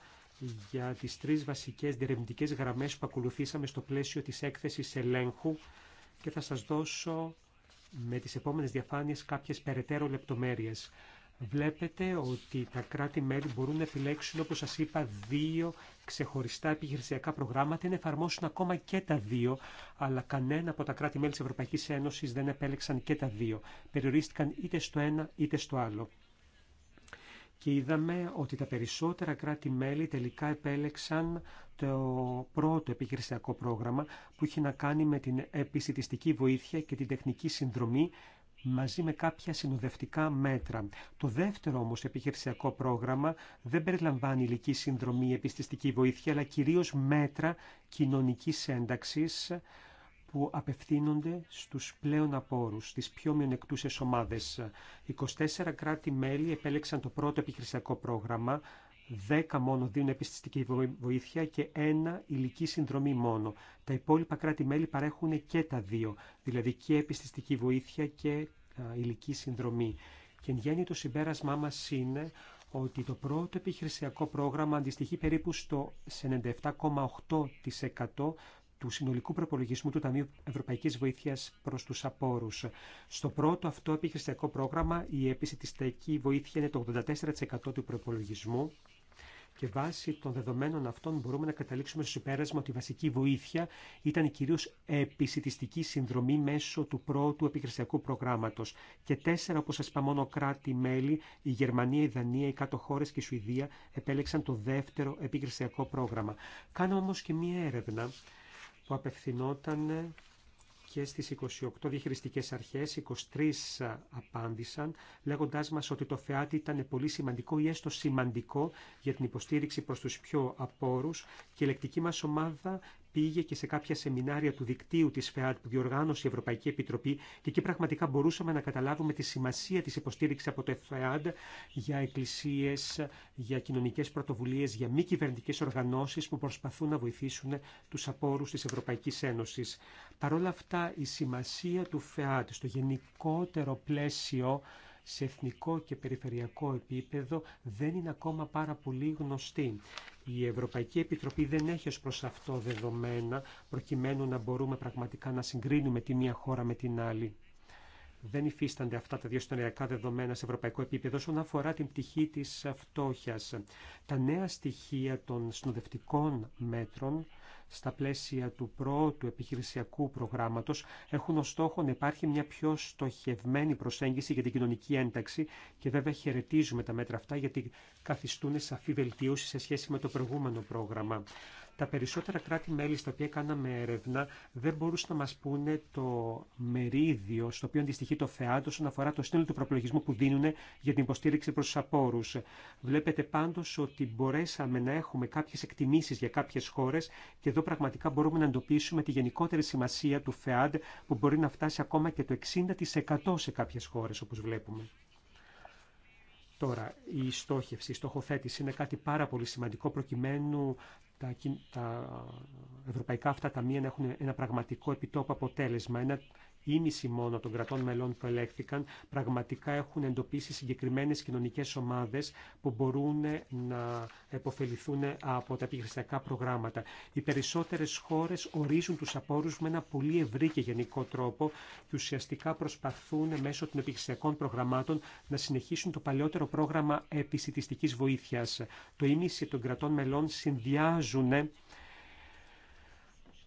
για τις τρεις βασικές διερευνητικές γραμμές που ακολουθήσαμε στο πλαίσιο της έκθεσης ελέγχου και θα σας δώσω με τις επόμενες διαφάνειες κάποιες περαιτέρω λεπτομέρειες. Βλέπετε ότι τα κράτη-μέλη μπορούν να επιλέξουν, όπως σας είπα, δύο ξεχωριστά επιχειρησιακά προγράμματα, να εφαρμόσουν ακόμα και τα δύο, αλλά κανένα από τα κράτη-μέλη της Ευρωπαϊκής Ένωσης δεν επέλεξαν και τα δύο. Περιορίστηκαν είτε στο ένα είτε στο άλλο. Και είδαμε ότι τα περισσότερα κράτη-μέλη τελικά επέλεξαν το πρώτο επιχειρησιακό πρόγραμμα που είχε να κάνει με την επιστητιστική βοήθεια και την τεχνική συνδρομή μαζί με κάποια συνοδευτικά μέτρα. Το δεύτερο όμως επιχειρησιακό πρόγραμμα δεν περιλαμβάνει ηλική συνδρομή, επιστηστική βοήθεια, αλλά κυρίως μέτρα κοινωνικής ένταξης που απευθύνονται στους πλέον απόρους, στις πιο μειονεκτούσες ομάδες. 24 κράτη-μέλη επέλεξαν το πρώτο επιχειρησιακό πρόγραμμα, 10 μόνο δίνουν επιστηστική βοήθεια και ένα ηλική συνδρομή μόνο. Τα υπόλοιπα κράτη-μέλη παρέχουν και τα δύο, δηλαδή και επιστηστική βοήθεια και ηλική συνδρομή. Και εν γέννη το συμπέρασμά μα είναι ότι το πρώτο επιχειρησιακό πρόγραμμα αντιστοιχεί περίπου στο 97,8% του συνολικού προπολογισμού του Ταμείου Ευρωπαϊκή Βοήθεια προ του Απόρου. Στο πρώτο αυτό επιχειρησιακό πρόγραμμα, η επιστηστική βοήθεια είναι το 84% του προπολογισμού και βάσει των δεδομένων αυτών μπορούμε να καταλήξουμε στο συμπέρασμα ότι η βασική βοήθεια ήταν κυρίω επισητιστική συνδρομή μέσω του πρώτου επιχειρησιακού προγράμματο. Και τέσσερα, όπω σα είπα, μόνο κράτη-μέλη, η Γερμανία, η Δανία, οι κάτω χώρε και η Σουηδία, επέλεξαν το δεύτερο επιχειρησιακό πρόγραμμα. Κάνω όμω και μία έρευνα που απευθυνόταν και στις 28 διαχειριστικές αρχές, 23 απάντησαν, λέγοντάς μας ότι το φεάτι ήταν πολύ σημαντικό ή έστω σημαντικό για την υποστήριξη προς τους πιο απόρους και η λεκτική μας ομάδα πήγε και σε κάποια σεμινάρια του δικτύου της ΦΕΑΤ που διοργάνωσε η Ευρωπαϊκή Επιτροπή και εκεί πραγματικά μπορούσαμε να καταλάβουμε τη σημασία της υποστήριξης από το ΦΕΑΤ για εκκλησίες, για κοινωνικές πρωτοβουλίες, για μη κυβερνητικέ οργανώσεις που προσπαθούν να βοηθήσουν τους απόρους της Ευρωπαϊκής Ένωσης. Παρ' όλα αυτά η σημασία του ΦΕΑΤ στο γενικότερο πλαίσιο σε εθνικό και περιφερειακό επίπεδο δεν είναι ακόμα πάρα πολύ γνωστή. Η Ευρωπαϊκή Επιτροπή δεν έχει ως προς αυτό δεδομένα, προκειμένου να μπορούμε πραγματικά να συγκρίνουμε τη μία χώρα με την άλλη. Δεν υφίστανται αυτά τα διαστοριακά δεδομένα σε ευρωπαϊκό επίπεδο όσον αφορά την πτυχή της φτώχεια. Τα νέα στοιχεία των συνοδευτικών μέτρων στα πλαίσια του πρώτου επιχειρησιακού προγράμματος έχουν ως στόχο να υπάρχει μια πιο στοχευμένη προσέγγιση για την κοινωνική ένταξη και βέβαια χαιρετίζουμε τα μέτρα αυτά γιατί καθιστούν σαφή βελτίωση σε σχέση με το προηγούμενο πρόγραμμα. Τα περισσότερα κράτη-μέλη στα οποία κάναμε έρευνα δεν μπορούσαν να μας πούνε το μερίδιο στο οποίο αντιστοιχεί το ΦΕΑΤ όσον αφορά το στέλνο του προπολογισμού που δίνουν για την υποστήριξη προς τους απόρους. Βλέπετε πάντως ότι μπορέσαμε να έχουμε κάποιες εκτιμήσεις για κάποιες χώρες και εδώ πραγματικά μπορούμε να εντοπίσουμε τη γενικότερη σημασία του ΦΕΑΤ που μπορεί να φτάσει ακόμα και το 60% σε κάποιες χώρες όπως βλέπουμε. Τώρα, η στόχευση, η στοχοθέτηση είναι κάτι πάρα πολύ σημαντικό προκειμένου τα, τα ευρωπαϊκά αυτά ταμεία να έχουν ένα πραγματικό επιτόπου αποτέλεσμα, ένα ίμιση μόνο των κρατών μελών που ελέγχθηκαν πραγματικά έχουν εντοπίσει συγκεκριμένες κοινωνικές ομάδες που μπορούν να επωφεληθούν από τα επιχειρησιακά προγράμματα. Οι περισσότερες χώρες ορίζουν τους απόρους με ένα πολύ ευρύ και γενικό τρόπο και ουσιαστικά προσπαθούν μέσω των επιχειρησιακών προγραμμάτων να συνεχίσουν το παλαιότερο πρόγραμμα επισητιστικής βοήθειας. Το ίμιση των κρατών μελών συνδυάζουν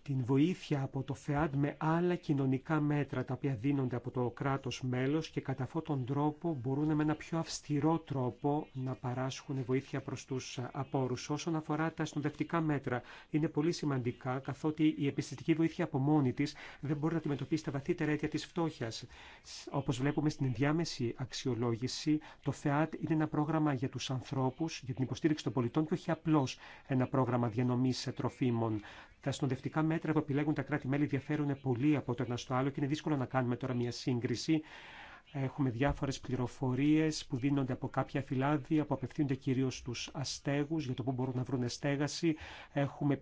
την βοήθεια από το ΦΕΑΤ με άλλα κοινωνικά μέτρα τα οποία δίνονται από το κράτος μέλος και κατά αυτόν τον τρόπο μπορούν με ένα πιο αυστηρό τρόπο να παράσχουν βοήθεια προς τους απόρους. Όσον αφορά τα συνοδευτικά μέτρα είναι πολύ σημαντικά καθότι η επιστημική βοήθεια από μόνη της δεν μπορεί να αντιμετωπίσει τα βαθύτερα αίτια της φτώχειας. Όπως βλέπουμε στην διάμεση αξιολόγηση το ΦΕΑΤ είναι ένα πρόγραμμα για τους ανθρώπους, για την υποστήριξη των πολιτών και όχι απλώς ένα πρόγραμμα διανομής τροφίμων. Τα συνοδευτικά μέτρα που επιλέγουν τα κράτη-μέλη διαφέρουν πολύ από το ένα στο άλλο και είναι δύσκολο να κάνουμε τώρα μια σύγκριση. Έχουμε διάφορες πληροφορίες που δίνονται από κάποια φυλάδια που απευθύνονται κυρίω στου αστέγους για το πού μπορούν να βρουν στέγαση. Έχουμε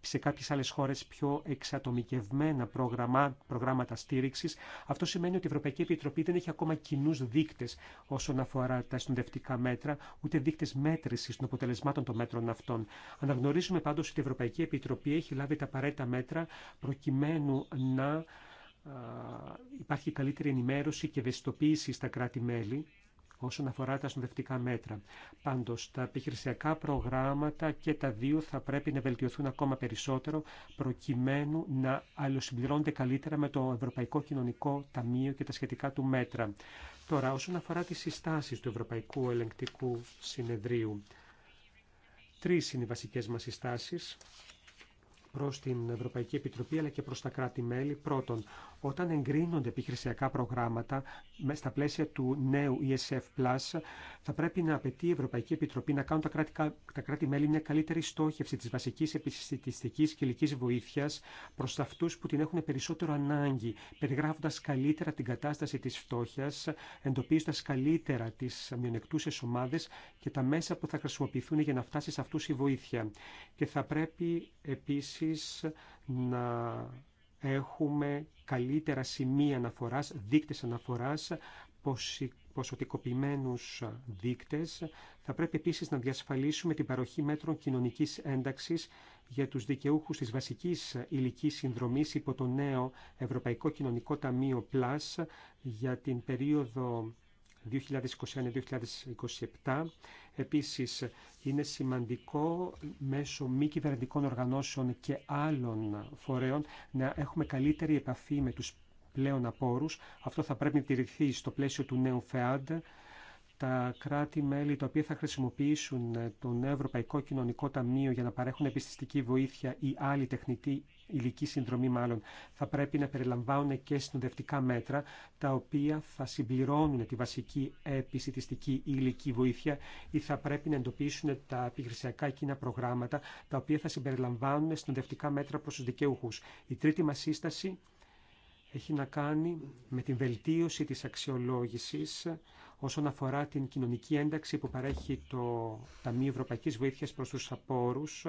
σε κάποιες άλλες χώρες πιο εξατομικευμένα προγραμμά, προγράμματα στήριξης. Αυτό σημαίνει ότι η Ευρωπαϊκή Επιτροπή δεν έχει ακόμα κοινού δείκτες όσον αφορά τα συνοδευτικά μέτρα, ούτε δείκτες μέτρησης των αποτελεσμάτων των μέτρων αυτών. Αναγνωρίζουμε πάντως ότι η Ευρωπαϊκή Επιτροπή έχει λάβει τα απαραίτητα μέτρα προκειμένου να υπάρχει καλύτερη ενημέρωση και ευαισθητοποίηση στα κράτη-μέλη όσον αφορά τα συνοδευτικά μέτρα. Πάντω, τα επιχειρησιακά προγράμματα και τα δύο θα πρέπει να βελτιωθούν ακόμα περισσότερο, προκειμένου να αλληλοσυμπληρώνονται καλύτερα με το Ευρωπαϊκό Κοινωνικό Ταμείο και τα σχετικά του μέτρα. Τώρα, όσον αφορά τι συστάσει του Ευρωπαϊκού Ελεγκτικού Συνεδρίου. Τρεις είναι οι βασικές μα συστάσει προς την Ευρωπαϊκή Επιτροπή αλλά και προς τα κράτη-μέλη. Πρώτον, όταν εγκρίνονται επιχειρησιακά προγράμματα στα πλαίσια του νέου ESF+, θα πρέπει να απαιτεί η Ευρωπαϊκή Επιτροπή να κάνουν τα κράτη-μέλη μια καλύτερη στόχευση της βασικής επιστημιστική και ηλικής βοήθειας προς αυτούς που την έχουν περισσότερο ανάγκη, περιγράφοντας καλύτερα την κατάσταση της φτώχειας, εντοπίζοντας καλύτερα τις μειονεκτούσες ομάδες και τα μέσα που θα χρησιμοποιηθούν για να φτάσει σε αυτούς η βοήθεια. Και θα πρέπει επίση επίσης να έχουμε καλύτερα σημεία αναφοράς, δείκτες αναφοράς, ποσοτικοποιημένους δείκτες. Θα πρέπει επίσης να διασφαλίσουμε την παροχή μέτρων κοινωνικής ένταξης για τους δικαιούχους της βασικής ηλικής συνδρομής υπό το νέο Ευρωπαϊκό Κοινωνικό Ταμείο Plus για την περίοδο 2021-2027 Επίσης, είναι σημαντικό μέσω μη κυβερνητικών οργανώσεων και άλλων φορέων να έχουμε καλύτερη επαφή με τους πλέον απόρους. Αυτό θα πρέπει να τηρηθεί στο πλαίσιο του νέου ΦΕΑΔ. Τα κράτη-μέλη τα οποία θα χρησιμοποιήσουν τον Ευρωπαϊκό Κοινωνικό Ταμείο για να παρέχουν επιστηστική βοήθεια ή άλλη τεχνητή ηλική συνδρομή μάλλον, θα πρέπει να περιλαμβάνουν και συνοδευτικά μέτρα, τα οποία θα συμπληρώνουν τη βασική επιστημιστική ή ηλική βοήθεια ή θα πρέπει να εντοπίσουν τα επιχειρησιακά εκείνα προγράμματα, τα οποία θα συμπεριλαμβάνουν συνοδευτικά μέτρα προς τους δικαιούχους. Η τρίτη μας σύσταση έχει να κάνει με την βελτίωση της αξιολόγησης όσον αφορά την κοινωνική ένταξη που παρέχει το Ταμείο Ευρωπαϊκής Βοήθειας προς τους απόρους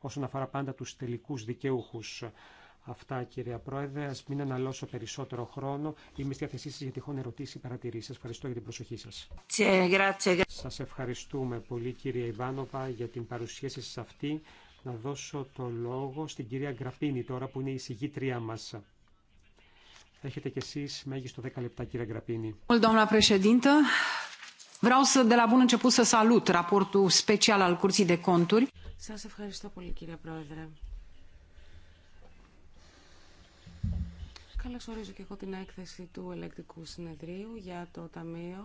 όσον αφορά πάντα τους τελικούς δικαιούχους. Αυτά κυρία Πρόεδρε, ας μην αναλώσω περισσότερο χρόνο. Είμαι στη διάθεσή σας για τυχόν ερωτήσει ή παρατηρήσεις. Σας ευχαριστώ για την προσοχή σας. Σας ευχαριστούμε πολύ κυρία Ιβάνοβα για την παρουσίαση σας αυτή. Να δώσω το λόγο στην κυρία Γκραπίνη τώρα που είναι η συγγήτριά μας. Έχετε κι εσείς μέγιστο 10 λεπτά κυρία Γκραπίνη. Vreau să, de la bun început, să salut raportul special al Curții de Conturi σας ευχαριστώ πολύ κύριε Πρόεδρε. Καλώς ορίζω και εγώ την έκθεση του Ελεκτικού Συνεδρίου για το Ταμείο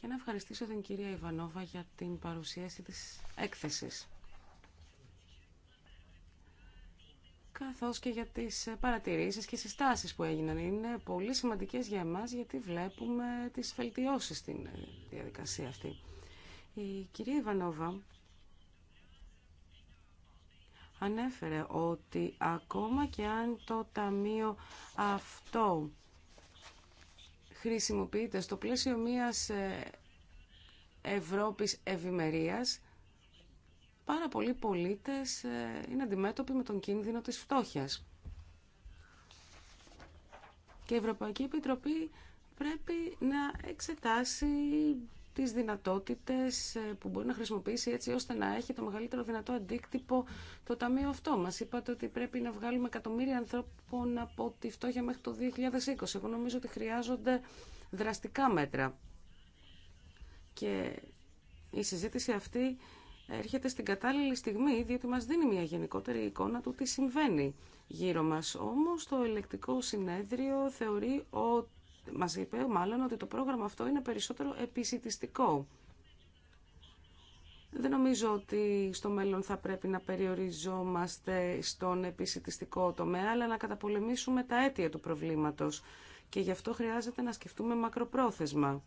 και να ευχαριστήσω την κυρία Ιβανόβα για την παρουσίαση της έκθεσης. καθώς και για τις παρατηρήσεις και συστάσεις που έγιναν. Είναι πολύ σημαντικές για εμάς γιατί βλέπουμε τις φελτιώσεις στην διαδικασία αυτή. Η κυρία Ιβανόβα ανέφερε ότι ακόμα και αν το ταμείο αυτό χρησιμοποιείται στο πλαίσιο μιας ε, Ευρώπης ευημερίας, πάρα πολλοί πολίτες ε, είναι αντιμέτωποι με τον κίνδυνο της φτώχειας. Και η Ευρωπαϊκή Επιτροπή πρέπει να εξετάσει τις δυνατότητες ε, που μπορεί να χρησιμοποιήσει έτσι ώστε να έχει το μεγαλύτερο δυνατό αντίκτυπο το ταμείο αυτό. Μας είπατε ότι πρέπει να βγάλουμε εκατομμύρια ανθρώπων από τη φτώχεια μέχρι το 2020. Εγώ νομίζω ότι χρειάζονται δραστικά μέτρα. Και η συζήτηση αυτή έρχεται στην κατάλληλη στιγμή, διότι μας δίνει μια γενικότερη εικόνα του τι συμβαίνει γύρω μας. Όμως το ελεκτικό συνέδριο θεωρεί ότι μας είπε μάλλον ότι το πρόγραμμα αυτό είναι περισσότερο επισητιστικό. Δεν νομίζω ότι στο μέλλον θα πρέπει να περιοριζόμαστε στον επισητιστικό τομέα, αλλά να καταπολεμήσουμε τα αίτια του προβλήματος. Και γι' αυτό χρειάζεται να σκεφτούμε μακροπρόθεσμα.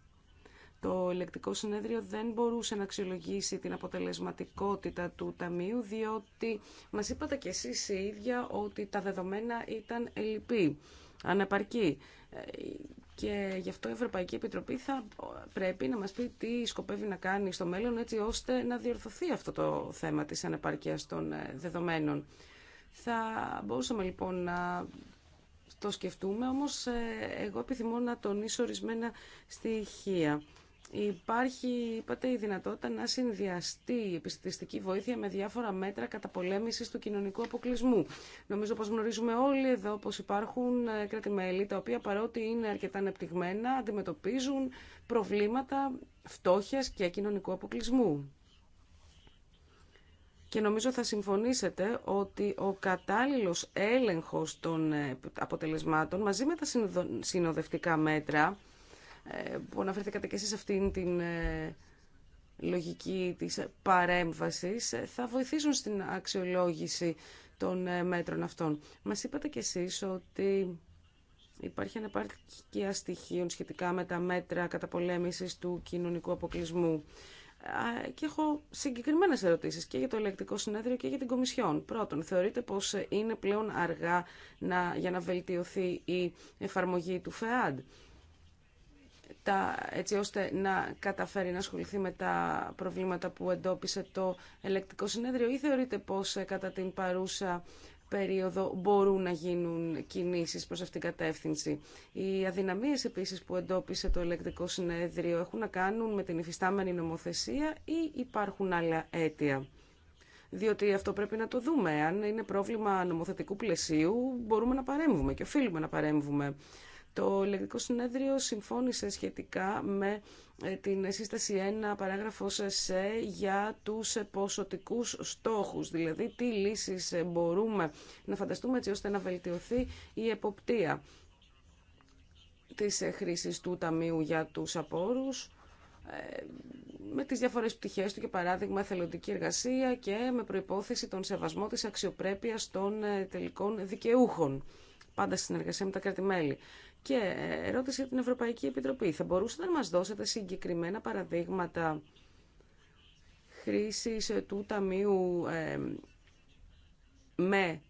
Το ελεκτικό συνέδριο δεν μπορούσε να αξιολογήσει την αποτελεσματικότητα του Ταμείου, διότι μας είπατε κι εσείς οι ίδια ότι τα δεδομένα ήταν ελλειπή, ανεπαρκή. Ε, και γι' αυτό η Ευρωπαϊκή Επιτροπή θα πρέπει να μας πει τι σκοπεύει να κάνει στο μέλλον έτσι ώστε να διορθωθεί αυτό το θέμα της ανεπαρκείας των ε, δεδομένων. Θα μπορούσαμε λοιπόν να το σκεφτούμε, όμως ε, εγώ επιθυμώ να τονίσω ορισμένα στοιχεία. Υπάρχει, είπατε, η δυνατότητα να συνδυαστεί η επιστημιστική βοήθεια με διάφορα μέτρα καταπολέμησης του κοινωνικού αποκλεισμού. Νομίζω πως γνωρίζουμε όλοι εδώ πώ υπάρχουν ε, κράτη-μέλη τα οποία παρότι είναι αρκετά ανεπτυγμένα αντιμετωπίζουν προβλήματα φτώχειας και κοινωνικού αποκλεισμού. Και νομίζω θα συμφωνήσετε ότι ο κατάλληλος έλεγχος των ε, αποτελεσμάτων μαζί με τα συνοδευτικά μέτρα ε, που αναφερθήκατε και εσείς σε αυτήν την ε, λογική της παρέμβασης ε, θα βοηθήσουν στην αξιολόγηση των μέτρων αυτών. Μας είπατε κι εσείς ότι υπάρχει αναπάρκεια στοιχείων σχετικά με τα μέτρα καταπολέμησης του κοινωνικού αποκλεισμού. Και έχω συγκεκριμένες ερωτήσεις και για το ελεκτικό συνέδριο και για την Κομισιόν. Πρώτον, θεωρείτε πως είναι πλέον αργά να, για να βελτιωθεί η εφαρμογή του ΦΕΑΔ έτσι ώστε να καταφέρει να ασχοληθεί με τα προβλήματα που εντόπισε το ελεκτικό συνέδριο ή θεωρείτε πως ε, κατά την παρούσα περίοδο μπορούν να γίνουν κινήσεις προς αυτήν την κατεύθυνση. Οι αδυναμίες επίσης που εντόπισε το ελεκτικό συνέδριο έχουν να κάνουν με την υφιστάμενη νομοθεσία ή υπάρχουν άλλα αίτια. Διότι αυτό πρέπει να το δούμε. Αν είναι πρόβλημα νομοθετικού πλαισίου, μπορούμε να παρέμβουμε και οφείλουμε να παρέμβουμε. Το ηλεκτρικό Συνέδριο συμφώνησε σχετικά με ε, την σύσταση 1 παράγραφο σε για τους ποσοτικούς στόχους, δηλαδή τι λύσεις ε, μπορούμε να φανταστούμε έτσι ώστε να βελτιωθεί η εποπτεία της ε, χρήσης του Ταμείου για τους απόρους με τις διάφορες πτυχές του και παράδειγμα εθελοντική εργασία και με προϋπόθεση τον σεβασμό της αξιοπρέπειας των τελικών δικαιούχων πάντα συνεργασία με τα κράτη-μέλη. Και ερώτηση για την Ευρωπαϊκή Επιτροπή. Θα μπορούσατε να μας δώσετε συγκεκριμένα παραδείγματα χρήσης του Ταμείου με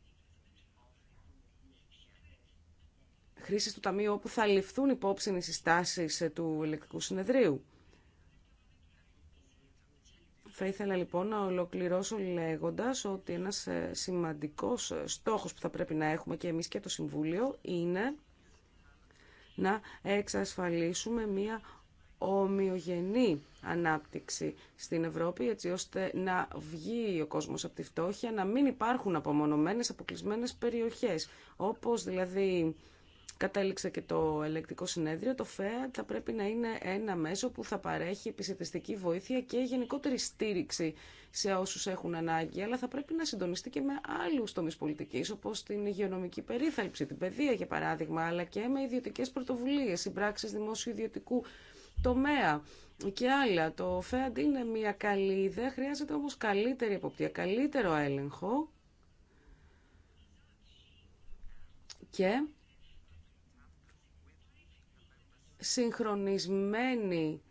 χρήσης του Ταμείου όπου θα ληφθούν υπόψη οι συστάσεις του Ελεκτικού Συνεδρίου. Θα ήθελα λοιπόν να ολοκληρώσω λέγοντας ότι ένας ε, σημαντικός ε, στόχος που θα πρέπει να έχουμε και εμείς και το Συμβούλιο είναι να εξασφαλίσουμε μία ομοιογενή ανάπτυξη στην Ευρώπη έτσι ώστε να βγει ο κόσμος από τη φτώχεια, να μην υπάρχουν απομονωμένες, αποκλεισμένες περιοχές όπως δηλαδή κατέληξε και το ελεκτικό συνέδριο, το ΦΕΑΤ θα πρέπει να είναι ένα μέσο που θα παρέχει επισκεπτική βοήθεια και γενικότερη στήριξη σε όσους έχουν ανάγκη, αλλά θα πρέπει να συντονιστεί και με άλλους τομείς πολιτικής, όπως την υγειονομική περίθαλψη, την παιδεία για παράδειγμα, αλλά και με ιδιωτικές πρωτοβουλίες, δημόσιου δημόσιο-ιδιωτικού τομέα και άλλα. Το ΦΕΑΤ είναι μια καλή ιδέα, χρειάζεται όμως καλύτερη εποπτεία, καλύτερο έλεγχο και συγχρονισμένη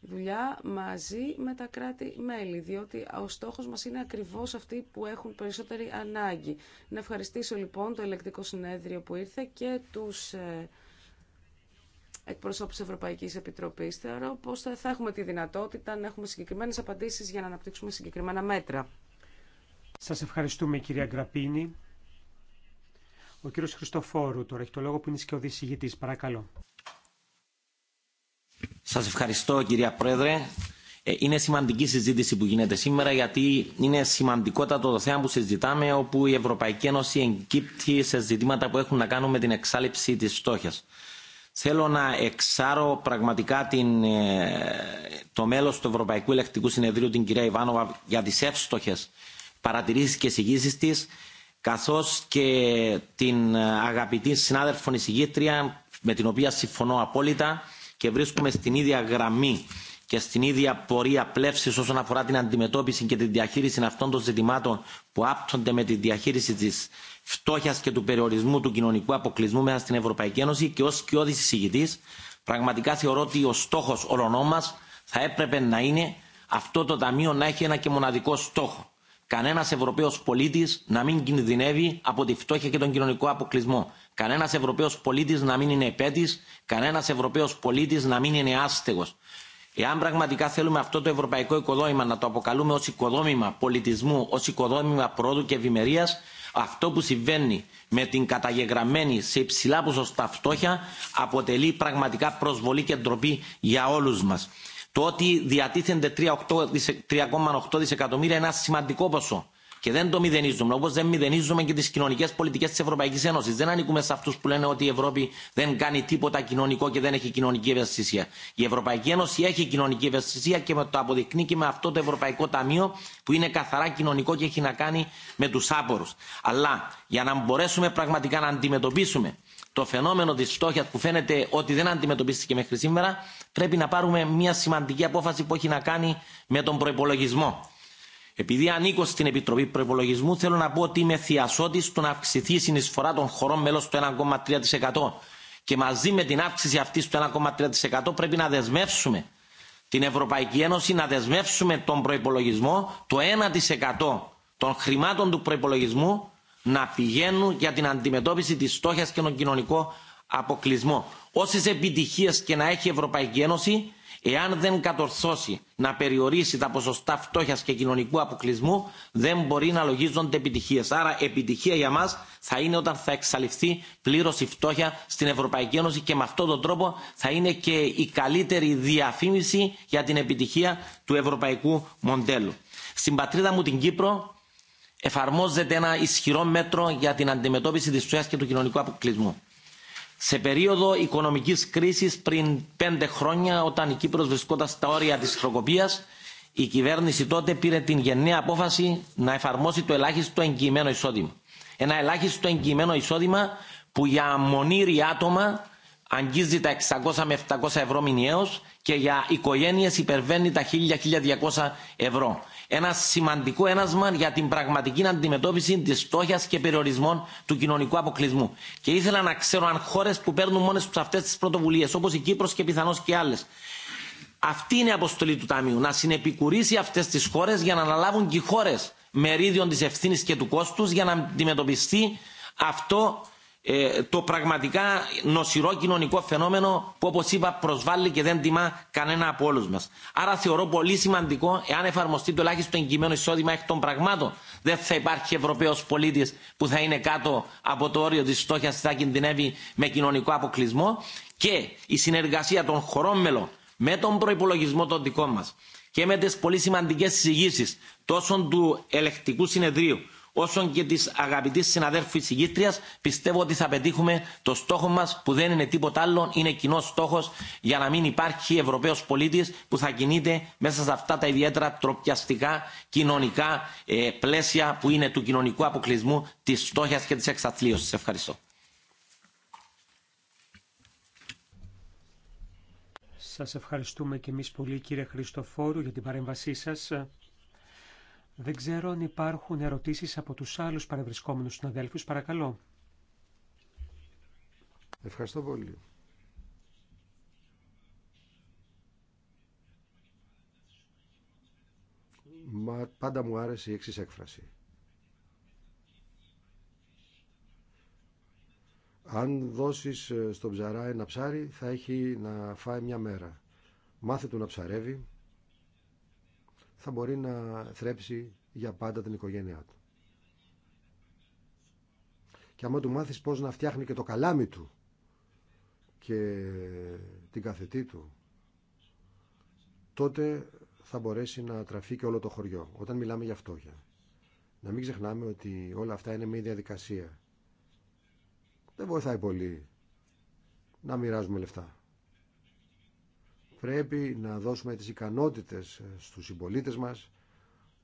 δουλειά μαζί με τα κράτη-μέλη, διότι ο στόχος μας είναι ακριβώς αυτοί που έχουν περισσότερη ανάγκη. Να ευχαριστήσω λοιπόν το ελεκτικό συνέδριο που ήρθε και τους ε, εκπροσώπους Ευρωπαϊκής Επιτροπής. Θεωρώ πως θα έχουμε τη δυνατότητα να έχουμε συγκεκριμένες απαντήσεις για να αναπτύξουμε συγκεκριμένα μέτρα. Σας ευχαριστούμε κυρία Γκραπίνη. Ο κύριος Χριστοφόρου τώρα έχει το λόγο που είναι και Παρακαλώ. Σας ευχαριστώ κυρία Πρόεδρε. Ε, είναι σημαντική συζήτηση που γίνεται σήμερα γιατί είναι σημαντικότατο το θέμα που συζητάμε όπου η Ευρωπαϊκή Ένωση εγκύπτει σε ζητήματα που έχουν να κάνουν με την εξάλληψη της φτώχειας. Θέλω να εξάρω πραγματικά την, ε, το μέλος του Ευρωπαϊκού Ελεκτικού Συνεδρίου, την κυρία Ιβάνοβα, για τις εύστοχες παρατηρήσεις και εισηγήσεις της, καθώς και την ε, αγαπητή συνάδελφον εισηγήτρια, με την οποία συμφωνώ απόλυτα, και βρίσκουμε στην ίδια γραμμή και στην ίδια πορεία πλεύσης όσον αφορά την αντιμετώπιση και τη διαχείριση αυτών των ζητημάτων που άπτονται με τη διαχείριση τη φτώχεια και του περιορισμού του κοινωνικού αποκλεισμού μέσα στην Ευρωπαϊκή Ένωση και ω κοιόδης εισηγητής πραγματικά θεωρώ ότι ο στόχο όλων μα θα έπρεπε να είναι αυτό το ταμείο να έχει ένα και μοναδικό στόχο. Κανένα Ευρωπαίο πολίτη να μην κινδυνεύει από τη φτώχεια και τον κοινωνικό αποκλεισμό κανένας Ευρωπαίος πολίτης να μην είναι επέτης, κανένας Ευρωπαίος πολίτης να μην είναι άστεγος. Εάν πραγματικά θέλουμε αυτό το ευρωπαϊκό οικοδόμημα να το αποκαλούμε ως οικοδόμημα πολιτισμού, ως οικοδόμημα πρόοδου και ευημερία, αυτό που συμβαίνει με την καταγεγραμμένη σε υψηλά ποσοστά φτώχεια αποτελεί πραγματικά προσβολή και ντροπή για όλους μας. Το ότι διατίθενται 3,8 δισεκατομμύρια είναι ένα σημαντικό ποσό και δεν το μηδενίζουμε, όπω δεν μηδενίζουμε και τι κοινωνικέ πολιτικέ τη Ευρωπαϊκή Ένωση. Δεν ανήκουμε σε αυτού που λένε ότι η Ευρώπη δεν κάνει τίποτα κοινωνικό και δεν έχει κοινωνική ευαισθησία. Η Ευρωπαϊκή Ένωση έχει κοινωνική ευαισθησία και το αποδεικνύει και με αυτό το Ευρωπαϊκό Ταμείο που είναι καθαρά κοινωνικό και έχει να κάνει με του άπορου. Αλλά για να μπορέσουμε πραγματικά να αντιμετωπίσουμε το φαινόμενο τη φτώχεια που φαίνεται ότι δεν αντιμετωπίστηκε μέχρι σήμερα, πρέπει να πάρουμε μια σημαντική απόφαση που έχει να κάνει με τον προπολογισμό επειδή ανήκω στην Επιτροπή Προπολογισμού, θέλω να πω ότι είμαι θειασότη του να αυξηθεί η συνεισφορά των χωρών μέλο του 1,3%. Και μαζί με την αύξηση αυτή του 1,3% πρέπει να δεσμεύσουμε την Ευρωπαϊκή Ένωση, να δεσμεύσουμε τον προπολογισμό, το 1% των χρημάτων του προπολογισμού να πηγαίνουν για την αντιμετώπιση τη στόχια και τον κοινωνικό αποκλεισμό. Όσε επιτυχίε και να έχει η Ευρωπαϊκή Ένωση, Εάν δεν κατορθώσει να περιορίσει τα ποσοστά φτώχεια και κοινωνικού αποκλεισμού, δεν μπορεί να λογίζονται επιτυχίε. Άρα, επιτυχία για μα θα είναι όταν θα εξαλειφθεί πλήρω η φτώχεια στην Ευρωπαϊκή Ένωση και με αυτόν τον τρόπο θα είναι και η καλύτερη διαφήμιση για την επιτυχία του ευρωπαϊκού μοντέλου. Στην πατρίδα μου, την Κύπρο, εφαρμόζεται ένα ισχυρό μέτρο για την αντιμετώπιση τη φτώχεια και του κοινωνικού αποκλεισμού σε περίοδο οικονομικής κρίσης πριν πέντε χρόνια όταν η Κύπρος βρισκόταν στα όρια της χροκοπίας η κυβέρνηση τότε πήρε την γενναία απόφαση να εφαρμόσει το ελάχιστο εγγυημένο εισόδημα. Ένα ελάχιστο εγγυημένο εισόδημα που για μονήρι άτομα αγγίζει τα 600 με 700 ευρώ μηνιαίως και για οικογένειες υπερβαίνει τα 1000-1200 ευρώ ένα σημαντικό ένασμα για την πραγματική αντιμετώπιση τη φτώχεια και περιορισμών του κοινωνικού αποκλεισμού. Και ήθελα να ξέρω αν χώρε που παίρνουν μόνε του αυτέ τι πρωτοβουλίε, όπω η Κύπρο και πιθανώ και άλλε, αυτή είναι η αποστολή του Ταμείου, να συνεπικουρήσει αυτέ τι χώρε για να αναλάβουν και οι χώρε μερίδιο τη ευθύνη και του κόστου για να αντιμετωπιστεί αυτό ε, το πραγματικά νοσηρό κοινωνικό φαινόμενο που όπως είπα προσβάλλει και δεν τιμά κανένα από όλους μας. Άρα θεωρώ πολύ σημαντικό εάν εφαρμοστεί το ελάχιστο εγκυμένο εισόδημα εκ των πραγμάτων δεν θα υπάρχει Ευρωπαίος πολίτης που θα είναι κάτω από το όριο της στόχιας θα κινδυνεύει με κοινωνικό αποκλεισμό και η συνεργασία των χωρών μελών με τον προπολογισμό των δικών μας και με τις πολύ σημαντικές συζητήσεις τόσο του ελεκτικού συνεδρίου όσον και της αγαπητής συναδέλφου εισηγήτριας πιστεύω ότι θα πετύχουμε το στόχο μας που δεν είναι τίποτα άλλο, είναι κοινός στόχος για να μην υπάρχει Ευρωπαίος πολίτης που θα κινείται μέσα σε αυτά τα ιδιαίτερα τροπιαστικά κοινωνικά ε, πλαίσια που είναι του κοινωνικού αποκλεισμού, τη στόχιας και της εξαθλίωσης. Ευχαριστώ. Σας ευχαριστούμε και εμείς πολύ κύριε Χριστοφόρου για την παρέμβασή σας. Δεν ξέρω αν υπάρχουν ερωτήσεις από τους άλλους παρευρισκόμενους συναδέλφους. Παρακαλώ. Ευχαριστώ πολύ. Μα πάντα μου άρεσε η εξή έκφραση. Αν δώσεις ε, στον ψαρά ένα ψάρι θα έχει να φάει μια μέρα. Μάθε του να ψαρεύει θα μπορεί να θρέψει για πάντα την οικογένειά του. Και άμα του μάθεις πώς να φτιάχνει και το καλάμι του και την καθετή του, τότε θα μπορέσει να τραφεί και όλο το χωριό, όταν μιλάμε για φτώχεια. Να μην ξεχνάμε ότι όλα αυτά είναι μια διαδικασία. Δεν βοηθάει πολύ να μοιράζουμε λεφτά. Πρέπει να δώσουμε τις ικανότητες ε, στους συμπολίτες μας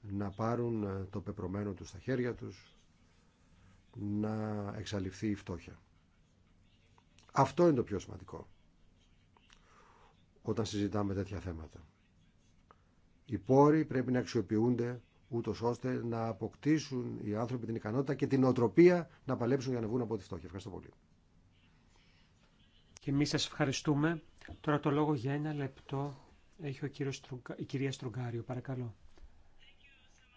να πάρουν ε, το πεπρωμένο τους στα χέρια τους, να εξαλειφθεί η φτώχεια. Αυτό είναι το πιο σημαντικό όταν συζητάμε τέτοια θέματα. Οι πόροι πρέπει να αξιοποιούνται ούτω ώστε να αποκτήσουν οι άνθρωποι την ικανότητα και την οτροπία να παλέψουν για να βγουν από τη φτώχεια. Ευχαριστώ πολύ. Και εμεί σα ευχαριστούμε. Τώρα το λόγο για ένα λεπτό έχει ο κύριος η κυρία Στρουγκάριο. Παρακαλώ.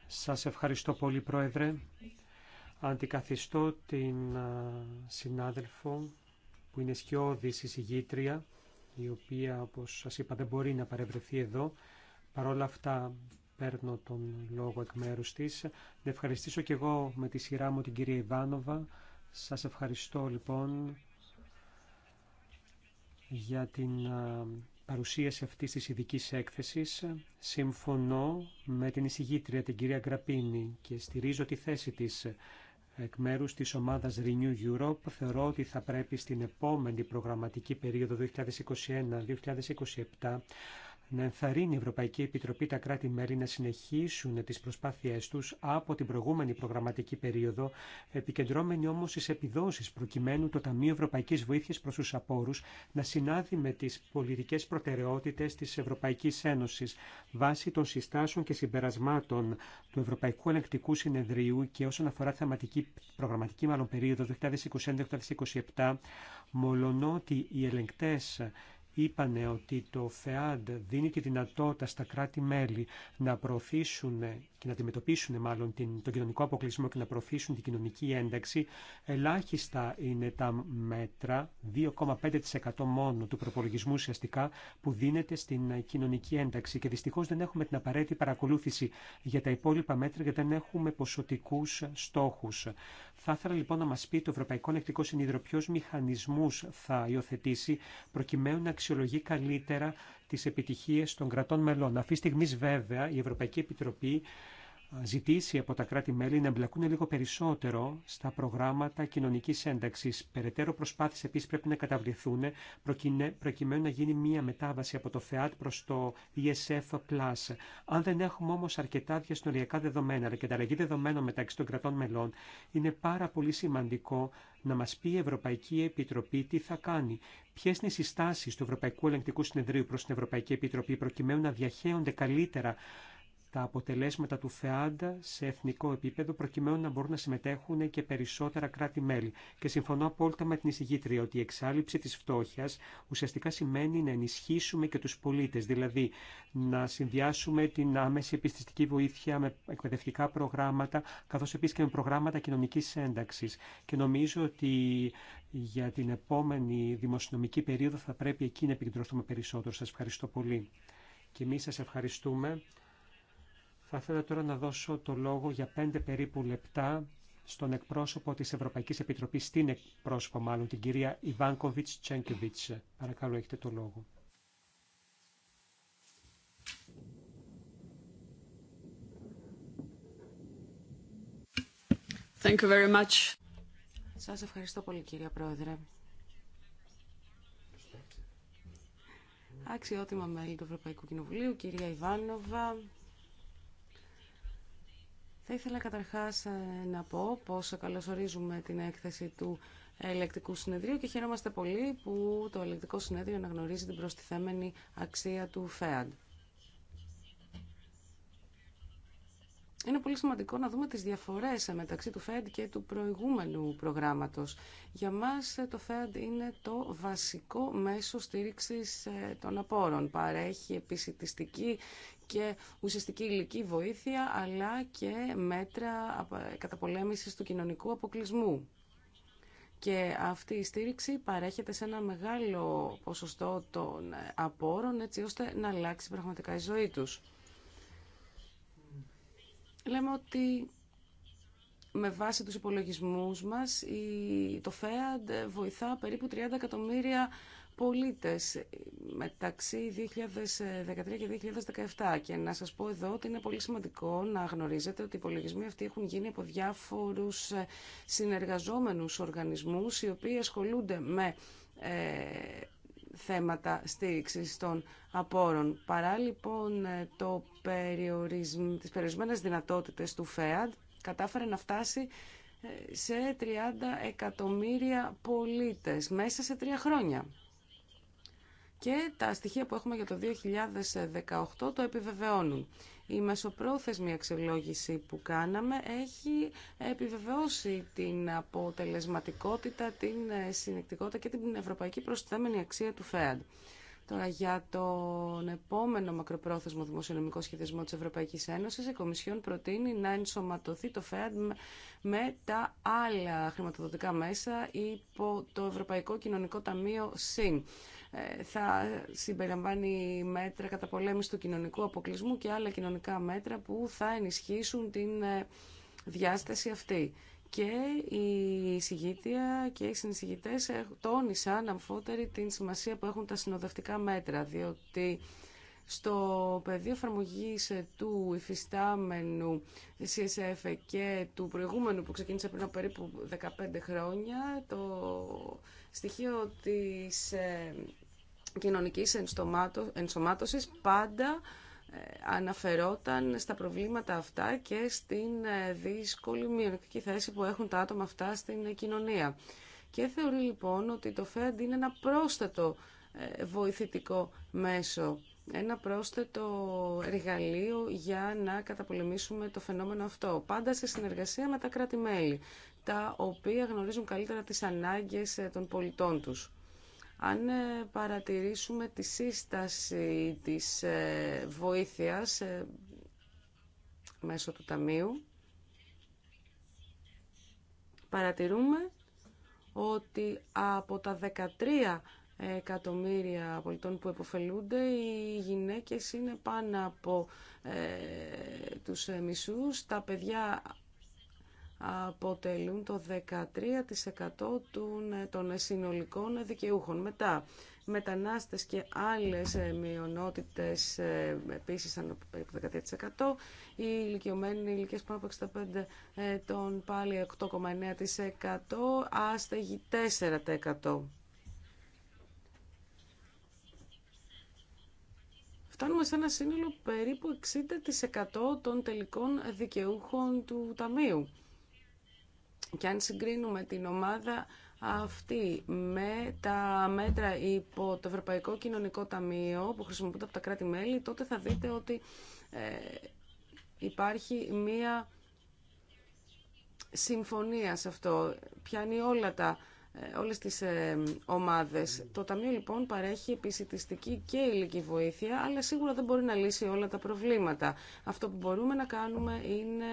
Σας ευχαριστώ πολύ, Πρόεδρε. Αντικαθιστώ την συνάδελφο που είναι σκιώδη συζυγήτρια, η οποία, όπως σας είπα, δεν μπορεί να παρευρεθεί εδώ. Παρ' όλα αυτά, παίρνω τον λόγο εκ μέρους της. Να ευχαριστήσω και εγώ με τη σειρά μου την κυρία Ιβάνοβα. Σας ευχαριστώ, λοιπόν, για την ε, παρουσίαση αυτής της ειδική έκθεσης. Συμφωνώ με την εισηγήτρια την κυρία Γκραπίνη και στηρίζω τη θέση της εκ μέρους της ομάδας Renew Europe. Θεωρώ ότι θα πρέπει στην επόμενη προγραμματική περίοδο 2021-2027 να ενθαρρύνει η Ευρωπαϊκή Επιτροπή τα κράτη-μέλη να συνεχίσουν τις προσπάθειές τους από την προηγούμενη προγραμματική περίοδο, επικεντρώμενοι όμως στις επιδόσεις προκειμένου το Ταμείο Ευρωπαϊκής Βοήθειας προς τους Απόρους να συνάδει με τις πολιτικές προτεραιότητες της Ευρωπαϊκής Ένωσης βάσει των συστάσεων και συμπερασμάτων του Ευρωπαϊκού Ελεκτικού Συνεδρίου και όσον αφορά θεματική προγραμματική μάλλον περίοδο 2021-2027, μολονότι οι ελεγκτές είπανε ότι το ΦΕΑΝΤ δίνει τη δυνατότητα στα κράτη-μέλη να προωθήσουν και να αντιμετωπίσουν μάλλον την, τον κοινωνικό αποκλεισμό και να προωθήσουν την κοινωνική ένταξη, ελάχιστα είναι τα μέτρα, 2,5% μόνο του προπολογισμού ουσιαστικά, που δίνεται στην κοινωνική ένταξη. Και δυστυχώ δεν έχουμε την απαραίτητη παρακολούθηση για τα υπόλοιπα μέτρα γιατί δεν έχουμε ποσοτικού στόχου. Θα ήθελα λοιπόν να μας πει το Ευρωπαϊκό Ελεκτικό Συνίδρο ποιου μηχανισμούς θα υιοθετήσει προκειμένου να αξιολογεί καλύτερα τις επιτυχίες των κρατών μελών. Αυτή τη στιγμή βέβαια η Ευρωπαϊκή Επιτροπή ζητήσει από τα κράτη-μέλη να εμπλακούν λίγο περισσότερο στα προγράμματα κοινωνική ένταξη. Περαιτέρω προσπάθειε επίση πρέπει να καταβληθούν προκειμένου να γίνει μία μετάβαση από το ΦΕΑΤ προ το ESF. Αν δεν έχουμε όμω αρκετά διαστοριακά δεδομένα αλλά και ανταλλαγή δεδομένων μεταξύ των κρατών μελών, είναι πάρα πολύ σημαντικό να μα πει η Ευρωπαϊκή Επιτροπή τι θα κάνει. Ποιε είναι οι συστάσει του Ευρωπαϊκού Ελεγκτικού Συνεδρίου προ την Ευρωπαϊκή Επιτροπή προκειμένου να διαχέονται καλύτερα τα αποτελέσματα του ΦΕΑΝΤΑ σε εθνικό επίπεδο προκειμένου να μπορούν να συμμετέχουν και περισσότερα κράτη-μέλη. Και συμφωνώ απόλυτα με την εισηγήτρια ότι η εξάλληψη της φτώχειας ουσιαστικά σημαίνει να ενισχύσουμε και τους πολίτες, δηλαδή να συνδυάσουμε την άμεση επιστηστική βοήθεια με εκπαιδευτικά προγράμματα, καθώς επίσης και με προγράμματα κοινωνικής ένταξης. Και νομίζω ότι για την επόμενη δημοσιονομική περίοδο θα πρέπει εκεί να επικεντρωθούμε περισσότερο. Σας ευχαριστώ πολύ. Και εμείς σας ευχαριστούμε. Θα ήθελα τώρα να δώσω το λόγο για πέντε περίπου λεπτά στον εκπρόσωπο της Ευρωπαϊκής Επιτροπής, στην εκπρόσωπο μάλλον, την κυρία Ιβάνκοβιτς Τσένκεβιτς. Παρακαλώ, έχετε το λόγο. Thank you very much. Σας ευχαριστώ πολύ, κύριε Πρόεδρε. Αξιότιμα μέλη του Ευρωπαϊκού Κοινοβουλίου, κυρία Ιβάνοβα, θα ήθελα καταρχάς ε, να πω πόσο καλωσορίζουμε την έκθεση του Ελεκτικού Συνεδρίου και χαιρόμαστε πολύ που το Ελεκτικό Συνέδριο αναγνωρίζει την προστιθέμενη αξία του ΦΕΑΝΤ. Είναι πολύ σημαντικό να δούμε τις διαφορές μεταξύ του ΦΕΑΝΤ και του προηγούμενου προγράμματος. Για μας ε, το ΦΕΑΝΤ είναι το βασικό μέσο στήριξης ε, των απόρων. Παρέχει επισητιστική και ουσιαστική υλική βοήθεια, αλλά και μέτρα καταπολέμησης του κοινωνικού αποκλεισμού. Και αυτή η στήριξη παρέχεται σε ένα μεγάλο ποσοστό των απόρων, έτσι ώστε να αλλάξει πραγματικά η ζωή τους. Λέμε ότι με βάση τους υπολογισμούς μας, το ΦΕΑΝΤ βοηθά περίπου 30 εκατομμύρια πολίτες μεταξύ 2013 και 2017 και να σας πω εδώ ότι είναι πολύ σημαντικό να γνωρίζετε ότι οι υπολογισμοί αυτοί έχουν γίνει από διάφορους ε, συνεργαζόμενους οργανισμούς οι οποίοι ασχολούνται με ε, θέματα στήριξης των απόρων. Παρά λοιπόν ε, το περιορισμ, τις περιορισμένες δυνατότητες του ΦΕΑΔ κατάφερε να φτάσει σε 30 εκατομμύρια πολίτες μέσα σε τρία χρόνια και τα στοιχεία που έχουμε για το 2018 το επιβεβαιώνουν. Η μεσοπρόθεσμη αξιολόγηση που κάναμε έχει επιβεβαιώσει την αποτελεσματικότητα, την ε, συνεκτικότητα και την ευρωπαϊκή προστιθέμενη αξία του ΦΕΑΝΤ. Τώρα για τον επόμενο μακροπρόθεσμο δημοσιονομικό σχεδιασμό της Ευρωπαϊκής Ένωσης, η Κομισιόν προτείνει να ενσωματωθεί το ΦΕΑΝΤ με τα άλλα χρηματοδοτικά μέσα υπό το Ευρωπαϊκό Κοινωνικό Ταμείο ΣΥΝ. Ε, θα συμπεριλαμβάνει μέτρα κατά πολέμηση του κοινωνικού αποκλεισμού και άλλα κοινωνικά μέτρα που θα ενισχύσουν την ε, διάσταση αυτή. Και η συγγήτρια και οι συνεισηγητές ε, τόνισαν αμφότερη την σημασία που έχουν τα συνοδευτικά μέτρα, διότι στο πεδίο εφαρμογή του υφιστάμενου CSF και του προηγούμενου που ξεκίνησε πριν από περίπου 15 χρόνια, το στοιχείο της κοινωνικής ενσωμάτωσης πάντα ε, αναφερόταν στα προβλήματα αυτά και στην ε, δύσκολη μειονεκτική θέση που έχουν τα άτομα αυτά στην κοινωνία. Και θεωρεί λοιπόν ότι το ΦΕΑΝΤ είναι ένα πρόσθετο ε, βοηθητικό μέσο, ένα πρόσθετο εργαλείο για να καταπολεμήσουμε το φαινόμενο αυτό. Πάντα σε συνεργασία με τα κράτη-μέλη, τα οποία γνωρίζουν καλύτερα τις ανάγκες των πολιτών τους. Αν ε, παρατηρήσουμε τη σύσταση της ε, βοήθειας ε, μέσω του Ταμείου, παρατηρούμε ότι από τα 13 εκατομμύρια πολιτών που επωφελούνται, οι γυναίκες είναι πάνω από τους μισούς, τα παιδιά αποτελούν το 13% ε, των ε, συνολικών δικαιούχων. Μετά, μετανάστες και άλλες ε, μειονότητες επίσης περίπου 13%, οι ηλικιωμένοι ηλικίες πάνω από 65 ετών πάλι 8,9%, άστεγοι 4%. Φτάνουμε σε ένα σύνολο περίπου 60% των τελικών δικαιούχων του Ταμείου. Και αν συγκρίνουμε την ομάδα αυτή με τα μέτρα υπό το Ευρωπαϊκό Κοινωνικό Ταμείο που χρησιμοποιούνται από τα κράτη-μέλη, τότε θα δείτε ότι ε, υπάρχει μία συμφωνία σε αυτό. Πιάνει όλα τα ε, όλες τις ε, ομάδες. Το Ταμείο λοιπόν παρέχει επισητιστική και ηλική βοήθεια, αλλά σίγουρα δεν μπορεί να λύσει όλα τα προβλήματα. Αυτό που μπορούμε να κάνουμε είναι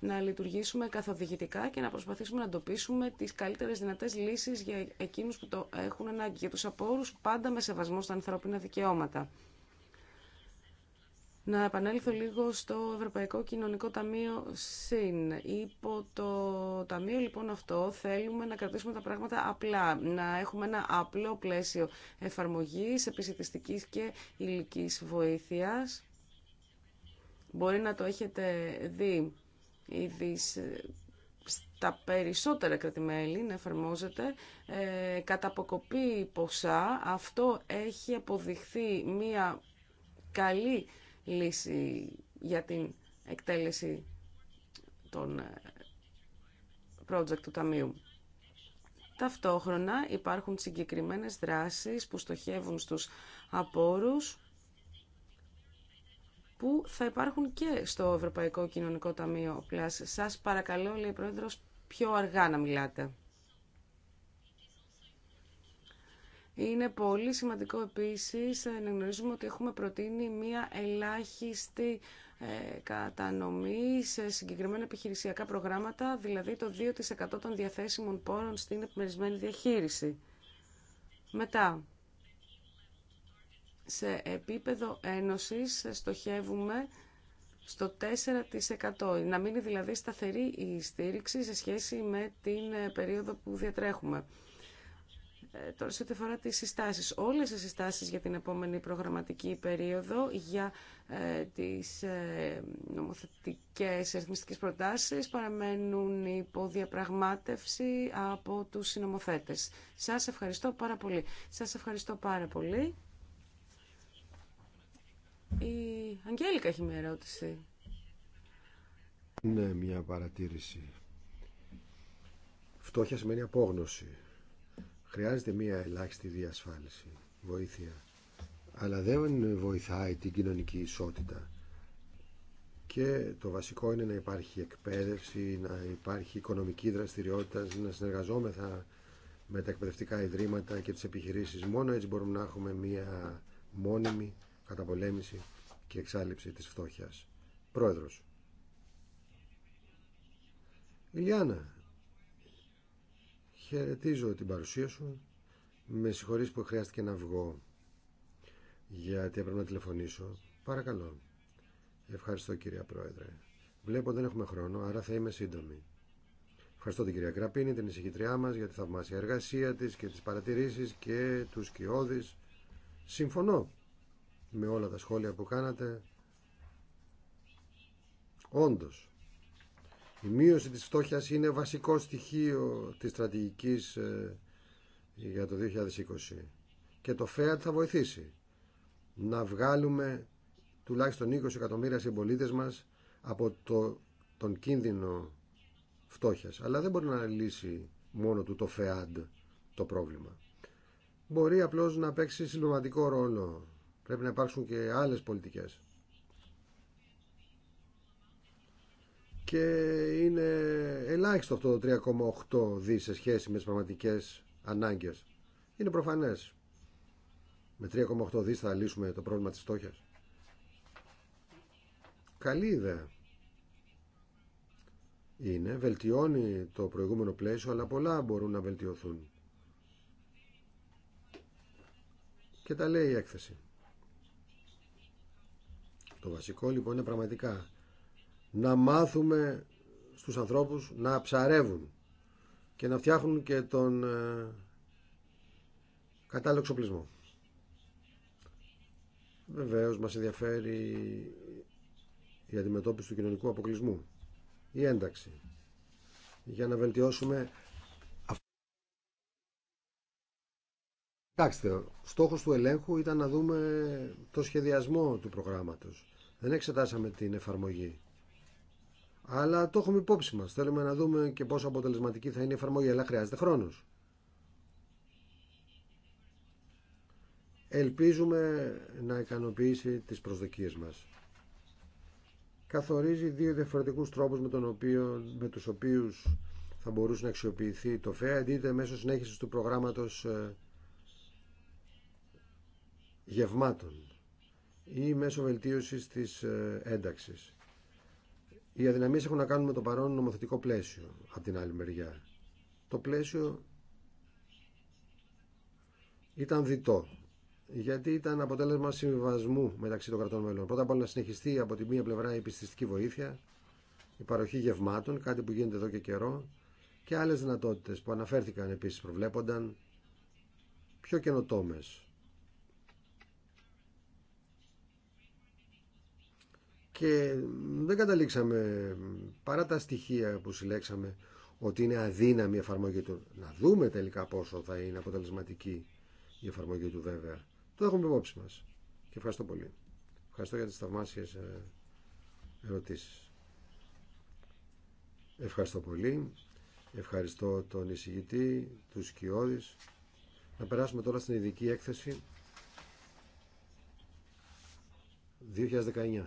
να λειτουργήσουμε καθοδηγητικά και να προσπαθήσουμε να εντοπίσουμε τις καλύτερες δυνατές λύσεις για εκείνους που το έχουν ανάγκη, για τους απόρους, πάντα με σεβασμό στα ανθρώπινα δικαιώματα. Να επανέλθω λίγο στο Ευρωπαϊκό Κοινωνικό Ταμείο ΣΥΝ. Υπό το ταμείο λοιπόν αυτό θέλουμε να κρατήσουμε τα πράγματα απλά, να έχουμε ένα απλό πλαίσιο εφαρμογής, επισητιστικής και ηλικής βοήθειας. Μπορεί να το έχετε δει ήδη στα περισσότερα κρατημέλη να εφαρμόζεται ε, κατά αποκοπή ποσά. Αυτό έχει αποδειχθεί μία καλή λύση για την εκτέλεση των ε, project του Ταμείου. Ταυτόχρονα υπάρχουν συγκεκριμένες δράσεις που στοχεύουν στους απόρους που θα υπάρχουν και στο Ευρωπαϊκό Κοινωνικό Ταμείο Πλάς. Σας παρακαλώ, λέει η Πρόεδρος, πιο αργά να μιλάτε. Είναι πολύ σημαντικό επίσης να γνωρίζουμε ότι έχουμε προτείνει μία ελάχιστη ε, κατανομή σε συγκεκριμένα επιχειρησιακά προγράμματα, δηλαδή το 2% των διαθέσιμων πόρων στην επιμερισμένη διαχείριση. Μετά, σε επίπεδο ένωσης στοχεύουμε στο 4%. Να μείνει δηλαδή σταθερή η στήριξη σε σχέση με την ε, περίοδο που διατρέχουμε. Ε, τώρα σε ό,τι αφορά τις συστάσεις, όλες οι συστάσεις για την επόμενη προγραμματική περίοδο για ε, τις ε, νομοθετικές προτάσεις παραμένουν υπό διαπραγμάτευση από τους συνομοθέτες. Σας ευχαριστώ πάρα πολύ. Σας ευχαριστώ πάρα πολύ. Η Αγγέλικα έχει μια ερώτηση. Ναι, μια παρατήρηση. Φτώχεια σημαίνει απόγνωση. Χρειάζεται μία ελάχιστη διασφάλιση, βοήθεια. Αλλά δεν βοηθάει την κοινωνική ισότητα. Και το βασικό είναι να υπάρχει εκπαίδευση, να υπάρχει οικονομική δραστηριότητα, να συνεργαζόμεθα με τα εκπαιδευτικά ιδρύματα και τις επιχειρήσεις. Μόνο έτσι μπορούμε να έχουμε μία μόνιμη καταπολέμηση και εξάλληψη της φτώχειας. Πρόεδρος. Ιλιάνα, Χαιρετίζω την παρουσία σου. Με συγχωρείς που χρειάστηκε να βγω γιατί έπρεπε να τηλεφωνήσω. Παρακαλώ. Ευχαριστώ κυρία Πρόεδρε. Βλέπω δεν έχουμε χρόνο, άρα θα είμαι σύντομη. Ευχαριστώ την κυρία Κραπίνη, την εισηγητριά μας για τη θαυμάσια εργασία της και τις παρατηρήσεις και τους κοιόδης. Συμφωνώ με όλα τα σχόλια που κάνατε. Όντως, η μείωση της φτώχειας είναι βασικό στοιχείο της στρατηγικής ε, για το 2020 και το ΦΕΑΤ θα βοηθήσει να βγάλουμε τουλάχιστον 20 εκατομμύρια συμπολίτε μας από το, τον κίνδυνο φτώχειας. Αλλά δεν μπορεί να λύσει μόνο του το ΦΕΑΤ το πρόβλημα. Μπορεί απλώς να παίξει συλλογματικό ρόλο. Πρέπει να υπάρξουν και άλλες πολιτικές. και είναι ελάχιστο αυτό το 3,8 δι σε σχέση με τις πραγματικές ανάγκες. Είναι προφανές. Με 3,8 δις θα λύσουμε το πρόβλημα της στόχιας. Καλή ιδέα. Είναι, βελτιώνει το προηγούμενο πλαίσιο, αλλά πολλά μπορούν να βελτιωθούν. Και τα λέει η έκθεση. Το βασικό λοιπόν είναι πραγματικά να μάθουμε στους ανθρώπους να ψαρεύουν και να φτιάχνουν και τον ε, κατάλληλο εξοπλισμό. Βεβαίως μας ενδιαφέρει η αντιμετώπιση του κοινωνικού αποκλεισμού, η ένταξη, για να βελτιώσουμε Κοιτάξτε, στόχος του ελέγχου ήταν να δούμε το σχεδιασμό του προγράμματος. Δεν εξετάσαμε την εφαρμογή. Αλλά το έχουμε υπόψη μας. Θέλουμε να δούμε και πόσο αποτελεσματική θα είναι η εφαρμογή, αλλά χρειάζεται χρόνος. Ελπίζουμε να ικανοποιήσει τις προσδοκίες μας. Καθορίζει δύο διαφορετικούς τρόπους με, τον οποίο, με τους οποίους θα μπορούσε να αξιοποιηθεί το ΦΕΑ, είτε μέσω συνέχισή του προγράμματος ε, γευμάτων ή μέσω βελτίωσης της ε, ένταξης. Οι αδυναμίες έχουν να κάνουν με το παρόν νομοθετικό πλαίσιο, από την άλλη μεριά. Το πλαίσιο ήταν διτό, γιατί ήταν αποτέλεσμα συμβιβασμού μεταξύ των κρατών μελών. Πρώτα απ' όλα να συνεχιστεί από τη μία πλευρά η επιστηστική βοήθεια, η παροχή γευμάτων, κάτι που γίνεται εδώ και καιρό, και άλλε δυνατότητε που αναφέρθηκαν επίση, προβλέπονταν, πιο καινοτόμε και δεν καταλήξαμε παρά τα στοιχεία που συλλέξαμε ότι είναι αδύναμη η εφαρμογή του. Να δούμε τελικά πόσο θα είναι αποτελεσματική η εφαρμογή του βέβαια. Το έχουμε υπόψη μας. Και ευχαριστώ πολύ. Ευχαριστώ για τις θαυμάσιες ε, ερωτήσεις. Ευχαριστώ πολύ. Ευχαριστώ τον εισηγητή, του Σκιώδης. Να περάσουμε τώρα στην ειδική έκθεση 2019.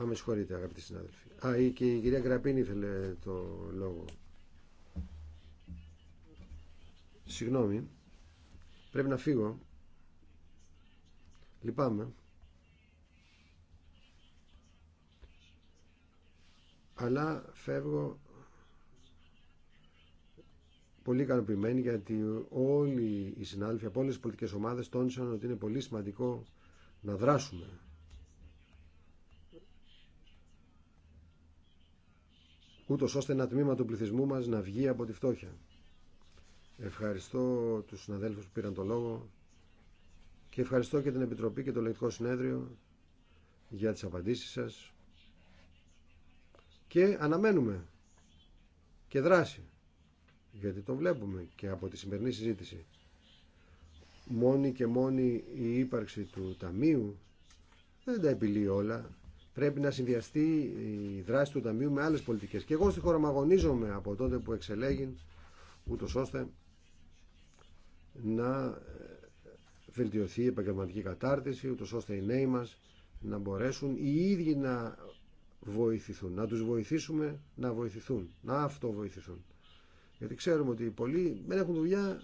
Α, με συγχωρείτε αγαπητοί συνάδελφοι. Α, η, και η κυρία Γραπίνη ήθελε το λόγο. Συγγνώμη, πρέπει να φύγω. Λυπάμαι. Αλλά φεύγω πολύ ικανοποιημένη γιατί όλοι οι συνάδελφοι από όλες τις πολιτικές ομάδες τόνισαν ότι είναι πολύ σημαντικό να δράσουμε ούτως ώστε ένα τμήμα του πληθυσμού μας να βγει από τη φτώχεια. Ευχαριστώ τους συναδέλφους που πήραν το λόγο και ευχαριστώ και την Επιτροπή και το Λεκτικό Συνέδριο για τις απαντήσεις σας και αναμένουμε και δράση γιατί το βλέπουμε και από τη σημερινή συζήτηση μόνη και μόνη η ύπαρξη του Ταμείου δεν τα επιλύει όλα πρέπει να συνδυαστεί η δράση του Ταμείου με άλλες πολιτικές. Και εγώ στη χώρα μου αγωνίζομαι από τότε που εξελέγει, ούτως ώστε να βελτιωθεί η επαγγελματική κατάρτιση, ούτως ώστε οι νέοι μας να μπορέσουν οι ίδιοι να βοηθηθούν, να τους βοηθήσουμε να βοηθηθούν, να αυτοβοηθηθούν. Γιατί ξέρουμε ότι πολλοί δεν έχουν δουλειά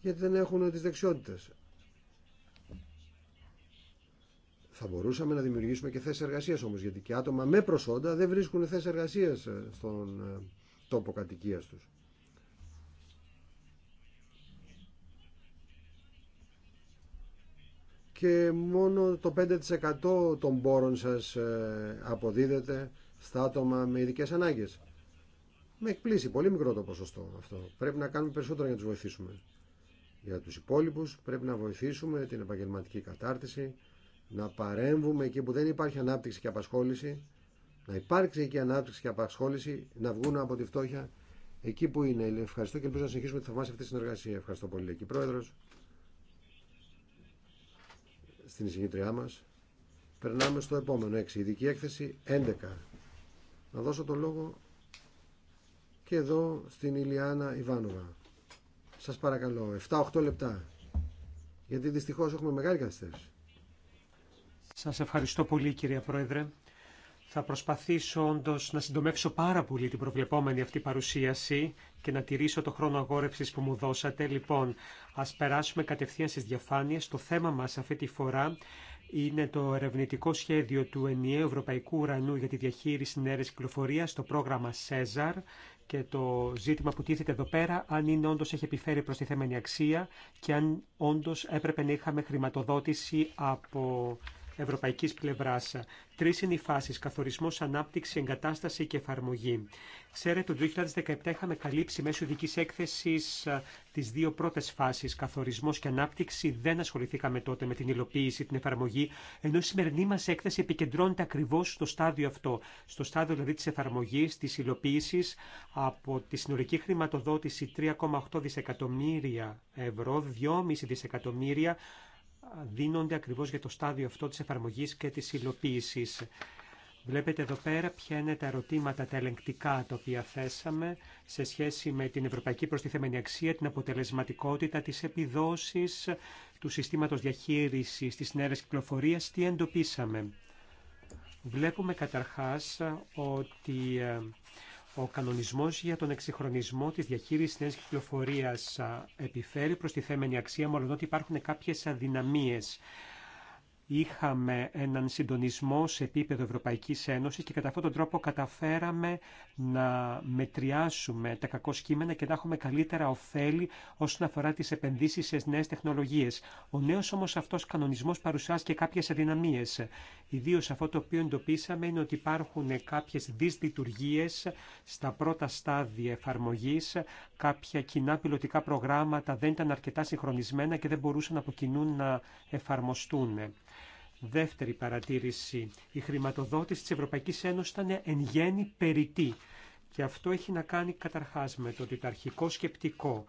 γιατί δεν έχουν τις δεξιότητες. Θα μπορούσαμε να δημιουργήσουμε και θέσει εργασία όμω, γιατί και άτομα με προσόντα δεν βρίσκουν θέσει εργασία ε, στον ε, τόπο κατοικία του. και μόνο το 5% των πόρων σας ε, αποδίδεται στα άτομα με ειδικέ ανάγκες. Με εκπλήσει, πολύ μικρό το ποσοστό αυτό. Πρέπει να κάνουμε περισσότερο για να τους βοηθήσουμε. Για τους υπόλοιπους πρέπει να βοηθήσουμε την επαγγελματική κατάρτιση, να παρέμβουμε εκεί που δεν υπάρχει ανάπτυξη και απασχόληση, να υπάρξει εκεί ανάπτυξη και απασχόληση, να βγουν από τη φτώχεια εκεί που είναι. Ευχαριστώ και ελπίζω να συνεχίσουμε τη θαυμάσια αυτή τη συνεργασία. Ευχαριστώ πολύ, εκεί πρόεδρο, στην εισηγήτριά μα. Περνάμε στο επόμενο 6, ειδική έκθεση 11. Να δώσω το λόγο και εδώ στην Ηλιάνα Ιβάνοβα. Σας παρακαλώ, 7-8 λεπτά. Γιατί δυστυχώς έχουμε μεγάλη καθυστέρηση. Σας ευχαριστώ πολύ κύριε Πρόεδρε. Θα προσπαθήσω όντω να συντομεύσω πάρα πολύ την προβλεπόμενη αυτή παρουσίαση και να τηρήσω το χρόνο αγόρευση που μου δώσατε. Λοιπόν, α περάσουμε κατευθείαν στι διαφάνειε. Το θέμα μα αυτή τη φορά είναι το ερευνητικό σχέδιο του ενιαίου Ευρωπαϊκού Ουρανού για τη διαχείριση νέα κυκλοφορία, το πρόγραμμα ΣΕΖΑΡ. Και το ζήτημα που τίθεται εδώ πέρα, αν είναι όντω έχει επιφέρει προ τη θέμενη αξία και αν όντω έπρεπε να είχαμε χρηματοδότηση από ευρωπαϊκής πλευράς. Τρεις είναι οι φάσεις, καθορισμός, ανάπτυξη, εγκατάσταση και εφαρμογή. Ξέρετε, το 2017 είχαμε καλύψει μέσω ειδική έκθεση ε, τι δύο πρώτε φάσει: καθορισμό και ανάπτυξη. Δεν ασχοληθήκαμε τότε με την υλοποίηση, την εφαρμογή, ενώ η σημερινή μα έκθεση επικεντρώνεται ακριβώ στο στάδιο αυτό, στο στάδιο δηλαδή τη εφαρμογή, τη υλοποίησης από τη συνολική χρηματοδότηση 3,8 δισεκατομμύρια ευρώ, 2,5 δισεκατομμύρια δίνονται ακριβώς για το στάδιο αυτό της εφαρμογής και της υλοποίησης. Βλέπετε εδώ πέρα ποια είναι τα ερωτήματα, τα ελεγκτικά τα οποία θέσαμε σε σχέση με την ευρωπαϊκή προστιθέμενη αξία, την αποτελεσματικότητα, τις επιδόσεις του συστήματος διαχείρισης της νέας κυκλοφορίας, τι εντοπίσαμε. Βλέπουμε καταρχάς ότι ε, ο κανονισμός για τον εξυγχρονισμό της διαχείρισης νέας κυκλοφορίας επιφέρει προς τη θέμενη αξία, μόνο ότι υπάρχουν κάποιες αδυναμίες είχαμε έναν συντονισμό σε επίπεδο Ευρωπαϊκής Ένωσης και κατά αυτόν τον τρόπο καταφέραμε να μετριάσουμε τα κακό κείμενα και να έχουμε καλύτερα ωφέλη όσον αφορά τις επενδύσεις σε νέες τεχνολογίες. Ο νέος όμως αυτός κανονισμός παρουσιάζει και κάποιες αδυναμίες. Ιδίω αυτό το οποίο εντοπίσαμε είναι ότι υπάρχουν κάποιες δυσλειτουργίες στα πρώτα στάδια εφαρμογής, κάποια κοινά πιλωτικά προγράμματα δεν ήταν αρκετά συγχρονισμένα και δεν μπορούσαν από κοινού να εφαρμοστούν. Δεύτερη παρατήρηση. Η χρηματοδότηση της Ευρωπαϊκής Ένωσης ήταν εν γέννη περιττή. Και αυτό έχει να κάνει καταρχάς με το ότι το αρχικό σκεπτικό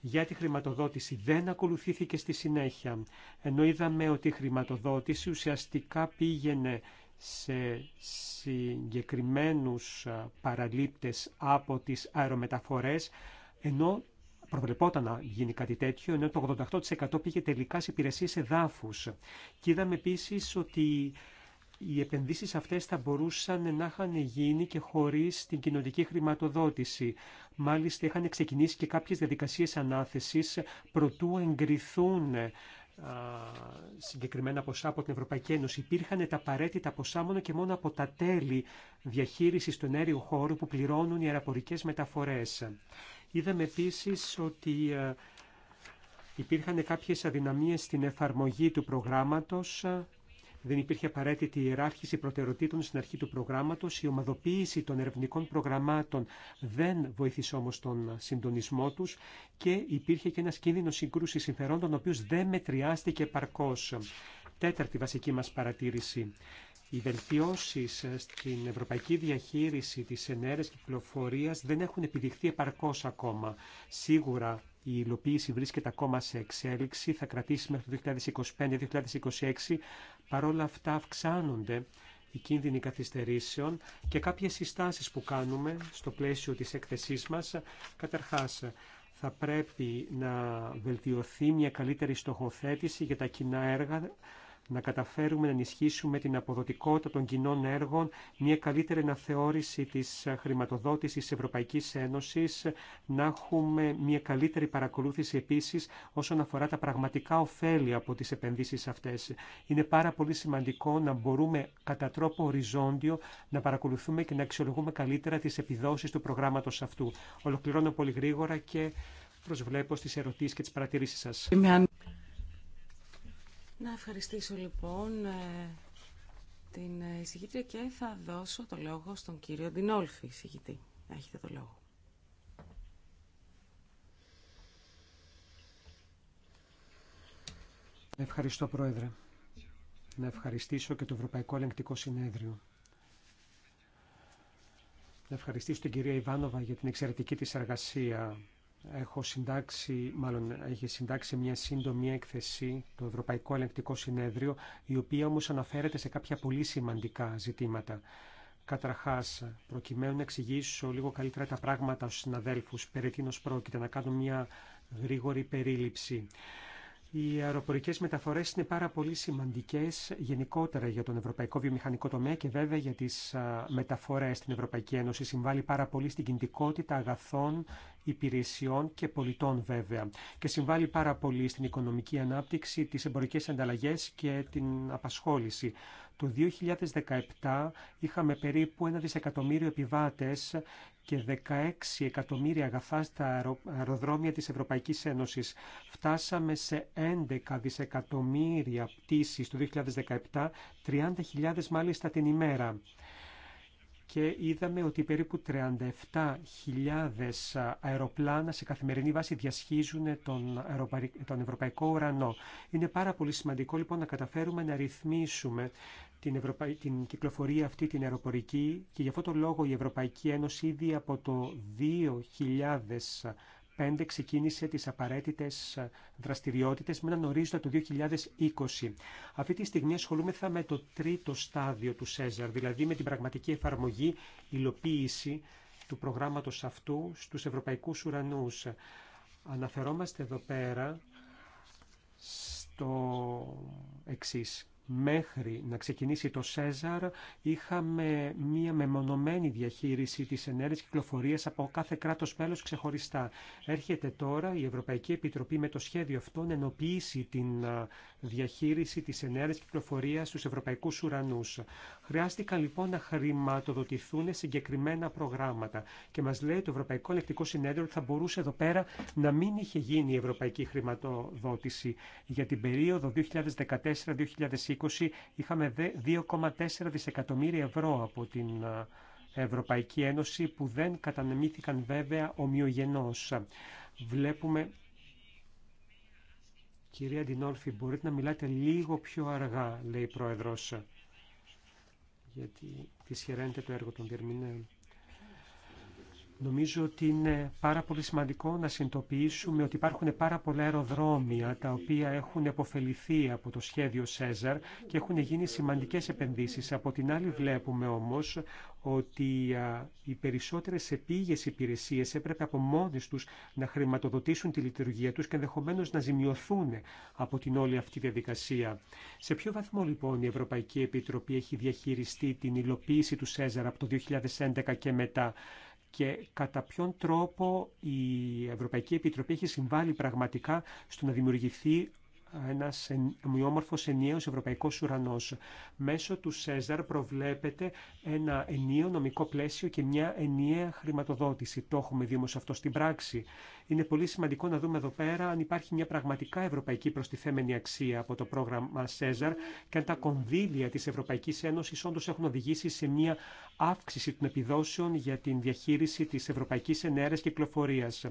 για τη χρηματοδότηση δεν ακολουθήθηκε στη συνέχεια. Ενώ είδαμε ότι η χρηματοδότηση ουσιαστικά πήγαινε σε συγκεκριμένους παραλήπτες από τις αερομεταφορές, ενώ προβλεπόταν να γίνει κάτι τέτοιο, ενώ το 88% πήγε τελικά σε υπηρεσίες εδάφους. Και είδαμε επίσης ότι οι επενδύσεις αυτές θα μπορούσαν να είχαν γίνει και χωρίς την κοινωνική χρηματοδότηση. Μάλιστα είχαν ξεκινήσει και κάποιες διαδικασίες ανάθεσης προτού εγκριθούν συγκεκριμένα ποσά από την Ευρωπαϊκή Ένωση. Υπήρχαν τα απαραίτητα ποσά μόνο και μόνο από τα τέλη διαχείριση του ενέργειου χώρου που πληρώνουν οι αεροπορικές μεταφορέ. Είδαμε επίση ότι υπήρχαν κάποιες αδυναμίες στην εφαρμογή του προγράμματος δεν υπήρχε απαραίτητη ιεράρχηση προτεραιοτήτων στην αρχή του προγράμματο. Η ομαδοποίηση των ερευνικών προγραμμάτων δεν βοήθησε όμω τον συντονισμό του και υπήρχε και ένα κίνδυνο συγκρούση συμφερόντων, ο οποίο δεν μετριάστηκε παρκώ. Τέταρτη βασική μα παρατήρηση. Οι βελτιώσεις ε, στην ευρωπαϊκή διαχείριση της ενέργειας κυκλοφορίας δεν έχουν επιδειχθεί επαρκώς ακόμα. Σίγουρα η υλοποίηση βρίσκεται ακόμα σε εξέλιξη, θα κρατήσει μέχρι το 2025-2026. Παρόλα αυτά αυξάνονται οι κίνδυνοι καθυστερήσεων και κάποιες συστάσεις που κάνουμε στο πλαίσιο της έκθεσής μας. Καταρχάς, θα πρέπει να βελτιωθεί μια καλύτερη στοχοθέτηση για τα κοινά έργα να καταφέρουμε να ενισχύσουμε την αποδοτικότητα των κοινών έργων, μια καλύτερη αναθεώρηση της χρηματοδότησης Ευρωπαϊκής Ένωσης, να έχουμε μια καλύτερη παρακολούθηση επίσης όσον αφορά τα πραγματικά ωφέλη από τις επενδύσεις αυτές. Είναι πάρα πολύ σημαντικό να μπορούμε κατά τρόπο οριζόντιο να παρακολουθούμε και να αξιολογούμε καλύτερα τις επιδόσεις του προγράμματος αυτού. Ολοκληρώνω πολύ γρήγορα και προσβλέπω στις ερωτήσεις και τις παρατηρήσεις σας. Να ευχαριστήσω λοιπόν ε, την εισηγήτρια και θα δώσω το λόγο στον κύριο Ντινόλφη, εισηγητή. Έχετε το λόγο. Ευχαριστώ Πρόεδρε. Να ευχαριστήσω και το Ευρωπαϊκό Ελεγκτικό Συνέδριο. Να ευχαριστήσω την κυρία Ιβάνοβα για την εξαιρετική της εργασία Έχω συντάξει, μάλλον έχει συντάξει μια σύντομη έκθεση, το Ευρωπαϊκό Ελεκτικό Συνέδριο, η οποία όμω αναφέρεται σε κάποια πολύ σημαντικά ζητήματα. Καταρχά, προκειμένου να εξηγήσω λίγο καλύτερα τα πράγματα στου συναδέλφου. περί τίνο πρόκειται να κάνω μια γρήγορη περίληψη. Οι αεροπορικέ μεταφορέ είναι πάρα πολύ σημαντικέ γενικότερα για τον ευρωπαϊκό βιομηχανικό τομέα και βέβαια για τι μεταφορέ στην Ευρωπαϊκή Ένωση. Συμβάλλει πάρα πολύ στην κινητικότητα αγαθών υπηρεσιών και πολιτών βέβαια και συμβάλλει πάρα πολύ στην οικονομική ανάπτυξη, τις εμπορικές ανταλλαγές και την απασχόληση. Το 2017 είχαμε περίπου ένα δισεκατομμύριο επιβάτες και 16 εκατομμύρια αγαθά στα αεροδρόμια της Ευρωπαϊκής Ένωσης. Φτάσαμε σε 11 δισεκατομμύρια πτήσεις το 2017, 30.000 μάλιστα την ημέρα και είδαμε ότι περίπου 37.000 αεροπλάνα σε καθημερινή βάση διασχίζουν τον, ευρωπαϊκό ουρανό. Είναι πάρα πολύ σημαντικό λοιπόν να καταφέρουμε να ρυθμίσουμε την, την κυκλοφορία αυτή την αεροπορική και γι' αυτόν τον λόγο η Ευρωπαϊκή Ένωση ήδη από το 2000 ξεκίνησε τις απαραίτητες ε, δραστηριότητες με έναν ορίζοντα του 2020. Αυτή τη στιγμή ασχολούμεθα με το τρίτο στάδιο του ΣΕΖΑΡ, δηλαδή με την πραγματική εφαρμογή, υλοποίηση του προγράμματος αυτού στους ευρωπαϊκούς ουρανούς. Αναφερόμαστε εδώ πέρα στο εξής μέχρι να ξεκινήσει το ΣΕΖΑΡ είχαμε μία μεμονωμένη διαχείριση της ενέργειας κυκλοφορίας από κάθε κράτος μέλος ξεχωριστά. Έρχεται τώρα η Ευρωπαϊκή Επιτροπή με το σχέδιο αυτό να ενοποιήσει την διαχείριση της ενέργειας κυκλοφορίας στους ευρωπαϊκούς ουρανούς. Χρειάστηκαν λοιπόν να χρηματοδοτηθούν συγκεκριμένα προγράμματα και μας λέει το Ευρωπαϊκό Ελεκτικό Συνέδριο ότι θα μπορούσε εδώ πέρα να μην είχε γίνει η ευρωπαϊκή χρηματοδότηση. Για την περίοδο 2014-2020 είχαμε 2,4 δισεκατομμύρια ευρώ από την Ευρωπαϊκή Ένωση που δεν κατανεμήθηκαν βέβαια ομοιογενώς. Βλέπουμε Κυρία Ντινόλφη, μπορείτε να μιλάτε λίγο πιο αργά, λέει η Πρόεδρος, γιατί τη χαιρένεται το έργο των διερμηνέων. Νομίζω ότι είναι πάρα πολύ σημαντικό να συνειδητοποιήσουμε ότι υπάρχουν πάρα πολλά αεροδρόμια τα οποία έχουν αποφεληθεί από το σχέδιο ΣΕΖΑΡ και έχουν γίνει σημαντικές επενδύσεις. Από την άλλη βλέπουμε όμως ότι οι περισσότερες επίγειες υπηρεσίες έπρεπε από μόνες τους να χρηματοδοτήσουν τη λειτουργία τους και ενδεχομένω να ζημιωθούν από την όλη αυτή διαδικασία. Σε ποιο βαθμό λοιπόν η Ευρωπαϊκή Επιτροπή έχει διαχειριστεί την υλοποίηση του ΣΕΖΑΡ από το 2011 και μετά και κατά ποιον τρόπο η Ευρωπαϊκή Επιτροπή έχει συμβάλει πραγματικά στο να δημιουργηθεί ένα ομοιόμορφο ενιαίο ευρωπαϊκό ουρανό. Μέσω του ΣΕΖΑΡ προβλέπεται ένα ενιαίο νομικό πλαίσιο και μια ενιαία χρηματοδότηση. Το έχουμε δει όμω αυτό στην πράξη. Είναι πολύ σημαντικό να δούμε εδώ πέρα αν υπάρχει μια πραγματικά ευρωπαϊκή προστιθέμενη αξία από το πρόγραμμα ΣΕΖΑΡ και αν τα κονδύλια τη Ευρωπαϊκή Ένωση όντω έχουν οδηγήσει σε μια αύξηση των επιδόσεων για την διαχείριση της Ευρωπαϊκής Ενέργειας Κυκλοφορίας.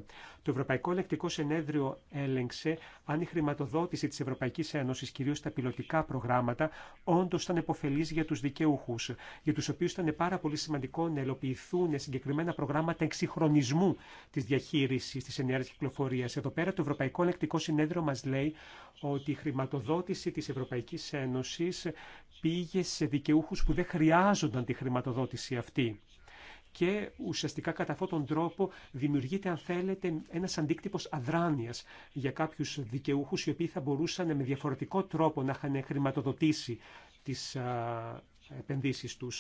Το Ευρωπαϊκό Ελεκτικό Συνέδριο έλεγξε αν η χρηματοδότηση της Ευρωπαϊκής Ένωσης, κυρίως τα πιλωτικά προγράμματα, όντως ήταν επωφελής για τους δικαιούχους, για τους οποίους ήταν πάρα πολύ σημαντικό να ελοποιηθούν συγκεκριμένα προγράμματα εξυγχρονισμού της διαχείρισης της ενέργειας κυκλοφορίας. Εδώ πέρα το Ευρωπαϊκό Ελεκτικό Συνέδριο μας λέει ότι η χρηματοδότηση της Ευρωπαϊκής Ένωσης πήγε σε δικαιούχους που δεν χρειάζονταν τη χρηματοδότηση και ουσιαστικά κατά αυτόν τον τρόπο δημιουργείται, αν θέλετε, ένα αντίκτυπο αδράνεια για κάποιου δικαιούχου οι οποίοι θα μπορούσαν με διαφορετικό τρόπο να είχαν χρηματοδοτήσει τι επενδύσει του.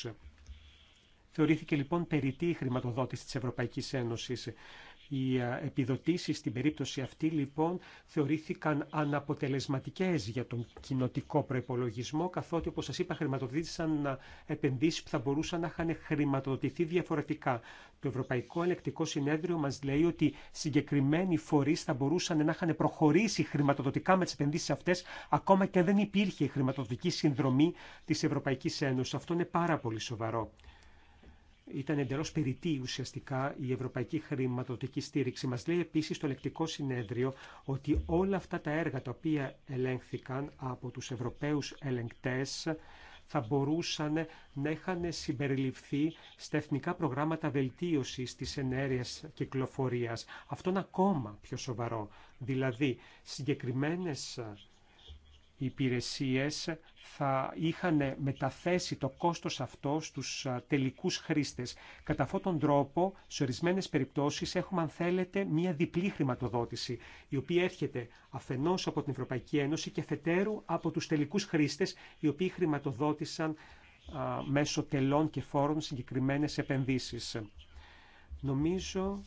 Θεωρήθηκε λοιπόν περιττή η χρηματοδότηση της Ευρωπαϊκής Ένωσης. Οι επιδοτήσεις στην περίπτωση αυτή λοιπόν θεωρήθηκαν αναποτελεσματικές για τον κοινοτικό προϋπολογισμό καθότι όπως σας είπα χρηματοδοτήθησαν επενδύσεις που θα μπορούσαν να είχαν χρηματοδοτηθεί διαφορετικά. Το Ευρωπαϊκό Ελεκτικό Συνέδριο μας λέει ότι συγκεκριμένοι φορείς θα μπορούσαν να είχαν προχωρήσει χρηματοδοτικά με τις επενδύσεις αυτές ακόμα και αν δεν υπήρχε η χρηματοδοτική συνδρομή της Ευρωπαϊκής Ένωσης. Αυτό είναι πάρα πολύ σοβαρό ήταν εντελώ περιττή ουσιαστικά η ευρωπαϊκή χρηματοδοτική στήριξη. Μα λέει επίση το ελεκτικό συνέδριο ότι όλα αυτά τα έργα τα οποία ελέγχθηκαν από του Ευρωπαίου ελεγκτέ θα μπορούσαν να είχαν συμπεριληφθεί στα εθνικά προγράμματα βελτίωσης της ενέργειας κυκλοφορίας. Αυτό είναι ακόμα πιο σοβαρό. Δηλαδή, συγκεκριμένες οι υπηρεσίες θα είχαν μεταθέσει το κόστος αυτό στους τελικούς χρήστες. Κατά αυτόν τον τρόπο, σε ορισμένε περιπτώσεις έχουμε, αν θέλετε, μια διπλή χρηματοδότηση, η οποία έρχεται αφενός από την Ευρωπαϊκή Ένωση και φετέρου από τους τελικούς χρήστες, οι οποίοι χρηματοδότησαν μέσω τελών και φόρων συγκεκριμένες επενδύσεις. Νομίζω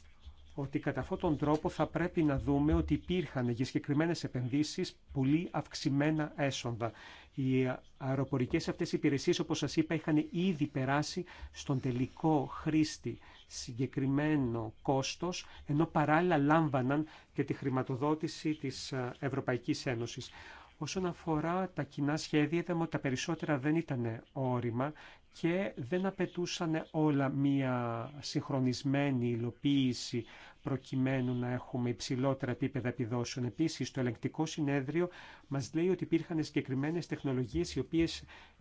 ότι κατά αυτόν τον τρόπο θα πρέπει να δούμε ότι υπήρχαν για συγκεκριμένε επενδύσεις πολύ αυξημένα έσοδα. Οι αεροπορικές αυτές υπηρεσίες, όπως σας είπα, είχαν ήδη περάσει στον τελικό χρήστη συγκεκριμένο κόστος, ενώ παράλληλα λάμβαναν και τη χρηματοδότηση της Ευρωπαϊκής Ένωσης. Όσον αφορά τα κοινά σχέδια, είδαμε τα περισσότερα δεν ήταν όριμα και δεν απαιτούσαν όλα μία συγχρονισμένη υλοποίηση προκειμένου να έχουμε υψηλότερα επίπεδα επιδόσεων. Επίση, το ελεγκτικό συνέδριο μα λέει ότι υπήρχαν συγκεκριμένε τεχνολογίε, οι οποίε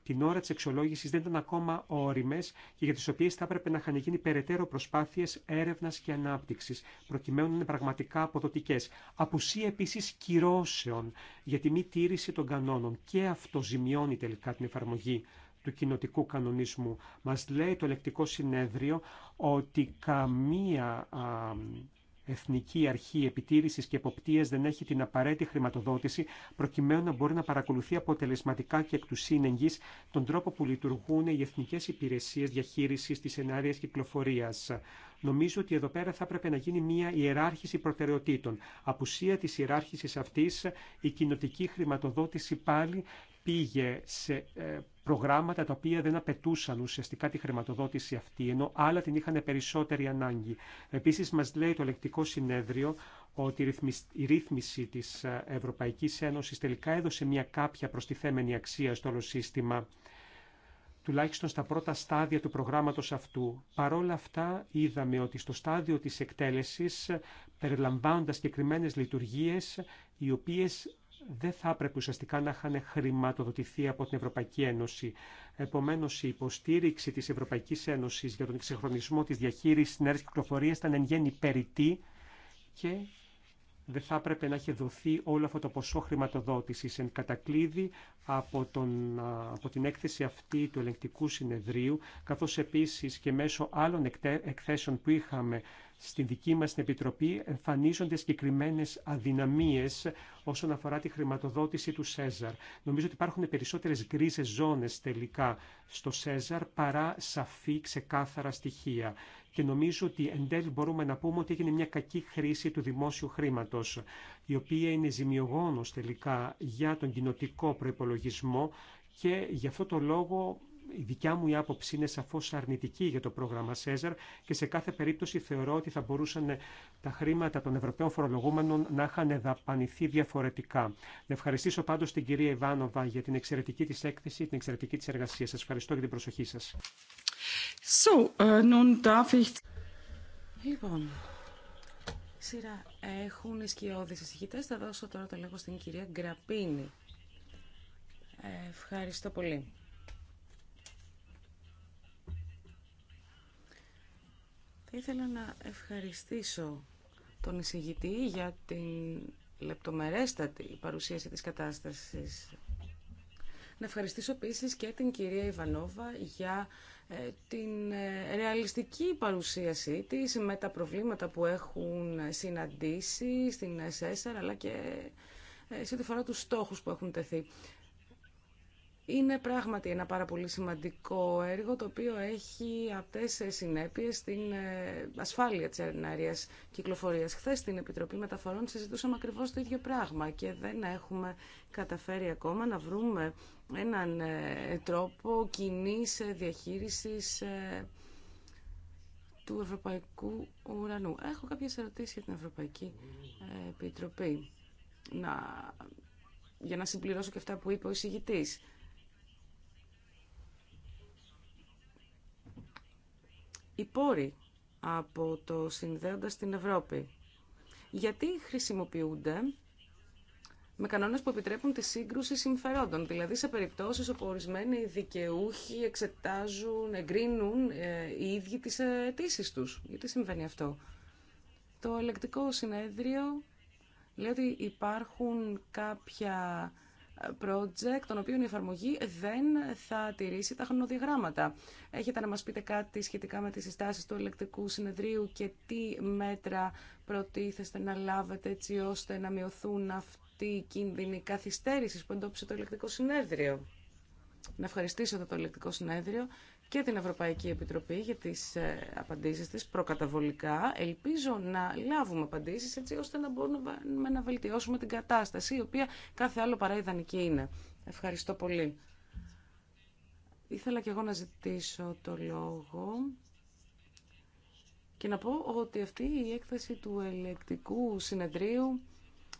την ώρα τη εξολόγηση δεν ήταν ακόμα όριμε και για τι οποίε θα έπρεπε να είχαν γίνει περαιτέρω προσπάθειε έρευνα και ανάπτυξη, προκειμένου να είναι πραγματικά αποδοτικέ. Απουσία επίση κυρώσεων για τη μη τήρηση των κανόνων και αυτό ζημιώνει τελικά την εφαρμογή του κοινοτικού κανονισμού. Μας λέει το ελεκτικό συνέδριο ότι καμία Εθνική Αρχή Επιτήρηση και Εποπτεία δεν έχει την απαραίτητη χρηματοδότηση προκειμένου να μπορεί να παρακολουθεί αποτελεσματικά και εκ του σύνεγγυ τον τρόπο που λειτουργούν οι εθνικέ υπηρεσίε διαχείριση τη ενάρεια κυκλοφορία. Νομίζω ότι εδώ πέρα θα έπρεπε να γίνει μια ιεράρχηση προτεραιοτήτων. Απουσία τη ιεράρχηση αυτή, η κοινοτική χρηματοδότηση πάλι πήγε σε ε, προγράμματα τα οποία δεν απαιτούσαν ουσιαστικά τη χρηματοδότηση αυτή, ενώ άλλα την είχαν περισσότερη ανάγκη. Επίσης μας λέει το λεκτικό συνέδριο ότι η ρύθμιση της ε, Ευρωπαϊκής Ένωσης τελικά έδωσε μια κάποια προστιθέμενη αξία στο όλο σύστημα τουλάχιστον στα πρώτα στάδια του προγράμματος αυτού. Παρόλα αυτά είδαμε ότι στο στάδιο της εκτέλεσης περιλαμβάνοντας συγκεκριμένε λειτουργίες οι οποίες δεν θα έπρεπε ουσιαστικά να είχαν χρηματοδοτηθεί από την Ευρωπαϊκή Ένωση. Επομένω, η υποστήριξη της Ευρωπαϊκής Ένωση για τον εξυγχρονισμό της διαχείριση τη νέα κυκλοφορία ήταν εν γέννη περιττή και δεν θα έπρεπε να είχε δοθεί όλο αυτό το ποσό χρηματοδότησης εν κατακλείδη από, τον, από την έκθεση αυτή του ελεγκτικού συνεδρίου, καθώ επίση και μέσω άλλων εκθέσεων που είχαμε στην δική μας την Επιτροπή εμφανίζονται συγκεκριμένε αδυναμίες όσον αφορά τη χρηματοδότηση του ΣΕΖΑΡ. Νομίζω ότι υπάρχουν περισσότερες γκρίζες ζώνες τελικά στο ΣΕΖΑΡ παρά σαφή ξεκάθαρα στοιχεία. Και νομίζω ότι εν τέλει μπορούμε να πούμε ότι έγινε μια κακή χρήση του δημόσιου χρήματος, η οποία είναι ζημιογόνος τελικά για τον κοινοτικό προπολογισμό και γι' αυτό το λόγο η δικιά μου η άποψη είναι σαφώς αρνητική για το πρόγραμμα ΣΕΖΑΡ και σε κάθε περίπτωση θεωρώ ότι θα μπορούσαν τα χρήματα των Ευρωπαίων φορολογούμενων να είχαν δαπανηθεί διαφορετικά. Να ευχαριστήσω πάντως την κυρία Ιβάνοβα για την εξαιρετική της έκθεση, την εξαιρετική της εργασία. Σας ευχαριστώ για την προσοχή σας. So, ε, nun darf ich... Λοιπόν, σειρά έχουν οι σκιώδεις εισηγητές. Θα δώσω τώρα το λόγο στην κυρία Γκραπίνη. Ε, ευχαριστώ πολύ. Θα ήθελα να ευχαριστήσω τον εισηγητή για την λεπτομερέστατη παρουσίαση της κατάστασης. Να ευχαριστήσω επίσης και την κυρία Ιβανόβα για ε, την ε, ρεαλιστική παρουσίασή της με τα προβλήματα που έχουν συναντήσει στην ΕΣΕΣΑΡ αλλά και ε, σε τη φορά τους στόχους που έχουν τεθεί. Είναι πράγματι ένα πάρα πολύ σημαντικό έργο το οποίο έχει αυτές συνέπειες στην ε, ασφάλεια της αεριναρίας κυκλοφορίας. Χθε στην Επιτροπή Μεταφορών συζητούσαμε ακριβώς το ίδιο πράγμα και δεν έχουμε καταφέρει ακόμα να βρούμε έναν ε, τρόπο κοινή ε, διαχείρισης του Ευρωπαϊκού Ουρανού. Έχω κάποιες ερωτήσεις για την Ευρωπαϊκή Επιτροπή. Να, για να συμπληρώσω και αυτά που είπε ο εισηγητής. οι πόροι από το συνδέοντα στην Ευρώπη. Γιατί χρησιμοποιούνται με κανόνες που επιτρέπουν τη σύγκρουση συμφερόντων, δηλαδή σε περιπτώσεις όπου ορισμένοι δικαιούχοι εξετάζουν, εγκρίνουν ε, οι ίδιοι τις αιτήσει τους. Γιατί συμβαίνει αυτό. Το ελεκτικό συνέδριο λέει ότι υπάρχουν κάποια project τον οποίο η εφαρμογή δεν θα τηρήσει τα χρονοδιαγράμματα. Έχετε να μας πείτε κάτι σχετικά με τις συστάσεις του ελεκτικού συνεδρίου και τι μέτρα προτίθεστε να λάβετε έτσι ώστε να μειωθούν αυτοί οι κίνδυνοι καθυστέρησης που εντόπισε το ηλεκτρικό συνέδριο. Να ευχαριστήσω το ηλεκτρικό συνέδριο και την Ευρωπαϊκή Επιτροπή για τις ε, απαντήσεις της προκαταβολικά. Ελπίζω να λάβουμε απαντήσεις έτσι ώστε να μπορούμε να βελτιώσουμε την κατάσταση, η οποία κάθε άλλο παρά ιδανική είναι. Ευχαριστώ πολύ. Ήθελα και εγώ να ζητήσω το λόγο και να πω ότι αυτή η έκθεση του ελεκτικού συνεδρίου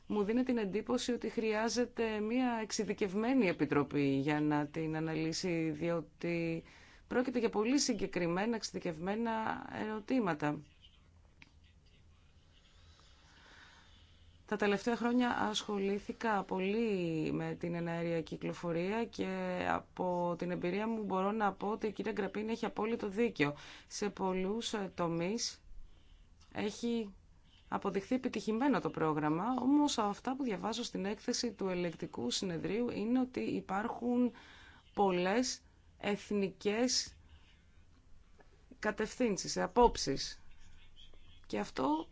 μου δίνει την εντύπωση ότι χρειάζεται μια εξειδικευμένη επιτροπή για να την αναλύσει, διότι Πρόκειται για πολύ συγκεκριμένα εξειδικευμένα ερωτήματα. Τα τελευταία χρόνια ασχολήθηκα πολύ με την εναέρια κυκλοφορία και από την εμπειρία μου μπορώ να πω ότι η κυρία Γκραπίνη έχει απόλυτο δίκιο. Σε πολλούς ε, τομείς έχει αποδειχθεί επιτυχημένο το πρόγραμμα, όμως αυτά που διαβάζω στην έκθεση του ελεκτικού συνεδρίου είναι ότι υπάρχουν πολλές εθνικές κατευθύνσεις, απόψεις. Και αυτό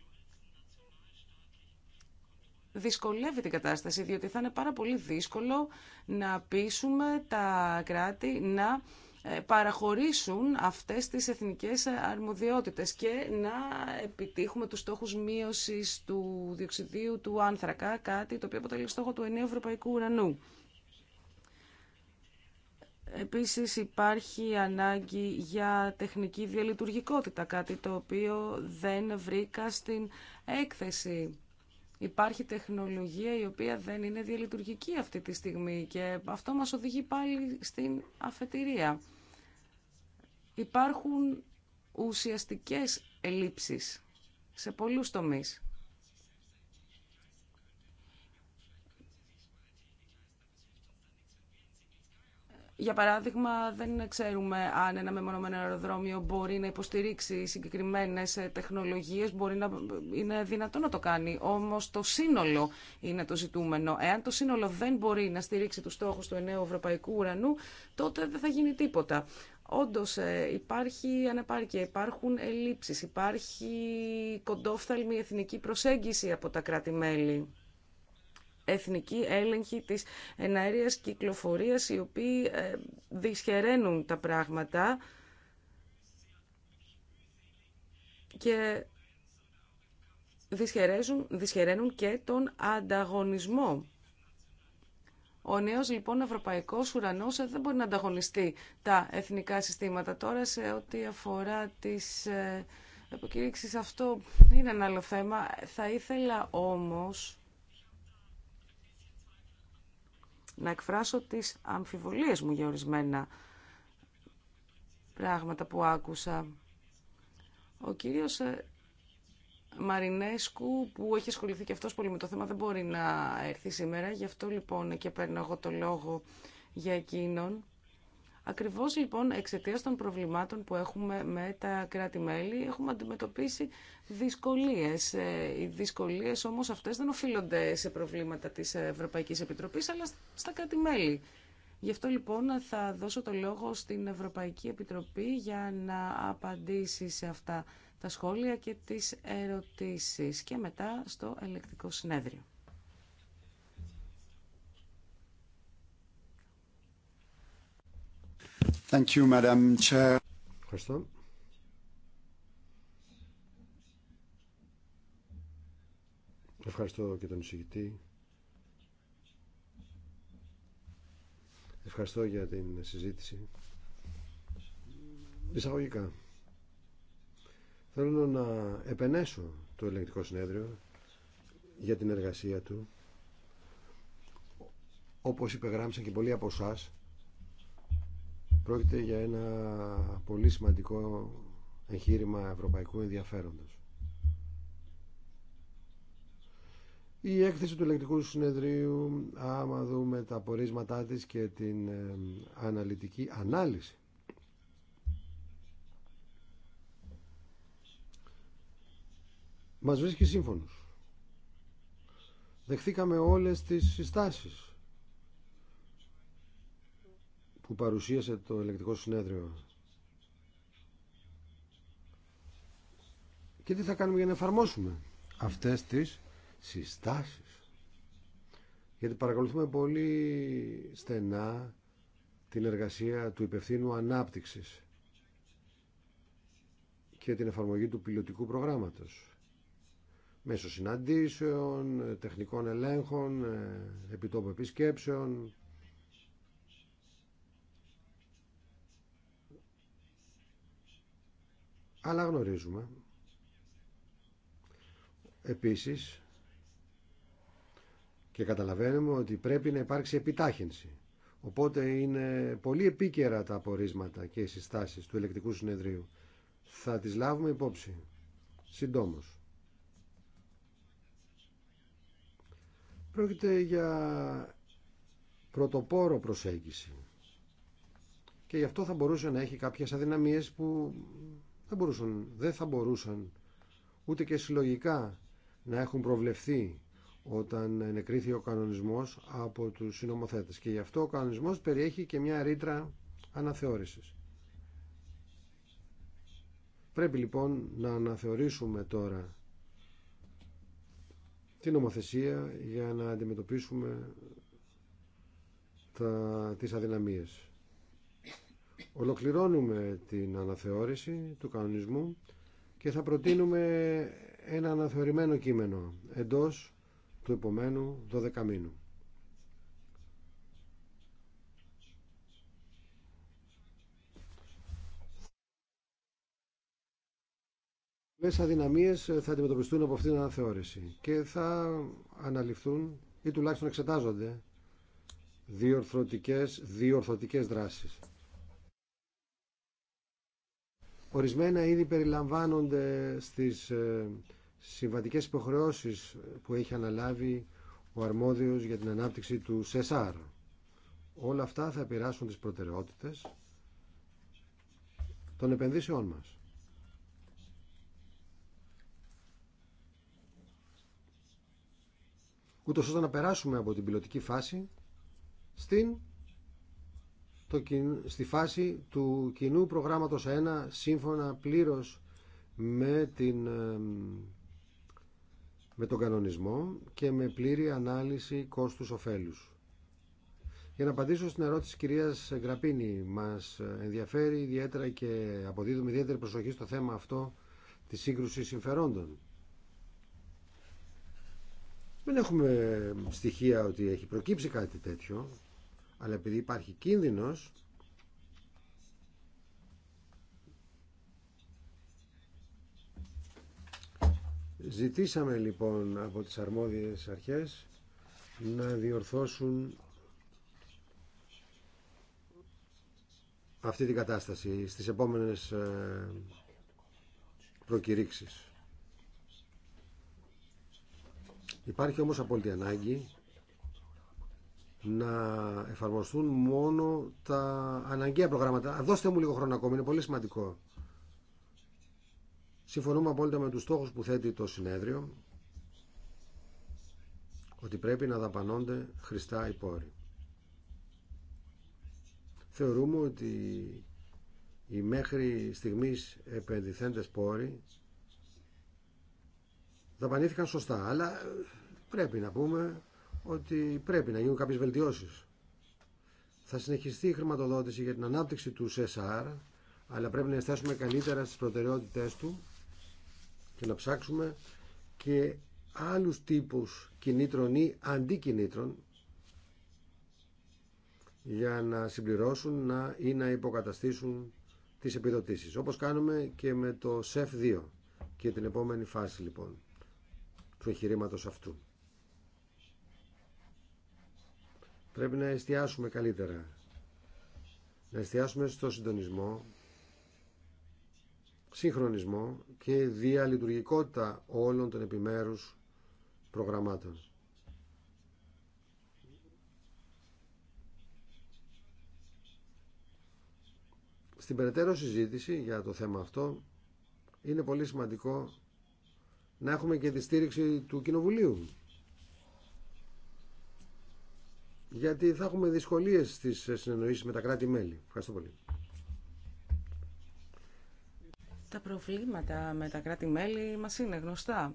δυσκολεύει την κατάσταση, διότι θα είναι πάρα πολύ δύσκολο να πείσουμε τα κράτη να ε, παραχωρήσουν αυτές τις εθνικές αρμοδιότητες και να επιτύχουμε τους στόχους μείωσης του διοξιδίου του άνθρακα, κάτι το οποίο αποτελεί στόχο του εννέου ευρωπαϊκού ουρανού. Επίσης υπάρχει ανάγκη για τεχνική διαλειτουργικότητα, κάτι το οποίο δεν βρήκα στην έκθεση. Υπάρχει τεχνολογία η οποία δεν είναι διαλειτουργική αυτή τη στιγμή και αυτό μας οδηγεί πάλι στην αφετηρία. Υπάρχουν ουσιαστικές ελλείψεις σε πολλούς τομείς. Για παράδειγμα, δεν ξέρουμε αν ένα μεμονωμένο αεροδρόμιο μπορεί να υποστηρίξει συγκεκριμένε ε, τεχνολογίε. Μπορεί να είναι δυνατό να το κάνει. Όμω το σύνολο είναι το ζητούμενο. Εάν το σύνολο δεν μπορεί να στηρίξει του στόχου του νέου ευρωπαϊκού ουρανού, τότε δεν θα γίνει τίποτα. Όντω ε, υπάρχει ανεπάρκεια, υπάρχουν ελλείψεις, υπάρχει κοντόφθαλμη εθνική προσέγγιση από τα κράτη-μέλη. Εθνική έλεγχοι της εναέριας κυκλοφορίας οι οποίοι ε, δυσχεραίνουν τα πράγματα και δυσχεραίνουν και τον ανταγωνισμό. Ο νέος, λοιπόν ευρωπαϊκό ουρανό ε, δεν μπορεί να ανταγωνιστεί τα εθνικά συστήματα. Τώρα σε ό,τι αφορά τι ε, αποκήρυξεις, αυτό είναι ένα άλλο θέμα. Θα ήθελα όμως να εκφράσω τις αμφιβολίες μου για ορισμένα πράγματα που άκουσα. Ο κύριος ε, Μαρινέσκου, που έχει ασχοληθεί και αυτός πολύ με το θέμα, δεν μπορεί να έρθει σήμερα. Γι' αυτό λοιπόν και παίρνω εγώ το λόγο για εκείνον. Ακριβώς λοιπόν εξαιτία των προβλημάτων που έχουμε με τα κράτη-μέλη έχουμε αντιμετωπίσει δυσκολίες. Ε, οι δυσκολίες όμως αυτές δεν οφείλονται σε προβλήματα της Ευρωπαϊκής Επιτροπής αλλά στα κράτη-μέλη. Γι' αυτό λοιπόν θα δώσω το λόγο στην Ευρωπαϊκή Επιτροπή για να απαντήσει σε αυτά τα σχόλια και τις ερωτήσεις και μετά στο ελεκτικό συνέδριο. Thank Ευχαριστώ. Ευχαριστώ και τον εισηγητή. Ευχαριστώ για την συζήτηση. Εισαγωγικά. Θέλω να επενέσω το ελεγκτικό συνέδριο για την εργασία του. Όπως υπεγράμμισαν και πολλοί από εσάς, Πρόκειται για ένα πολύ σημαντικό εγχείρημα ευρωπαϊκού ενδιαφέροντος. Η έκθεση του ελεκτικού συνεδρίου, άμα δούμε τα πορίσματά της και την ε, αναλυτική ανάλυση, μας βρίσκει σύμφωνος. Δεχθήκαμε όλες τις συστάσεις που παρουσίασε το ελεκτικό συνέδριο. Και τι θα κάνουμε για να εφαρμόσουμε αυτές τις συστάσεις. Γιατί παρακολουθούμε πολύ στενά την εργασία του υπευθύνου ανάπτυξης και την εφαρμογή του πιλωτικού προγράμματος μέσω συναντήσεων, τεχνικών ελέγχων, ε, επιτόπου επισκέψεων Αλλά γνωρίζουμε επίσης και καταλαβαίνουμε ότι πρέπει να υπάρξει επιτάχυνση. Οπότε είναι πολύ επίκαιρα τα απορίσματα και οι συστάσεις του ελεκτικού συνεδρίου. Θα τις λάβουμε υπόψη. Συντόμως. Πρόκειται για πρωτοπόρο προσέγγιση. Και γι' αυτό θα μπορούσε να έχει κάποιες αδυναμίες που δεν, μπορούσαν, δεν θα μπορούσαν ούτε και συλλογικά να έχουν προβλεφθεί όταν ενεκρίθη ο κανονισμός από τους συνομοθέτες. Και γι' αυτό ο κανονισμός περιέχει και μια ρήτρα αναθεώρησης. Πρέπει λοιπόν να αναθεωρήσουμε τώρα την νομοθεσία για να αντιμετωπίσουμε τα, τις αδυναμίες. Ολοκληρώνουμε την αναθεώρηση του κανονισμού και θα προτείνουμε ένα αναθεωρημένο κείμενο εντός του επομένου 12 μήνου. Ποιες αδυναμίες θα αντιμετωπιστούν από αυτήν την αναθεώρηση και θα αναλυφθούν ή τουλάχιστον εξετάζονται δύο διορθωτικές δράσεις. Ορισμένα ήδη περιλαμβάνονται στις ε, συμβατικές υποχρεώσεις που έχει αναλάβει ο αρμόδιος για την ανάπτυξη του ΣΕΣΑΡ. Όλα αυτά θα επηρεάσουν τις προτεραιότητες των επενδύσεών μας. Ούτως ώστε να περάσουμε από την πιλωτική φάση στην το, στη φάση του κοινού προγράμματος 1 σύμφωνα πλήρως με, την, με τον κανονισμό και με πλήρη ανάλυση κόστους κόστους-οφέλους. Για να απαντήσω στην ερώτηση της κυρίας Γραπίνη, μας ενδιαφέρει ιδιαίτερα και αποδίδουμε ιδιαίτερη προσοχή στο θέμα αυτό της σύγκρουση συμφερόντων. Δεν έχουμε στοιχεία ότι έχει προκύψει κάτι τέτοιο αλλά επειδή υπάρχει κίνδυνος Ζητήσαμε λοιπόν από τις αρμόδιες αρχές να διορθώσουν αυτή την κατάσταση στις επόμενες ε, προκηρύξεις. Υπάρχει όμως απόλυτη ανάγκη να εφαρμοστούν μόνο τα αναγκαία προγράμματα. Δώστε μου λίγο χρόνο ακόμη, είναι πολύ σημαντικό. Συμφωνούμε απόλυτα με τους στόχους που θέτει το συνέδριο ότι πρέπει να δαπανώνται χρηστά οι πόροι. Θεωρούμε ότι οι μέχρι στιγμής επενδυθέντες πόροι δαπανήθηκαν σωστά, αλλά πρέπει να πούμε ότι πρέπει να γίνουν κάποιες βελτιώσεις. Θα συνεχιστεί η χρηματοδότηση για την ανάπτυξη του ΣΕΣΑΡ, αλλά πρέπει να εστάσουμε καλύτερα στις προτεραιότητές του και να ψάξουμε και άλλους τύπους κινήτρων ή αντικινήτρων για να συμπληρώσουν να, ή να υποκαταστήσουν τις επιδοτήσεις. Όπως κάνουμε και με το ΣΕΦ 2 και την επόμενη φάση λοιπόν του εγχειρήματο αυτού. Πρέπει να εστιάσουμε καλύτερα. Να εστιάσουμε στο συντονισμό, συγχρονισμό και διαλειτουργικότητα όλων των επιμέρους προγραμμάτων. Στην περαιτέρω συζήτηση για το θέμα αυτό είναι πολύ σημαντικό να έχουμε και τη στήριξη του Κοινοβουλίου. γιατί θα έχουμε δυσκολίες στις συνεννοήσεις με τα κράτη-μέλη. Ευχαριστώ πολύ. Τα προβλήματα με τα κράτη-μέλη μας είναι γνωστά.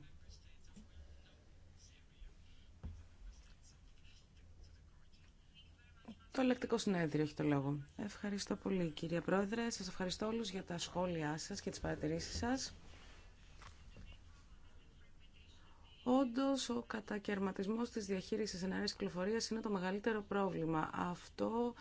Το ελεκτικό συνέδριο έχει το λόγο. Ευχαριστώ πολύ κυρία Πρόεδρε. Σας ευχαριστώ όλους για τα σχόλιά σας και τις παρατηρήσεις σας. Όντως, ο κατακαιρματισμός της διαχείρισης ενέργειας κυκλοφορίας είναι το μεγαλύτερο πρόβλημα. Αυτό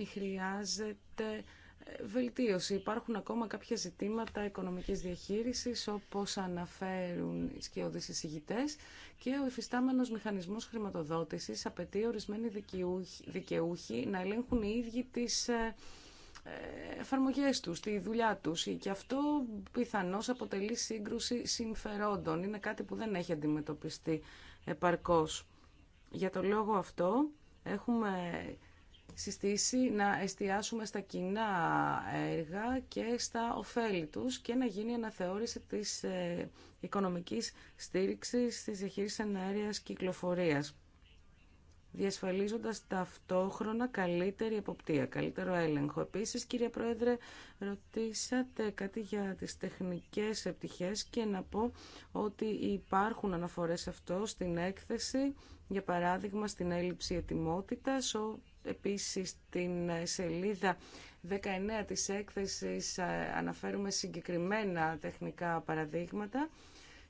ε, χρειάζεται ε, βελτίωση. Υπάρχουν ακόμα κάποια ζητήματα οικονομικής διαχείρισης, όπως αναφέρουν οι σκιώδεις εισηγητές, και ο εφιστάμενος μηχανισμός χρηματοδότησης απαιτεί ορισμένοι δικαιούχοι, να ελέγχουν οι ίδιοι τις ε, εφαρμογές τους, τη δουλειά τους και αυτό πιθανώς αποτελεί σύγκρουση συμφερόντων. Είναι κάτι που δεν έχει αντιμετωπιστεί επαρκώς. Για το λόγο αυτό έχουμε συστήσει να εστιάσουμε στα κοινά έργα και στα ωφέλη τους και να γίνει αναθεώρηση της ε, οικονομικής στήριξης της διαχείρισης ενέργειας κυκλοφορίας διασφαλίζοντας ταυτόχρονα καλύτερη εποπτεία, καλύτερο έλεγχο. Επίσης, κύριε Πρόεδρε, ρωτήσατε κάτι για τις τεχνικές επιτυχίες και να πω ότι υπάρχουν αναφορές σε αυτό στην έκθεση, για παράδειγμα στην έλλειψη ετοιμότητας, επίσης στην σελίδα 19 της έκθεσης ε, αναφέρουμε συγκεκριμένα τεχνικά παραδείγματα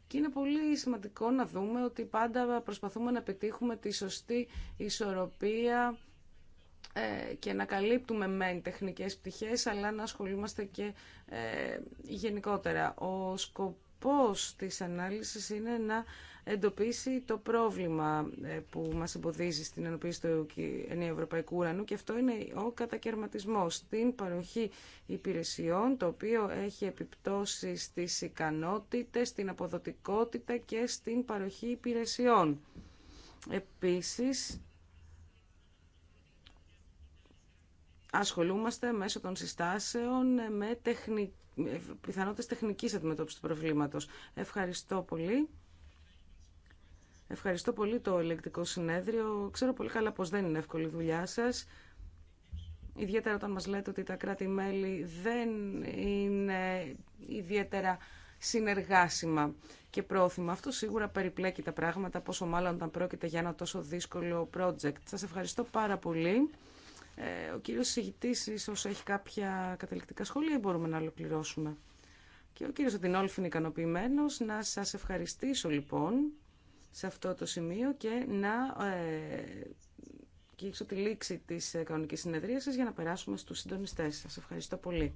και είναι πολύ σημαντικό να δούμε ότι πάντα προσπαθούμε να πετύχουμε τη σωστή ισορροπία ε, και να καλύπτουμε μεν τεχνικές πτυχές, αλλά να ασχολούμαστε και ε, γενικότερα. Ο σκοπός της ανάλυσης είναι να εντοπίσει το πρόβλημα ε, που μας εμποδίζει στην ενοποίηση του Ευρωπαϊκού Ουρανού και αυτό είναι ο κατακαιρματισμός στην παροχή υπηρεσιών, το οποίο έχει επιπτώσει στις ικανότητες, στην αποδοτικότητα και στην παροχή υπηρεσιών. Επίσης, ασχολούμαστε μέσω των συστάσεων με τεχνη... Ε, πιθανότητες τεχνικής αντιμετώπισης του προβλήματος. Ευχαριστώ πολύ. Ευχαριστώ πολύ το ελεγκτικό συνέδριο. Ξέρω πολύ καλά πως δεν είναι εύκολη η δουλειά σας. Ιδιαίτερα όταν μας λέτε ότι τα κράτη-μέλη δεν είναι ιδιαίτερα συνεργάσιμα και πρόθυμα. Αυτό σίγουρα περιπλέκει τα πράγματα, πόσο μάλλον όταν πρόκειται για ένα τόσο δύσκολο project. Σας ευχαριστώ πάρα πολύ. Ε, ο κύριος συγητής ίσως έχει κάποια καταληκτικά σχόλια ή μπορούμε να ολοκληρώσουμε. Και ο κύριος Αντινόλφ είναι ικανοποιημένος. Να σας ευχαριστήσω λοιπόν σε αυτό το σημείο και να ε, τη λήξη της ε, κανονικής συνεδρίασης για να περάσουμε στους συντονιστές. Σας ευχαριστώ πολύ.